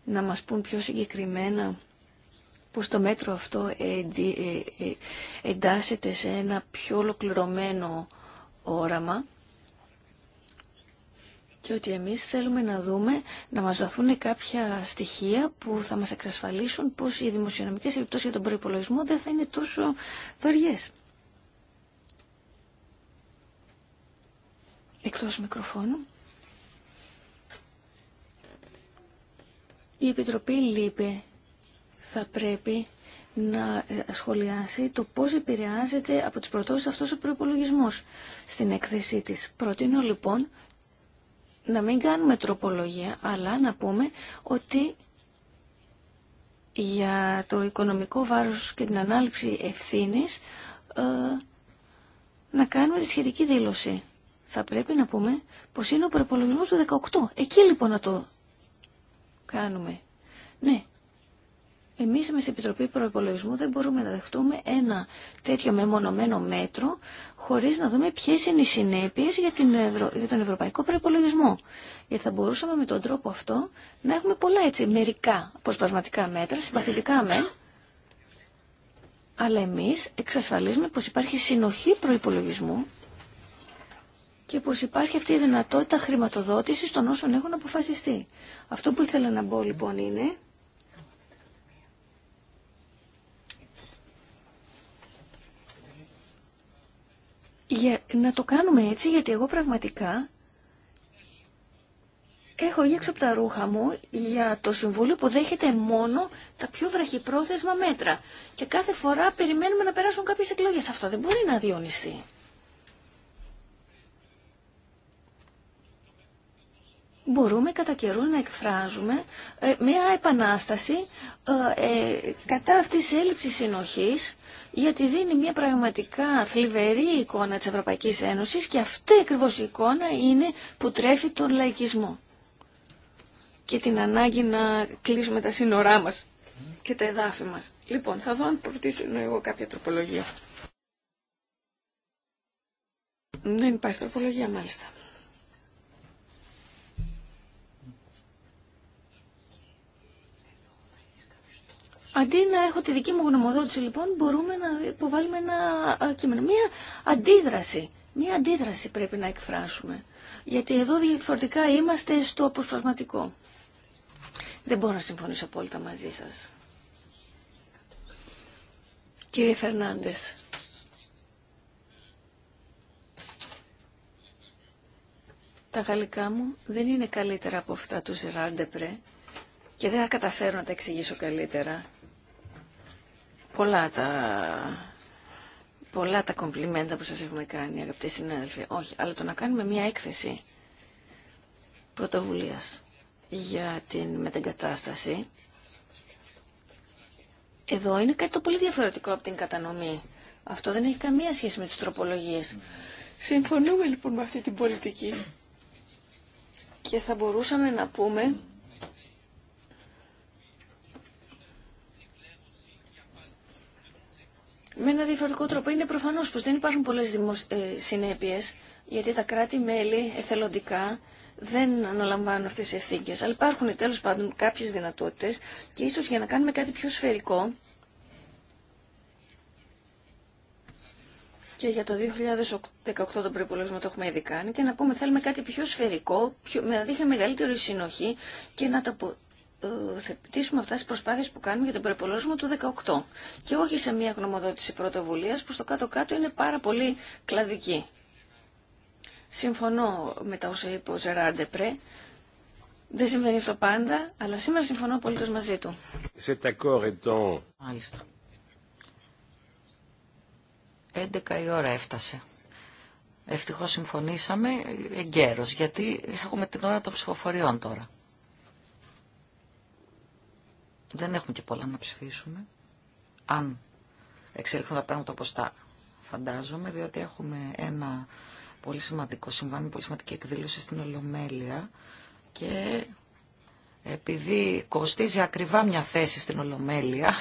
να μας πούν πιο συγκεκριμένα πως το μέτρο αυτό ε, ε, εντάσσεται σε ένα πιο ολοκληρωμένο όραμα και ότι εμείς θέλουμε να δούμε να μας δοθούν κάποια στοιχεία που θα μας εξασφαλίσουν πως οι δημοσιονομικές επιπτώσεις για τον προϋπολογισμό δεν θα είναι τόσο βαριές. Εκτός μικροφώνου. Η Επιτροπή ΛΥΠΕ θα πρέπει να ε, σχολιάσει το πώς επηρεάζεται από τις προτώσεις αυτός ο προπολογισμό στην έκθεσή της. Προτείνω λοιπόν να μην κάνουμε τροπολογία, αλλά να πούμε ότι για το οικονομικό βάρος και την ανάληψη ευθύνης ε, να κάνουμε τη σχετική δήλωση. Θα πρέπει να πούμε πως είναι ο προπολογισμό του 18. Εκεί λοιπόν να το κάνουμε. Ναι, εμείς στην Επιτροπή Προπολογισμού δεν μπορούμε να δεχτούμε ένα τέτοιο μεμονωμένο μέτρο χωρίς να δούμε ποιες είναι οι συνέπειες για, την Ευρω... για τον Ευρωπαϊκό Προπολογισμό. Γιατί θα μπορούσαμε με τον τρόπο αυτό να έχουμε πολλά έτσι μερικά προσπασματικά μέτρα, συμπαθητικά με, αλλά εμείς εξασφαλίζουμε πως υπάρχει συνοχή προϋπολογισμού και πως υπάρχει αυτή η δυνατότητα χρηματοδότησης των όσων έχουν αποφασιστεί. Αυτό που ήθελα να πω λοιπόν είναι για να το κάνουμε έτσι, γιατί εγώ πραγματικά έχω έξω από τα ρούχα μου για το Συμβούλιο που δέχεται μόνο τα πιο βραχυπρόθεσμα μέτρα. Και κάθε φορά περιμένουμε να περάσουν κάποιες εκλογές. Αυτό δεν μπορεί να διονυστεί. μπορούμε κατά καιρού να εκφράζουμε ε, μια επανάσταση ε, ε, κατά αυτής της έλλειψης συνοχής γιατί δίνει μια πραγματικά θλιβερή εικόνα της Ευρωπαϊκής Ένωσης και αυτή ακριβώ η εικόνα είναι που τρέφει τον λαϊκισμό και την ανάγκη να κλείσουμε τα σύνορά μας και τα εδάφη μας. Λοιπόν, θα δω αν προτίσω εγώ κάποια τροπολογία. Δεν υπάρχει τροπολογία μάλιστα. Αντί να έχω τη δική μου γνωμοδότηση λοιπόν, μπορούμε να υποβάλουμε ένα ε, κείμενο. Μία αντίδραση. Μία αντίδραση πρέπει να εκφράσουμε. Γιατί εδώ διαφορετικά είμαστε στο αποσπασματικό. Δεν μπορώ να συμφωνήσω απόλυτα μαζί σας. Κύριε Φερνάντες. Τα γαλλικά μου δεν είναι καλύτερα από αυτά του Ζεράρντεπρε και δεν θα καταφέρω να τα εξηγήσω καλύτερα. Πολλά τα... Πολλά τα κομπλιμέντα που σας έχουμε κάνει, αγαπητοί συνάδελφοι. Όχι, αλλά το να κάνουμε μια έκθεση πρωτοβουλίας για την μετεγκατάσταση, εδώ είναι κάτι το πολύ διαφορετικό από την κατανομή. Αυτό δεν έχει καμία σχέση με τις τροπολογίες. Συμφωνούμε λοιπόν με αυτή την πολιτική. Και θα μπορούσαμε να πούμε με ένα διαφορετικό τρόπο. Είναι προφανώς πω δεν υπάρχουν πολλέ δημοσ... Ε, γιατί τα κράτη-μέλη εθελοντικά δεν αναλαμβάνουν αυτές τις ευθύνε. Αλλά υπάρχουν τέλο πάντων κάποιες δυνατότητε και ίσως για να κάνουμε κάτι πιο σφαιρικό, Και για το 2018 τον προπολογισμό το έχουμε ήδη κάνει και να πούμε θέλουμε κάτι πιο σφαιρικό, πιο, να δείχνει μεγαλύτερη συνοχή και να τα ε, θα επιτύσσουμε αυτά τις προσπάθειες που κάνουμε για τον προπολογισμό του 18 και όχι σε μια γνωμοδότηση πρωτοβουλίας που στο κάτω-κάτω είναι πάρα πολύ κλαδική. Συμφωνώ με τα όσα είπε ο Ζεράρ Ντεπρέ. Δεν συμβαίνει αυτό πάντα, αλλά σήμερα συμφωνώ απολύτω μαζί του. Μάλιστα. 11 η ώρα έφτασε. Ευτυχώς συμφωνήσαμε εγκαίρως, γιατί έχουμε την ώρα των ψηφοφοριών τώρα. Δεν έχουμε και πολλά να ψηφίσουμε. Αν εξελιχθούν τα πράγματα όπως τα φαντάζομαι, διότι έχουμε ένα πολύ σημαντικό συμβάν, πολύ σημαντική εκδήλωση στην Ολομέλεια και επειδή κοστίζει ακριβά μια θέση στην Ολομέλεια,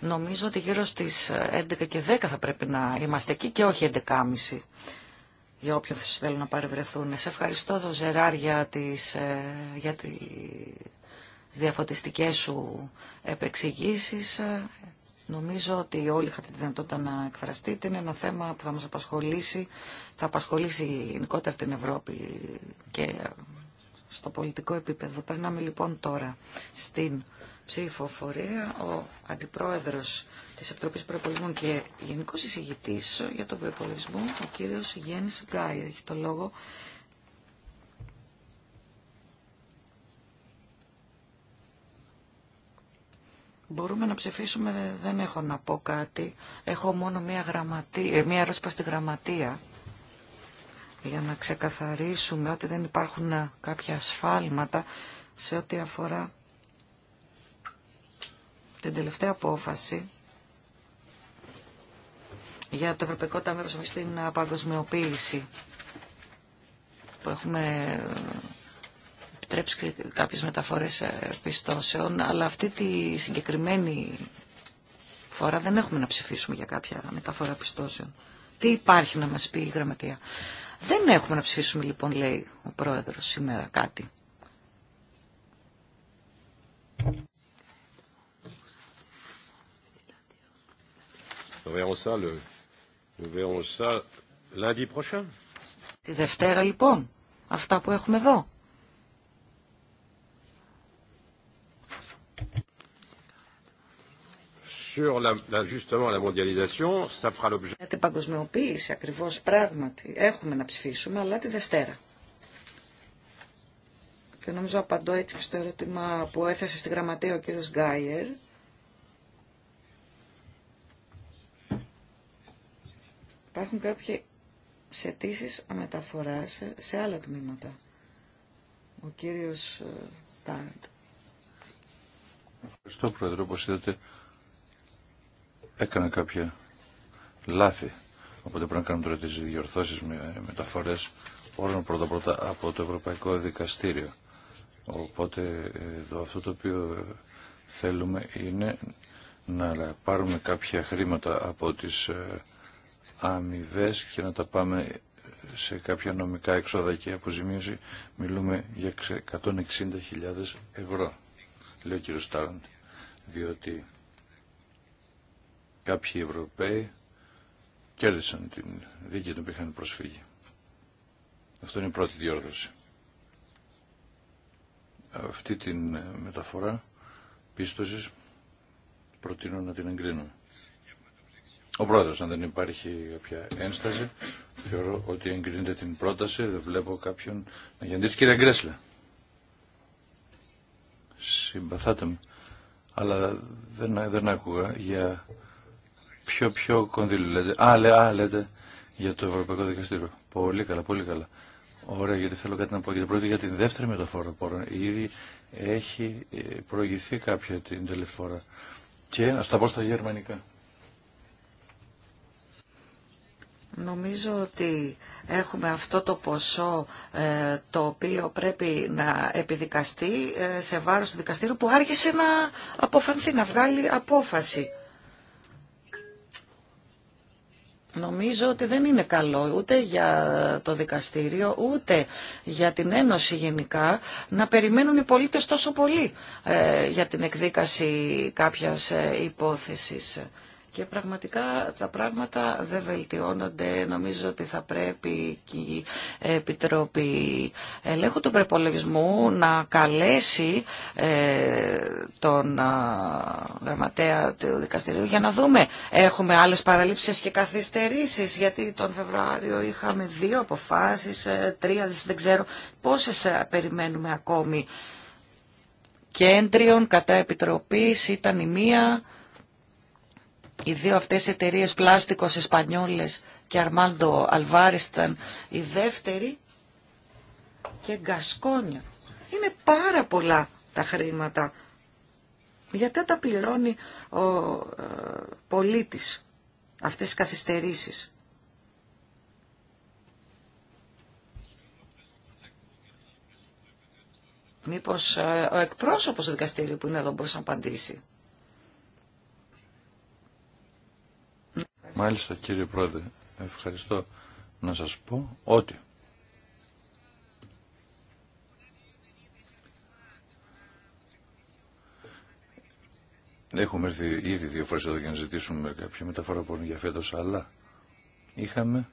νομίζω ότι γύρω στις 11 και 10 θα πρέπει να είμαστε εκεί και όχι 11.30 για όποιον θέλουν να παρευρεθούν. Σε ευχαριστώ, Ζεράρια, για, τις, ε, για τη διαφωτιστικές σου επεξηγήσεις. Νομίζω ότι όλοι είχατε τη δυνατότητα να εκφραστείτε. Είναι ένα θέμα που θα μας απασχολήσει, θα απασχολήσει γενικότερα την Ευρώπη και στο πολιτικό επίπεδο. Περνάμε λοιπόν τώρα στην ψηφοφορία. Ο Αντιπρόεδρος της Επιτροπής Προπολογισμού και Γενικός Εισηγητής για τον Προπολογισμό, ο κύριος Γέννης Γκάιρ, έχει το λόγο Μπορούμε να ψηφίσουμε, δεν έχω να πω κάτι. Έχω μόνο μία, γραμματεία, ε, μία ρόσπα γραμματεία για να ξεκαθαρίσουμε ότι δεν υπάρχουν ε, κάποια ασφάλματα σε ό,τι αφορά την τελευταία απόφαση για το Ευρωπαϊκό Ταμείο Προσωπής στην παγκοσμιοποίηση που έχουμε ε, επιτρέψει και κάποιες μεταφορές ε, πιστώσεων, αλλά αυτή τη συγκεκριμένη φορά δεν έχουμε να ψηφίσουμε για κάποια μεταφορά πιστώσεων. Τι υπάρχει να μας πει η γραμματεία. Δεν έχουμε να ψηφίσουμε λοιπόν, λέει ο πρόεδρος σήμερα κάτι. Τη Δευτέρα λοιπόν, αυτά που έχουμε εδώ. Sur la, la, justement, la mondialisation, ça fera l'objet. Για την παγκοσμιοποίηση ακριβώς πράγματι έχουμε να ψηφίσουμε, αλλά τη Δευτέρα. Και νομίζω απαντώ έτσι στο ερώτημα που έθεσε στη γραμματεία ο κύριος Γκάιερ. Υπάρχουν κάποιες αιτήσει μεταφορά σε άλλα τμήματα. Ο κύριος ε, Τάντ. Ευχαριστώ, Πρόεδρε, Όπω είδατε έκανα κάποια λάθη. Οπότε πρέπει να κάνουμε τώρα διορθώσεις με μεταφορές όλων πρώτα πρώτα από το Ευρωπαϊκό Δικαστήριο. Οπότε εδώ αυτό το οποίο θέλουμε είναι να πάρουμε κάποια χρήματα από τις ε, αμοιβέ και να τα πάμε σε κάποια νομικά εξόδα και αποζημίωση. Μιλούμε για 160.000 ευρώ, λέει ο κύριος Τάραντ, διότι κάποιοι Ευρωπαίοι κέρδισαν την δίκη των που είχαν προσφύγει. Αυτό είναι η πρώτη διόρθωση. Αυτή την μεταφορά πίστοσης προτείνω να την εγκρίνω. Ο πρόεδρος, αν δεν υπάρχει κάποια ένσταση, θεωρώ ότι εγκρίνεται την πρόταση, δεν βλέπω κάποιον να γεννήσει. Κύριε Γκρέσλε, συμπαθάτε με, αλλά δεν, δεν άκουγα για πιο πιο κονδύλι λέτε. Α, λέτε για το Ευρωπαϊκό Δικαστήριο. Πολύ καλά, πολύ καλά. Ωραία, γιατί θέλω κάτι να πω. την πρώτη για την δεύτερη μεταφορά πόρων. Ήδη έχει ε, προηγηθεί κάποια την τελευταία φορά. Και να τα πω στα γερμανικά. Νομίζω ότι έχουμε αυτό το ποσό ε, το οποίο πρέπει να επιδικαστεί ε, σε βάρος του δικαστήριου που άρχισε να αποφανθεί, να βγάλει απόφαση. Νομίζω ότι δεν είναι καλό ούτε για το δικαστήριο, ούτε για την Ένωση γενικά να περιμένουν οι πολίτες τόσο πολύ ε, για την εκδίκαση κάποιας ε, υπόθεσης. Και πραγματικά τα πράγματα δεν βελτιώνονται. Νομίζω ότι θα πρέπει και η Επιτροπή Ελέγχου του Προπολογισμού να καλέσει ε, τον γραμματέα του δικαστηρίου για να δούμε. Έχουμε άλλες παραλήψεις και καθυστερήσεις γιατί τον Φεβρουάριο είχαμε δύο αποφάσεις, ε, τρία δεν ξέρω πόσες ε, περιμένουμε ακόμη. Κέντριον κατά επιτροπής ήταν η μία οι δύο αυτές εταιρείε Πλάστικος Ισπανιόλες και Αρμάντο Αλβάρισταν, η δεύτερη και Γκασκόνια. Είναι πάρα πολλά τα χρήματα. Γιατί τα πληρώνει ο ε, πολίτης αυτές τις καθυστερήσεις. Μήπως ε, ο εκπρόσωπος του δικαστήριου που είναι εδώ μπορούσε να απαντήσει. Μάλιστα κύριε Πρόεδρε, ευχαριστώ να σας πω ότι Έχουμε έρθει ήδη δύο φορές εδώ για να ζητήσουμε κάποια μεταφορά που είναι για φέτος, αλλά είχαμε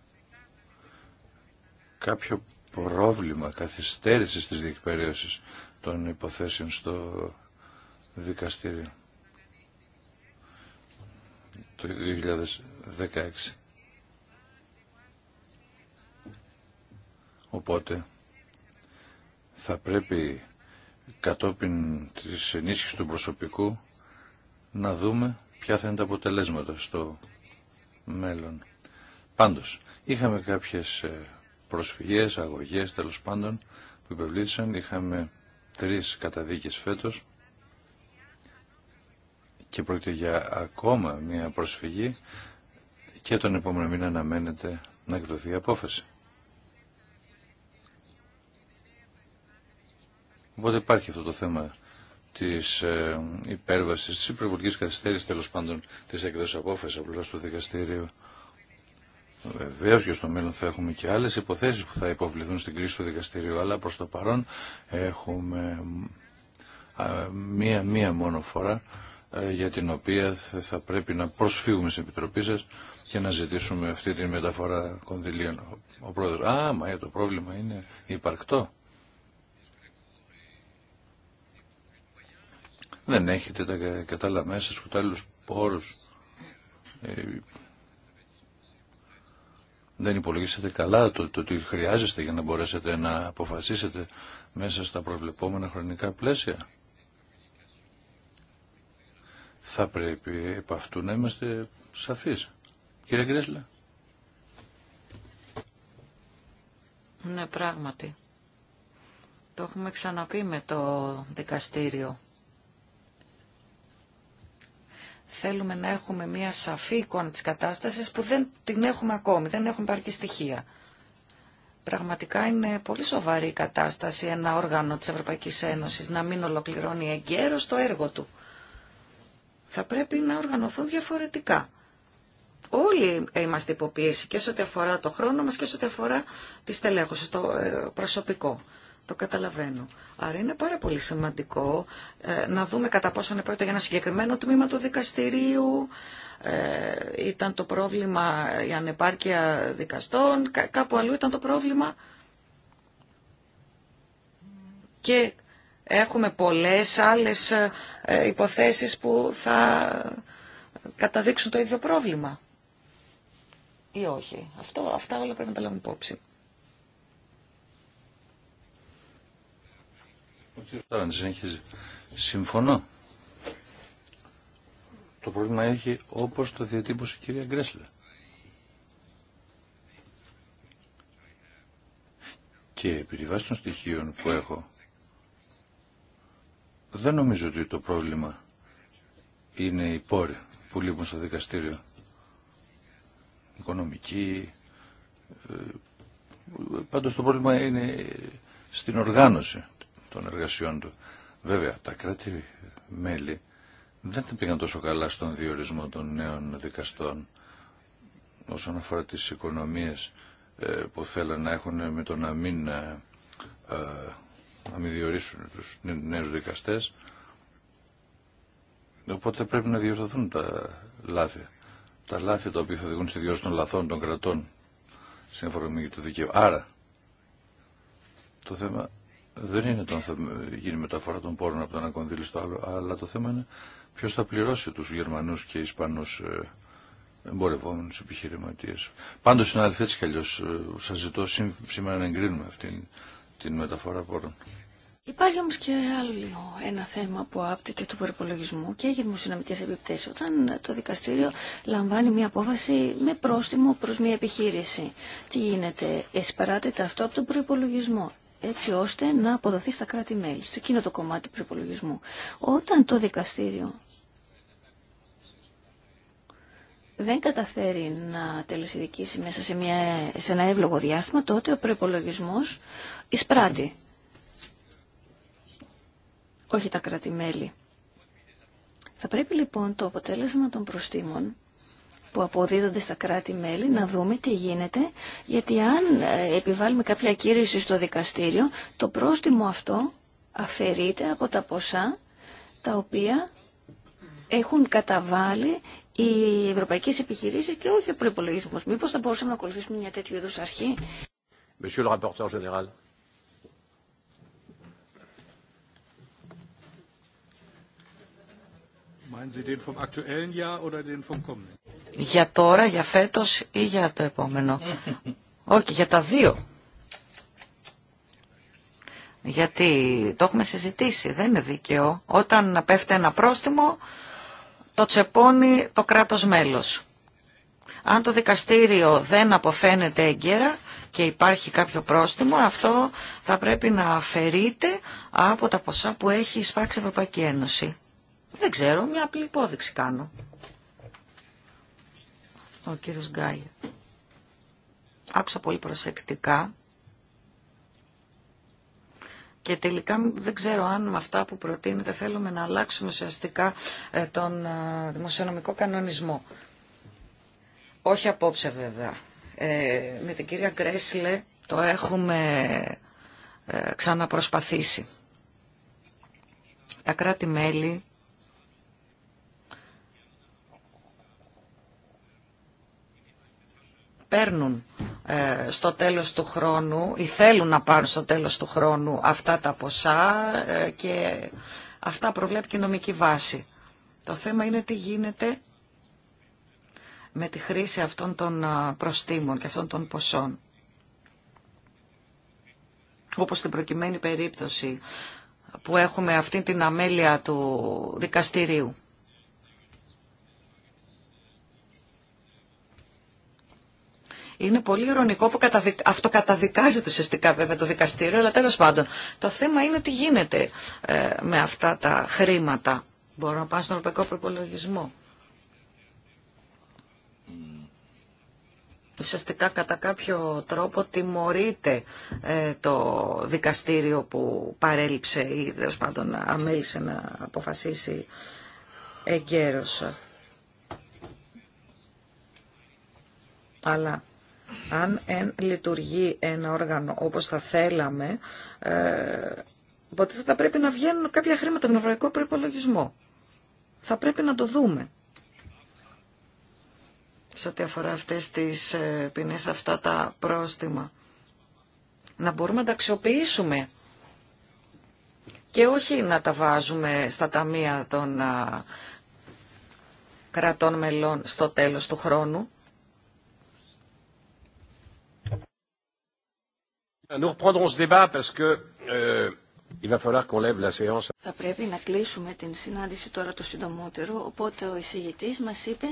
κάποιο πρόβλημα καθυστέρησης της διεκπαιρέωσης των υποθέσεων στο δικαστήριο. Το 16. Οπότε θα πρέπει κατόπιν της ενίσχυσης του προσωπικού να δούμε ποια θα είναι τα αποτελέσματα στο μέλλον. Πάντως, είχαμε κάποιες ε, προσφυγές, αγωγές τέλος πάντων που υπευλήθησαν. Είχαμε τρεις καταδίκες φέτος και πρόκειται για ακόμα μια προσφυγή και τον επόμενο μήνα αναμένεται να εκδοθεί η απόφαση. Οπότε υπάρχει αυτό το θέμα της ε, υπέρβασης, της υπερβολικής καθυστέρησης τέλος πάντων της εκδόσης απόφασης απλώς στο δικαστήριο. Βεβαίω και στο μέλλον θα έχουμε και άλλες υποθέσεις που θα υποβληθούν στην κρίση του δικαστηρίου, αλλά προς το παρόν έχουμε μία, μία μόνο φορά ε, για την οποία θα πρέπει να προσφύγουμε στην Επιτροπή σας και να ζητήσουμε αυτή τη μεταφορά κονδυλίων. Ο πρόεδρος, α, μα το πρόβλημα είναι υπαρκτό. Δεν έχετε τα κατάλληλα μέσα, πόρους. Ε, δεν υπολογίσατε καλά το, ότι χρειάζεστε για να μπορέσετε να αποφασίσετε μέσα στα προβλεπόμενα χρονικά πλαίσια. Θα πρέπει επ' αυτού να είμαστε σαφείς. Κύριε Γκρέσλα. Ναι, πράγματι. Το έχουμε ξαναπεί με το δικαστήριο. Θέλουμε να έχουμε μια σαφή εικόνα της κατάστασης που δεν την έχουμε ακόμη, δεν έχουμε υπάρχει στοιχεία. Πραγματικά είναι πολύ σοβαρή η κατάσταση ένα όργανο της Ευρωπαϊκής Ένωσης να μην ολοκληρώνει εγκαίρως το έργο του. Θα πρέπει να οργανωθούν διαφορετικά Όλοι είμαστε υποποίηση και σε ό,τι αφορά το χρόνο μας και σε ό,τι αφορά τη στελέχωση, το ε, προσωπικό. Το καταλαβαίνω. Άρα είναι πάρα πολύ σημαντικό ε, να δούμε κατά πόσο είναι για ένα συγκεκριμένο τμήμα του δικαστηρίου, ε, ήταν το πρόβλημα η ανεπάρκεια δικαστών, κάπου αλλού ήταν το πρόβλημα και έχουμε πολλές άλλες υποθέσεις που θα καταδείξουν το ίδιο πρόβλημα ή όχι. Αυτό, αυτά όλα πρέπει να τα λάβουμε υπόψη. Ο κ. συνεχίζει. Συμφωνώ. Το πρόβλημα έχει όπως το διατύπωσε η κυρία Γκρέσλε. Και επί τη των στοιχείων που έχω, δεν νομίζω ότι το πρόβλημα είναι οι πόροι που λείπουν στο δικαστήριο οικονομική. Ε, πάντως το πρόβλημα είναι στην οργάνωση των εργασιών του. Βέβαια, τα κράτη-μέλη δεν τα πήγαν τόσο καλά στον διορισμό των νέων δικαστών όσον αφορά τις οικονομίες ε, που θέλαν να έχουν με το να μην, ε, να μην διορίσουν τους νέους δικαστές. Οπότε πρέπει να διορθωθούν τα λάθη τα λάθη τα οποία θα οδηγούν στη διώση των λαθών των κρατών στην εφαρμογή του δικαίου. Άρα, το θέμα δεν είναι το αν θα γίνει μεταφορά των πόρων από το ένα κονδύλι στο άλλο, αλλά το θέμα είναι ποιο θα πληρώσει του Γερμανού και Ισπανού ε, εμπορευόμενου επιχειρηματίε. Πάντω, συνάδελφοι, έτσι κι αλλιώ ε, σα ζητώ σήμερα να εγκρίνουμε αυτή την μεταφορά πόρων. Υπάρχει όμω και άλλο ένα θέμα που και του προπολογισμού και έχει δημοσιονομικέ επιπτώσει. Όταν το δικαστήριο λαμβάνει μια απόφαση με πρόστιμο προ μια επιχείρηση, τι γίνεται, εσπαράτεται αυτό από τον προπολογισμό έτσι ώστε να αποδοθεί στα κράτη-μέλη, στο εκείνο το κομμάτι του προπολογισμού. Όταν το δικαστήριο δεν καταφέρει να τελεσυδικήσει μέσα σε, μια, σε ένα εύλογο διάστημα, τότε ο προπολογισμό εισπράττει όχι τα κρατημέλη. Θα πρέπει λοιπόν το αποτέλεσμα των προστήμων που αποδίδονται στα κράτη-μέλη να δούμε τι γίνεται, γιατί αν ε, επιβάλλουμε κάποια κήρυξη στο δικαστήριο, το πρόστιμο αυτό αφαιρείται από τα ποσά τα οποία έχουν καταβάλει οι ευρωπαϊκές επιχειρήσεις και όχι ο προπολογισμό. Μήπως θα μπορούσαμε να ακολουθήσουμε μια τέτοιου είδους αρχή. Για τώρα, για φέτος ή για το επόμενο. Όχι, για τα δύο. Γιατί το έχουμε συζητήσει, δεν είναι δίκαιο. Όταν πέφτει ένα πρόστιμο, το τσεπώνει το κράτος μέλος. Αν το δικαστήριο δεν αποφαίνεται έγκαιρα και υπάρχει κάποιο πρόστιμο, αυτό θα πρέπει να αφαιρείται από τα ποσά που έχει εισπάξει η Ευρωπαϊκή Ένωση. Δεν ξέρω, μια απλή υπόδειξη κάνω. Ο κύριος Γκάι. Άκουσα πολύ προσεκτικά και τελικά δεν ξέρω αν με αυτά που προτείνετε θέλουμε να αλλάξουμε ουσιαστικά ε, τον ε, δημοσιονομικό κανονισμό. Όχι απόψε βέβαια. Ε, με την κυρία Γκρέσλε το έχουμε ξαναπροσπαθήσει. Τα κράτη-μέλη παίρνουν ε, στο τέλος του χρόνου ή θέλουν να πάρουν στο τέλος του χρόνου αυτά τα ποσά ε, και αυτά προβλέπει και η νομική βάση. Το θέμα είναι τι γίνεται με τη χρήση αυτών των ε, προστήμων και αυτών των ποσών. Όπως στην προκειμένη περίπτωση που έχουμε αυτή την αμέλεια του δικαστηρίου. Είναι πολύ ειρωνικό που καταδικ... αυτό ουσιαστικά βέβαια το δικαστήριο, αλλά τέλος πάντων. Το θέμα είναι τι γίνεται ε, με αυτά τα χρήματα. Μπορώ να πάω στον ευρωπαϊκό προπολογισμό. ουσιαστικά κατά κάποιο τρόπο τιμωρείται ε, το δικαστήριο που παρέλειψε ή πάντων αμέλησε να αποφασίσει εγκαίρως. Αλλά αν εν λειτουργεί ένα όργανο όπως θα θέλαμε, ε, θα πρέπει να βγαίνουν κάποια χρήματα από τον ευρωπαϊκό προπολογισμό. Θα πρέπει να το δούμε. Σε ό,τι αφορά αυτές τις ε, ποινές, αυτά τα πρόστιμα. Να μπορούμε να τα αξιοποιήσουμε και όχι να τα βάζουμε στα ταμεία των κρατών μελών στο τέλος του χρόνου. Θα πρέπει να κλείσουμε την συνάντηση τώρα το συντομότερο, οπότε ο εισηγητής μας είπε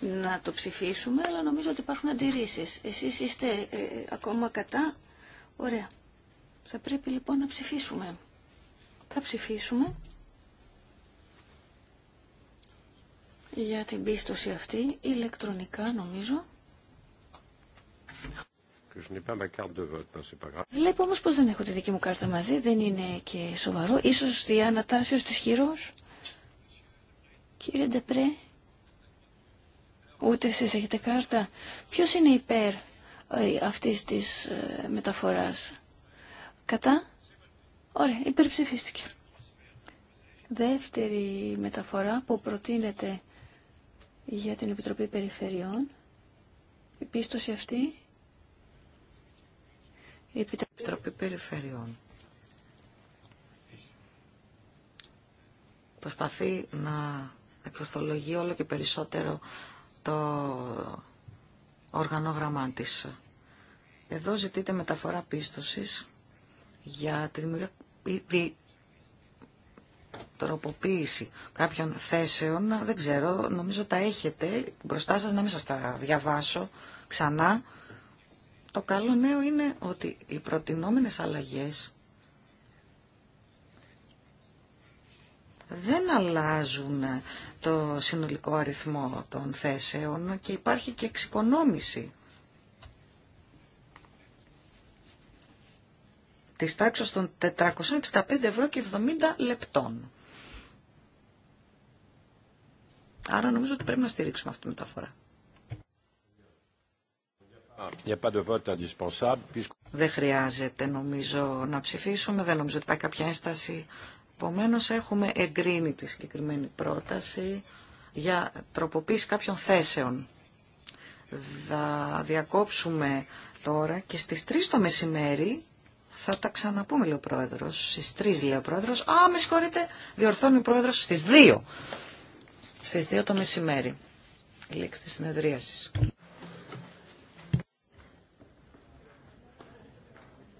να το ψηφίσουμε, αλλά νομίζω ότι υπάρχουν αντιρρήσεις. Εσείς είστε ε, ακόμα κατά. Ωραία. Θα πρέπει λοιπόν να ψηφίσουμε. Θα ψηφίσουμε για την πίστοση αυτή ηλεκτρονικά νομίζω. Βλέπω όμως πως δεν έχω τη δική μου κάρτα μαζί, δεν είναι και σοβαρό. Ίσως η ανατάσεως της χειρός. Κύριε Ντεπρέ, ούτε εσείς έχετε κάρτα. Ποιος είναι υπέρ ε, αυτής της ε, μεταφοράς. Κατά. Ωραία, υπερψηφίστηκε. Δεύτερη μεταφορά που προτείνεται για την Επιτροπή Περιφερειών. Η πίστοση αυτή η Επιτροπή Περιφερειών. Προσπαθεί να εξορθολογεί όλο και περισσότερο το οργανόγραμμά της. Εδώ ζητείται μεταφορά πίστοσης για τη δημιουργία τροποποίηση κάποιων θέσεων, δεν ξέρω, νομίζω τα έχετε μπροστά σας, να μην σας τα διαβάσω ξανά. Το καλό νέο είναι ότι οι προτινόμενες αλλαγές δεν αλλάζουν το συνολικό αριθμό των θέσεων και υπάρχει και εξοικονόμηση της τάξης των 465 ευρώ και 70 λεπτών. Άρα νομίζω ότι πρέπει να στηρίξουμε αυτή τη μεταφορά. Δεν χρειάζεται νομίζω να ψηφίσουμε, δεν νομίζω ότι πάει κάποια ένσταση. Επομένω έχουμε εγκρίνει τη συγκεκριμένη πρόταση για τροποποίηση κάποιων θέσεων. Θα διακόψουμε τώρα και στις 3 το μεσημέρι θα τα ξαναπούμε, λέει ο πρόεδρος. Στις 3 λέει ο πρόεδρος. Α, με συγχωρείτε, διορθώνει ο πρόεδρος στις 2. Στις 2 το μεσημέρι. Η λέξη της συνεδρίασης.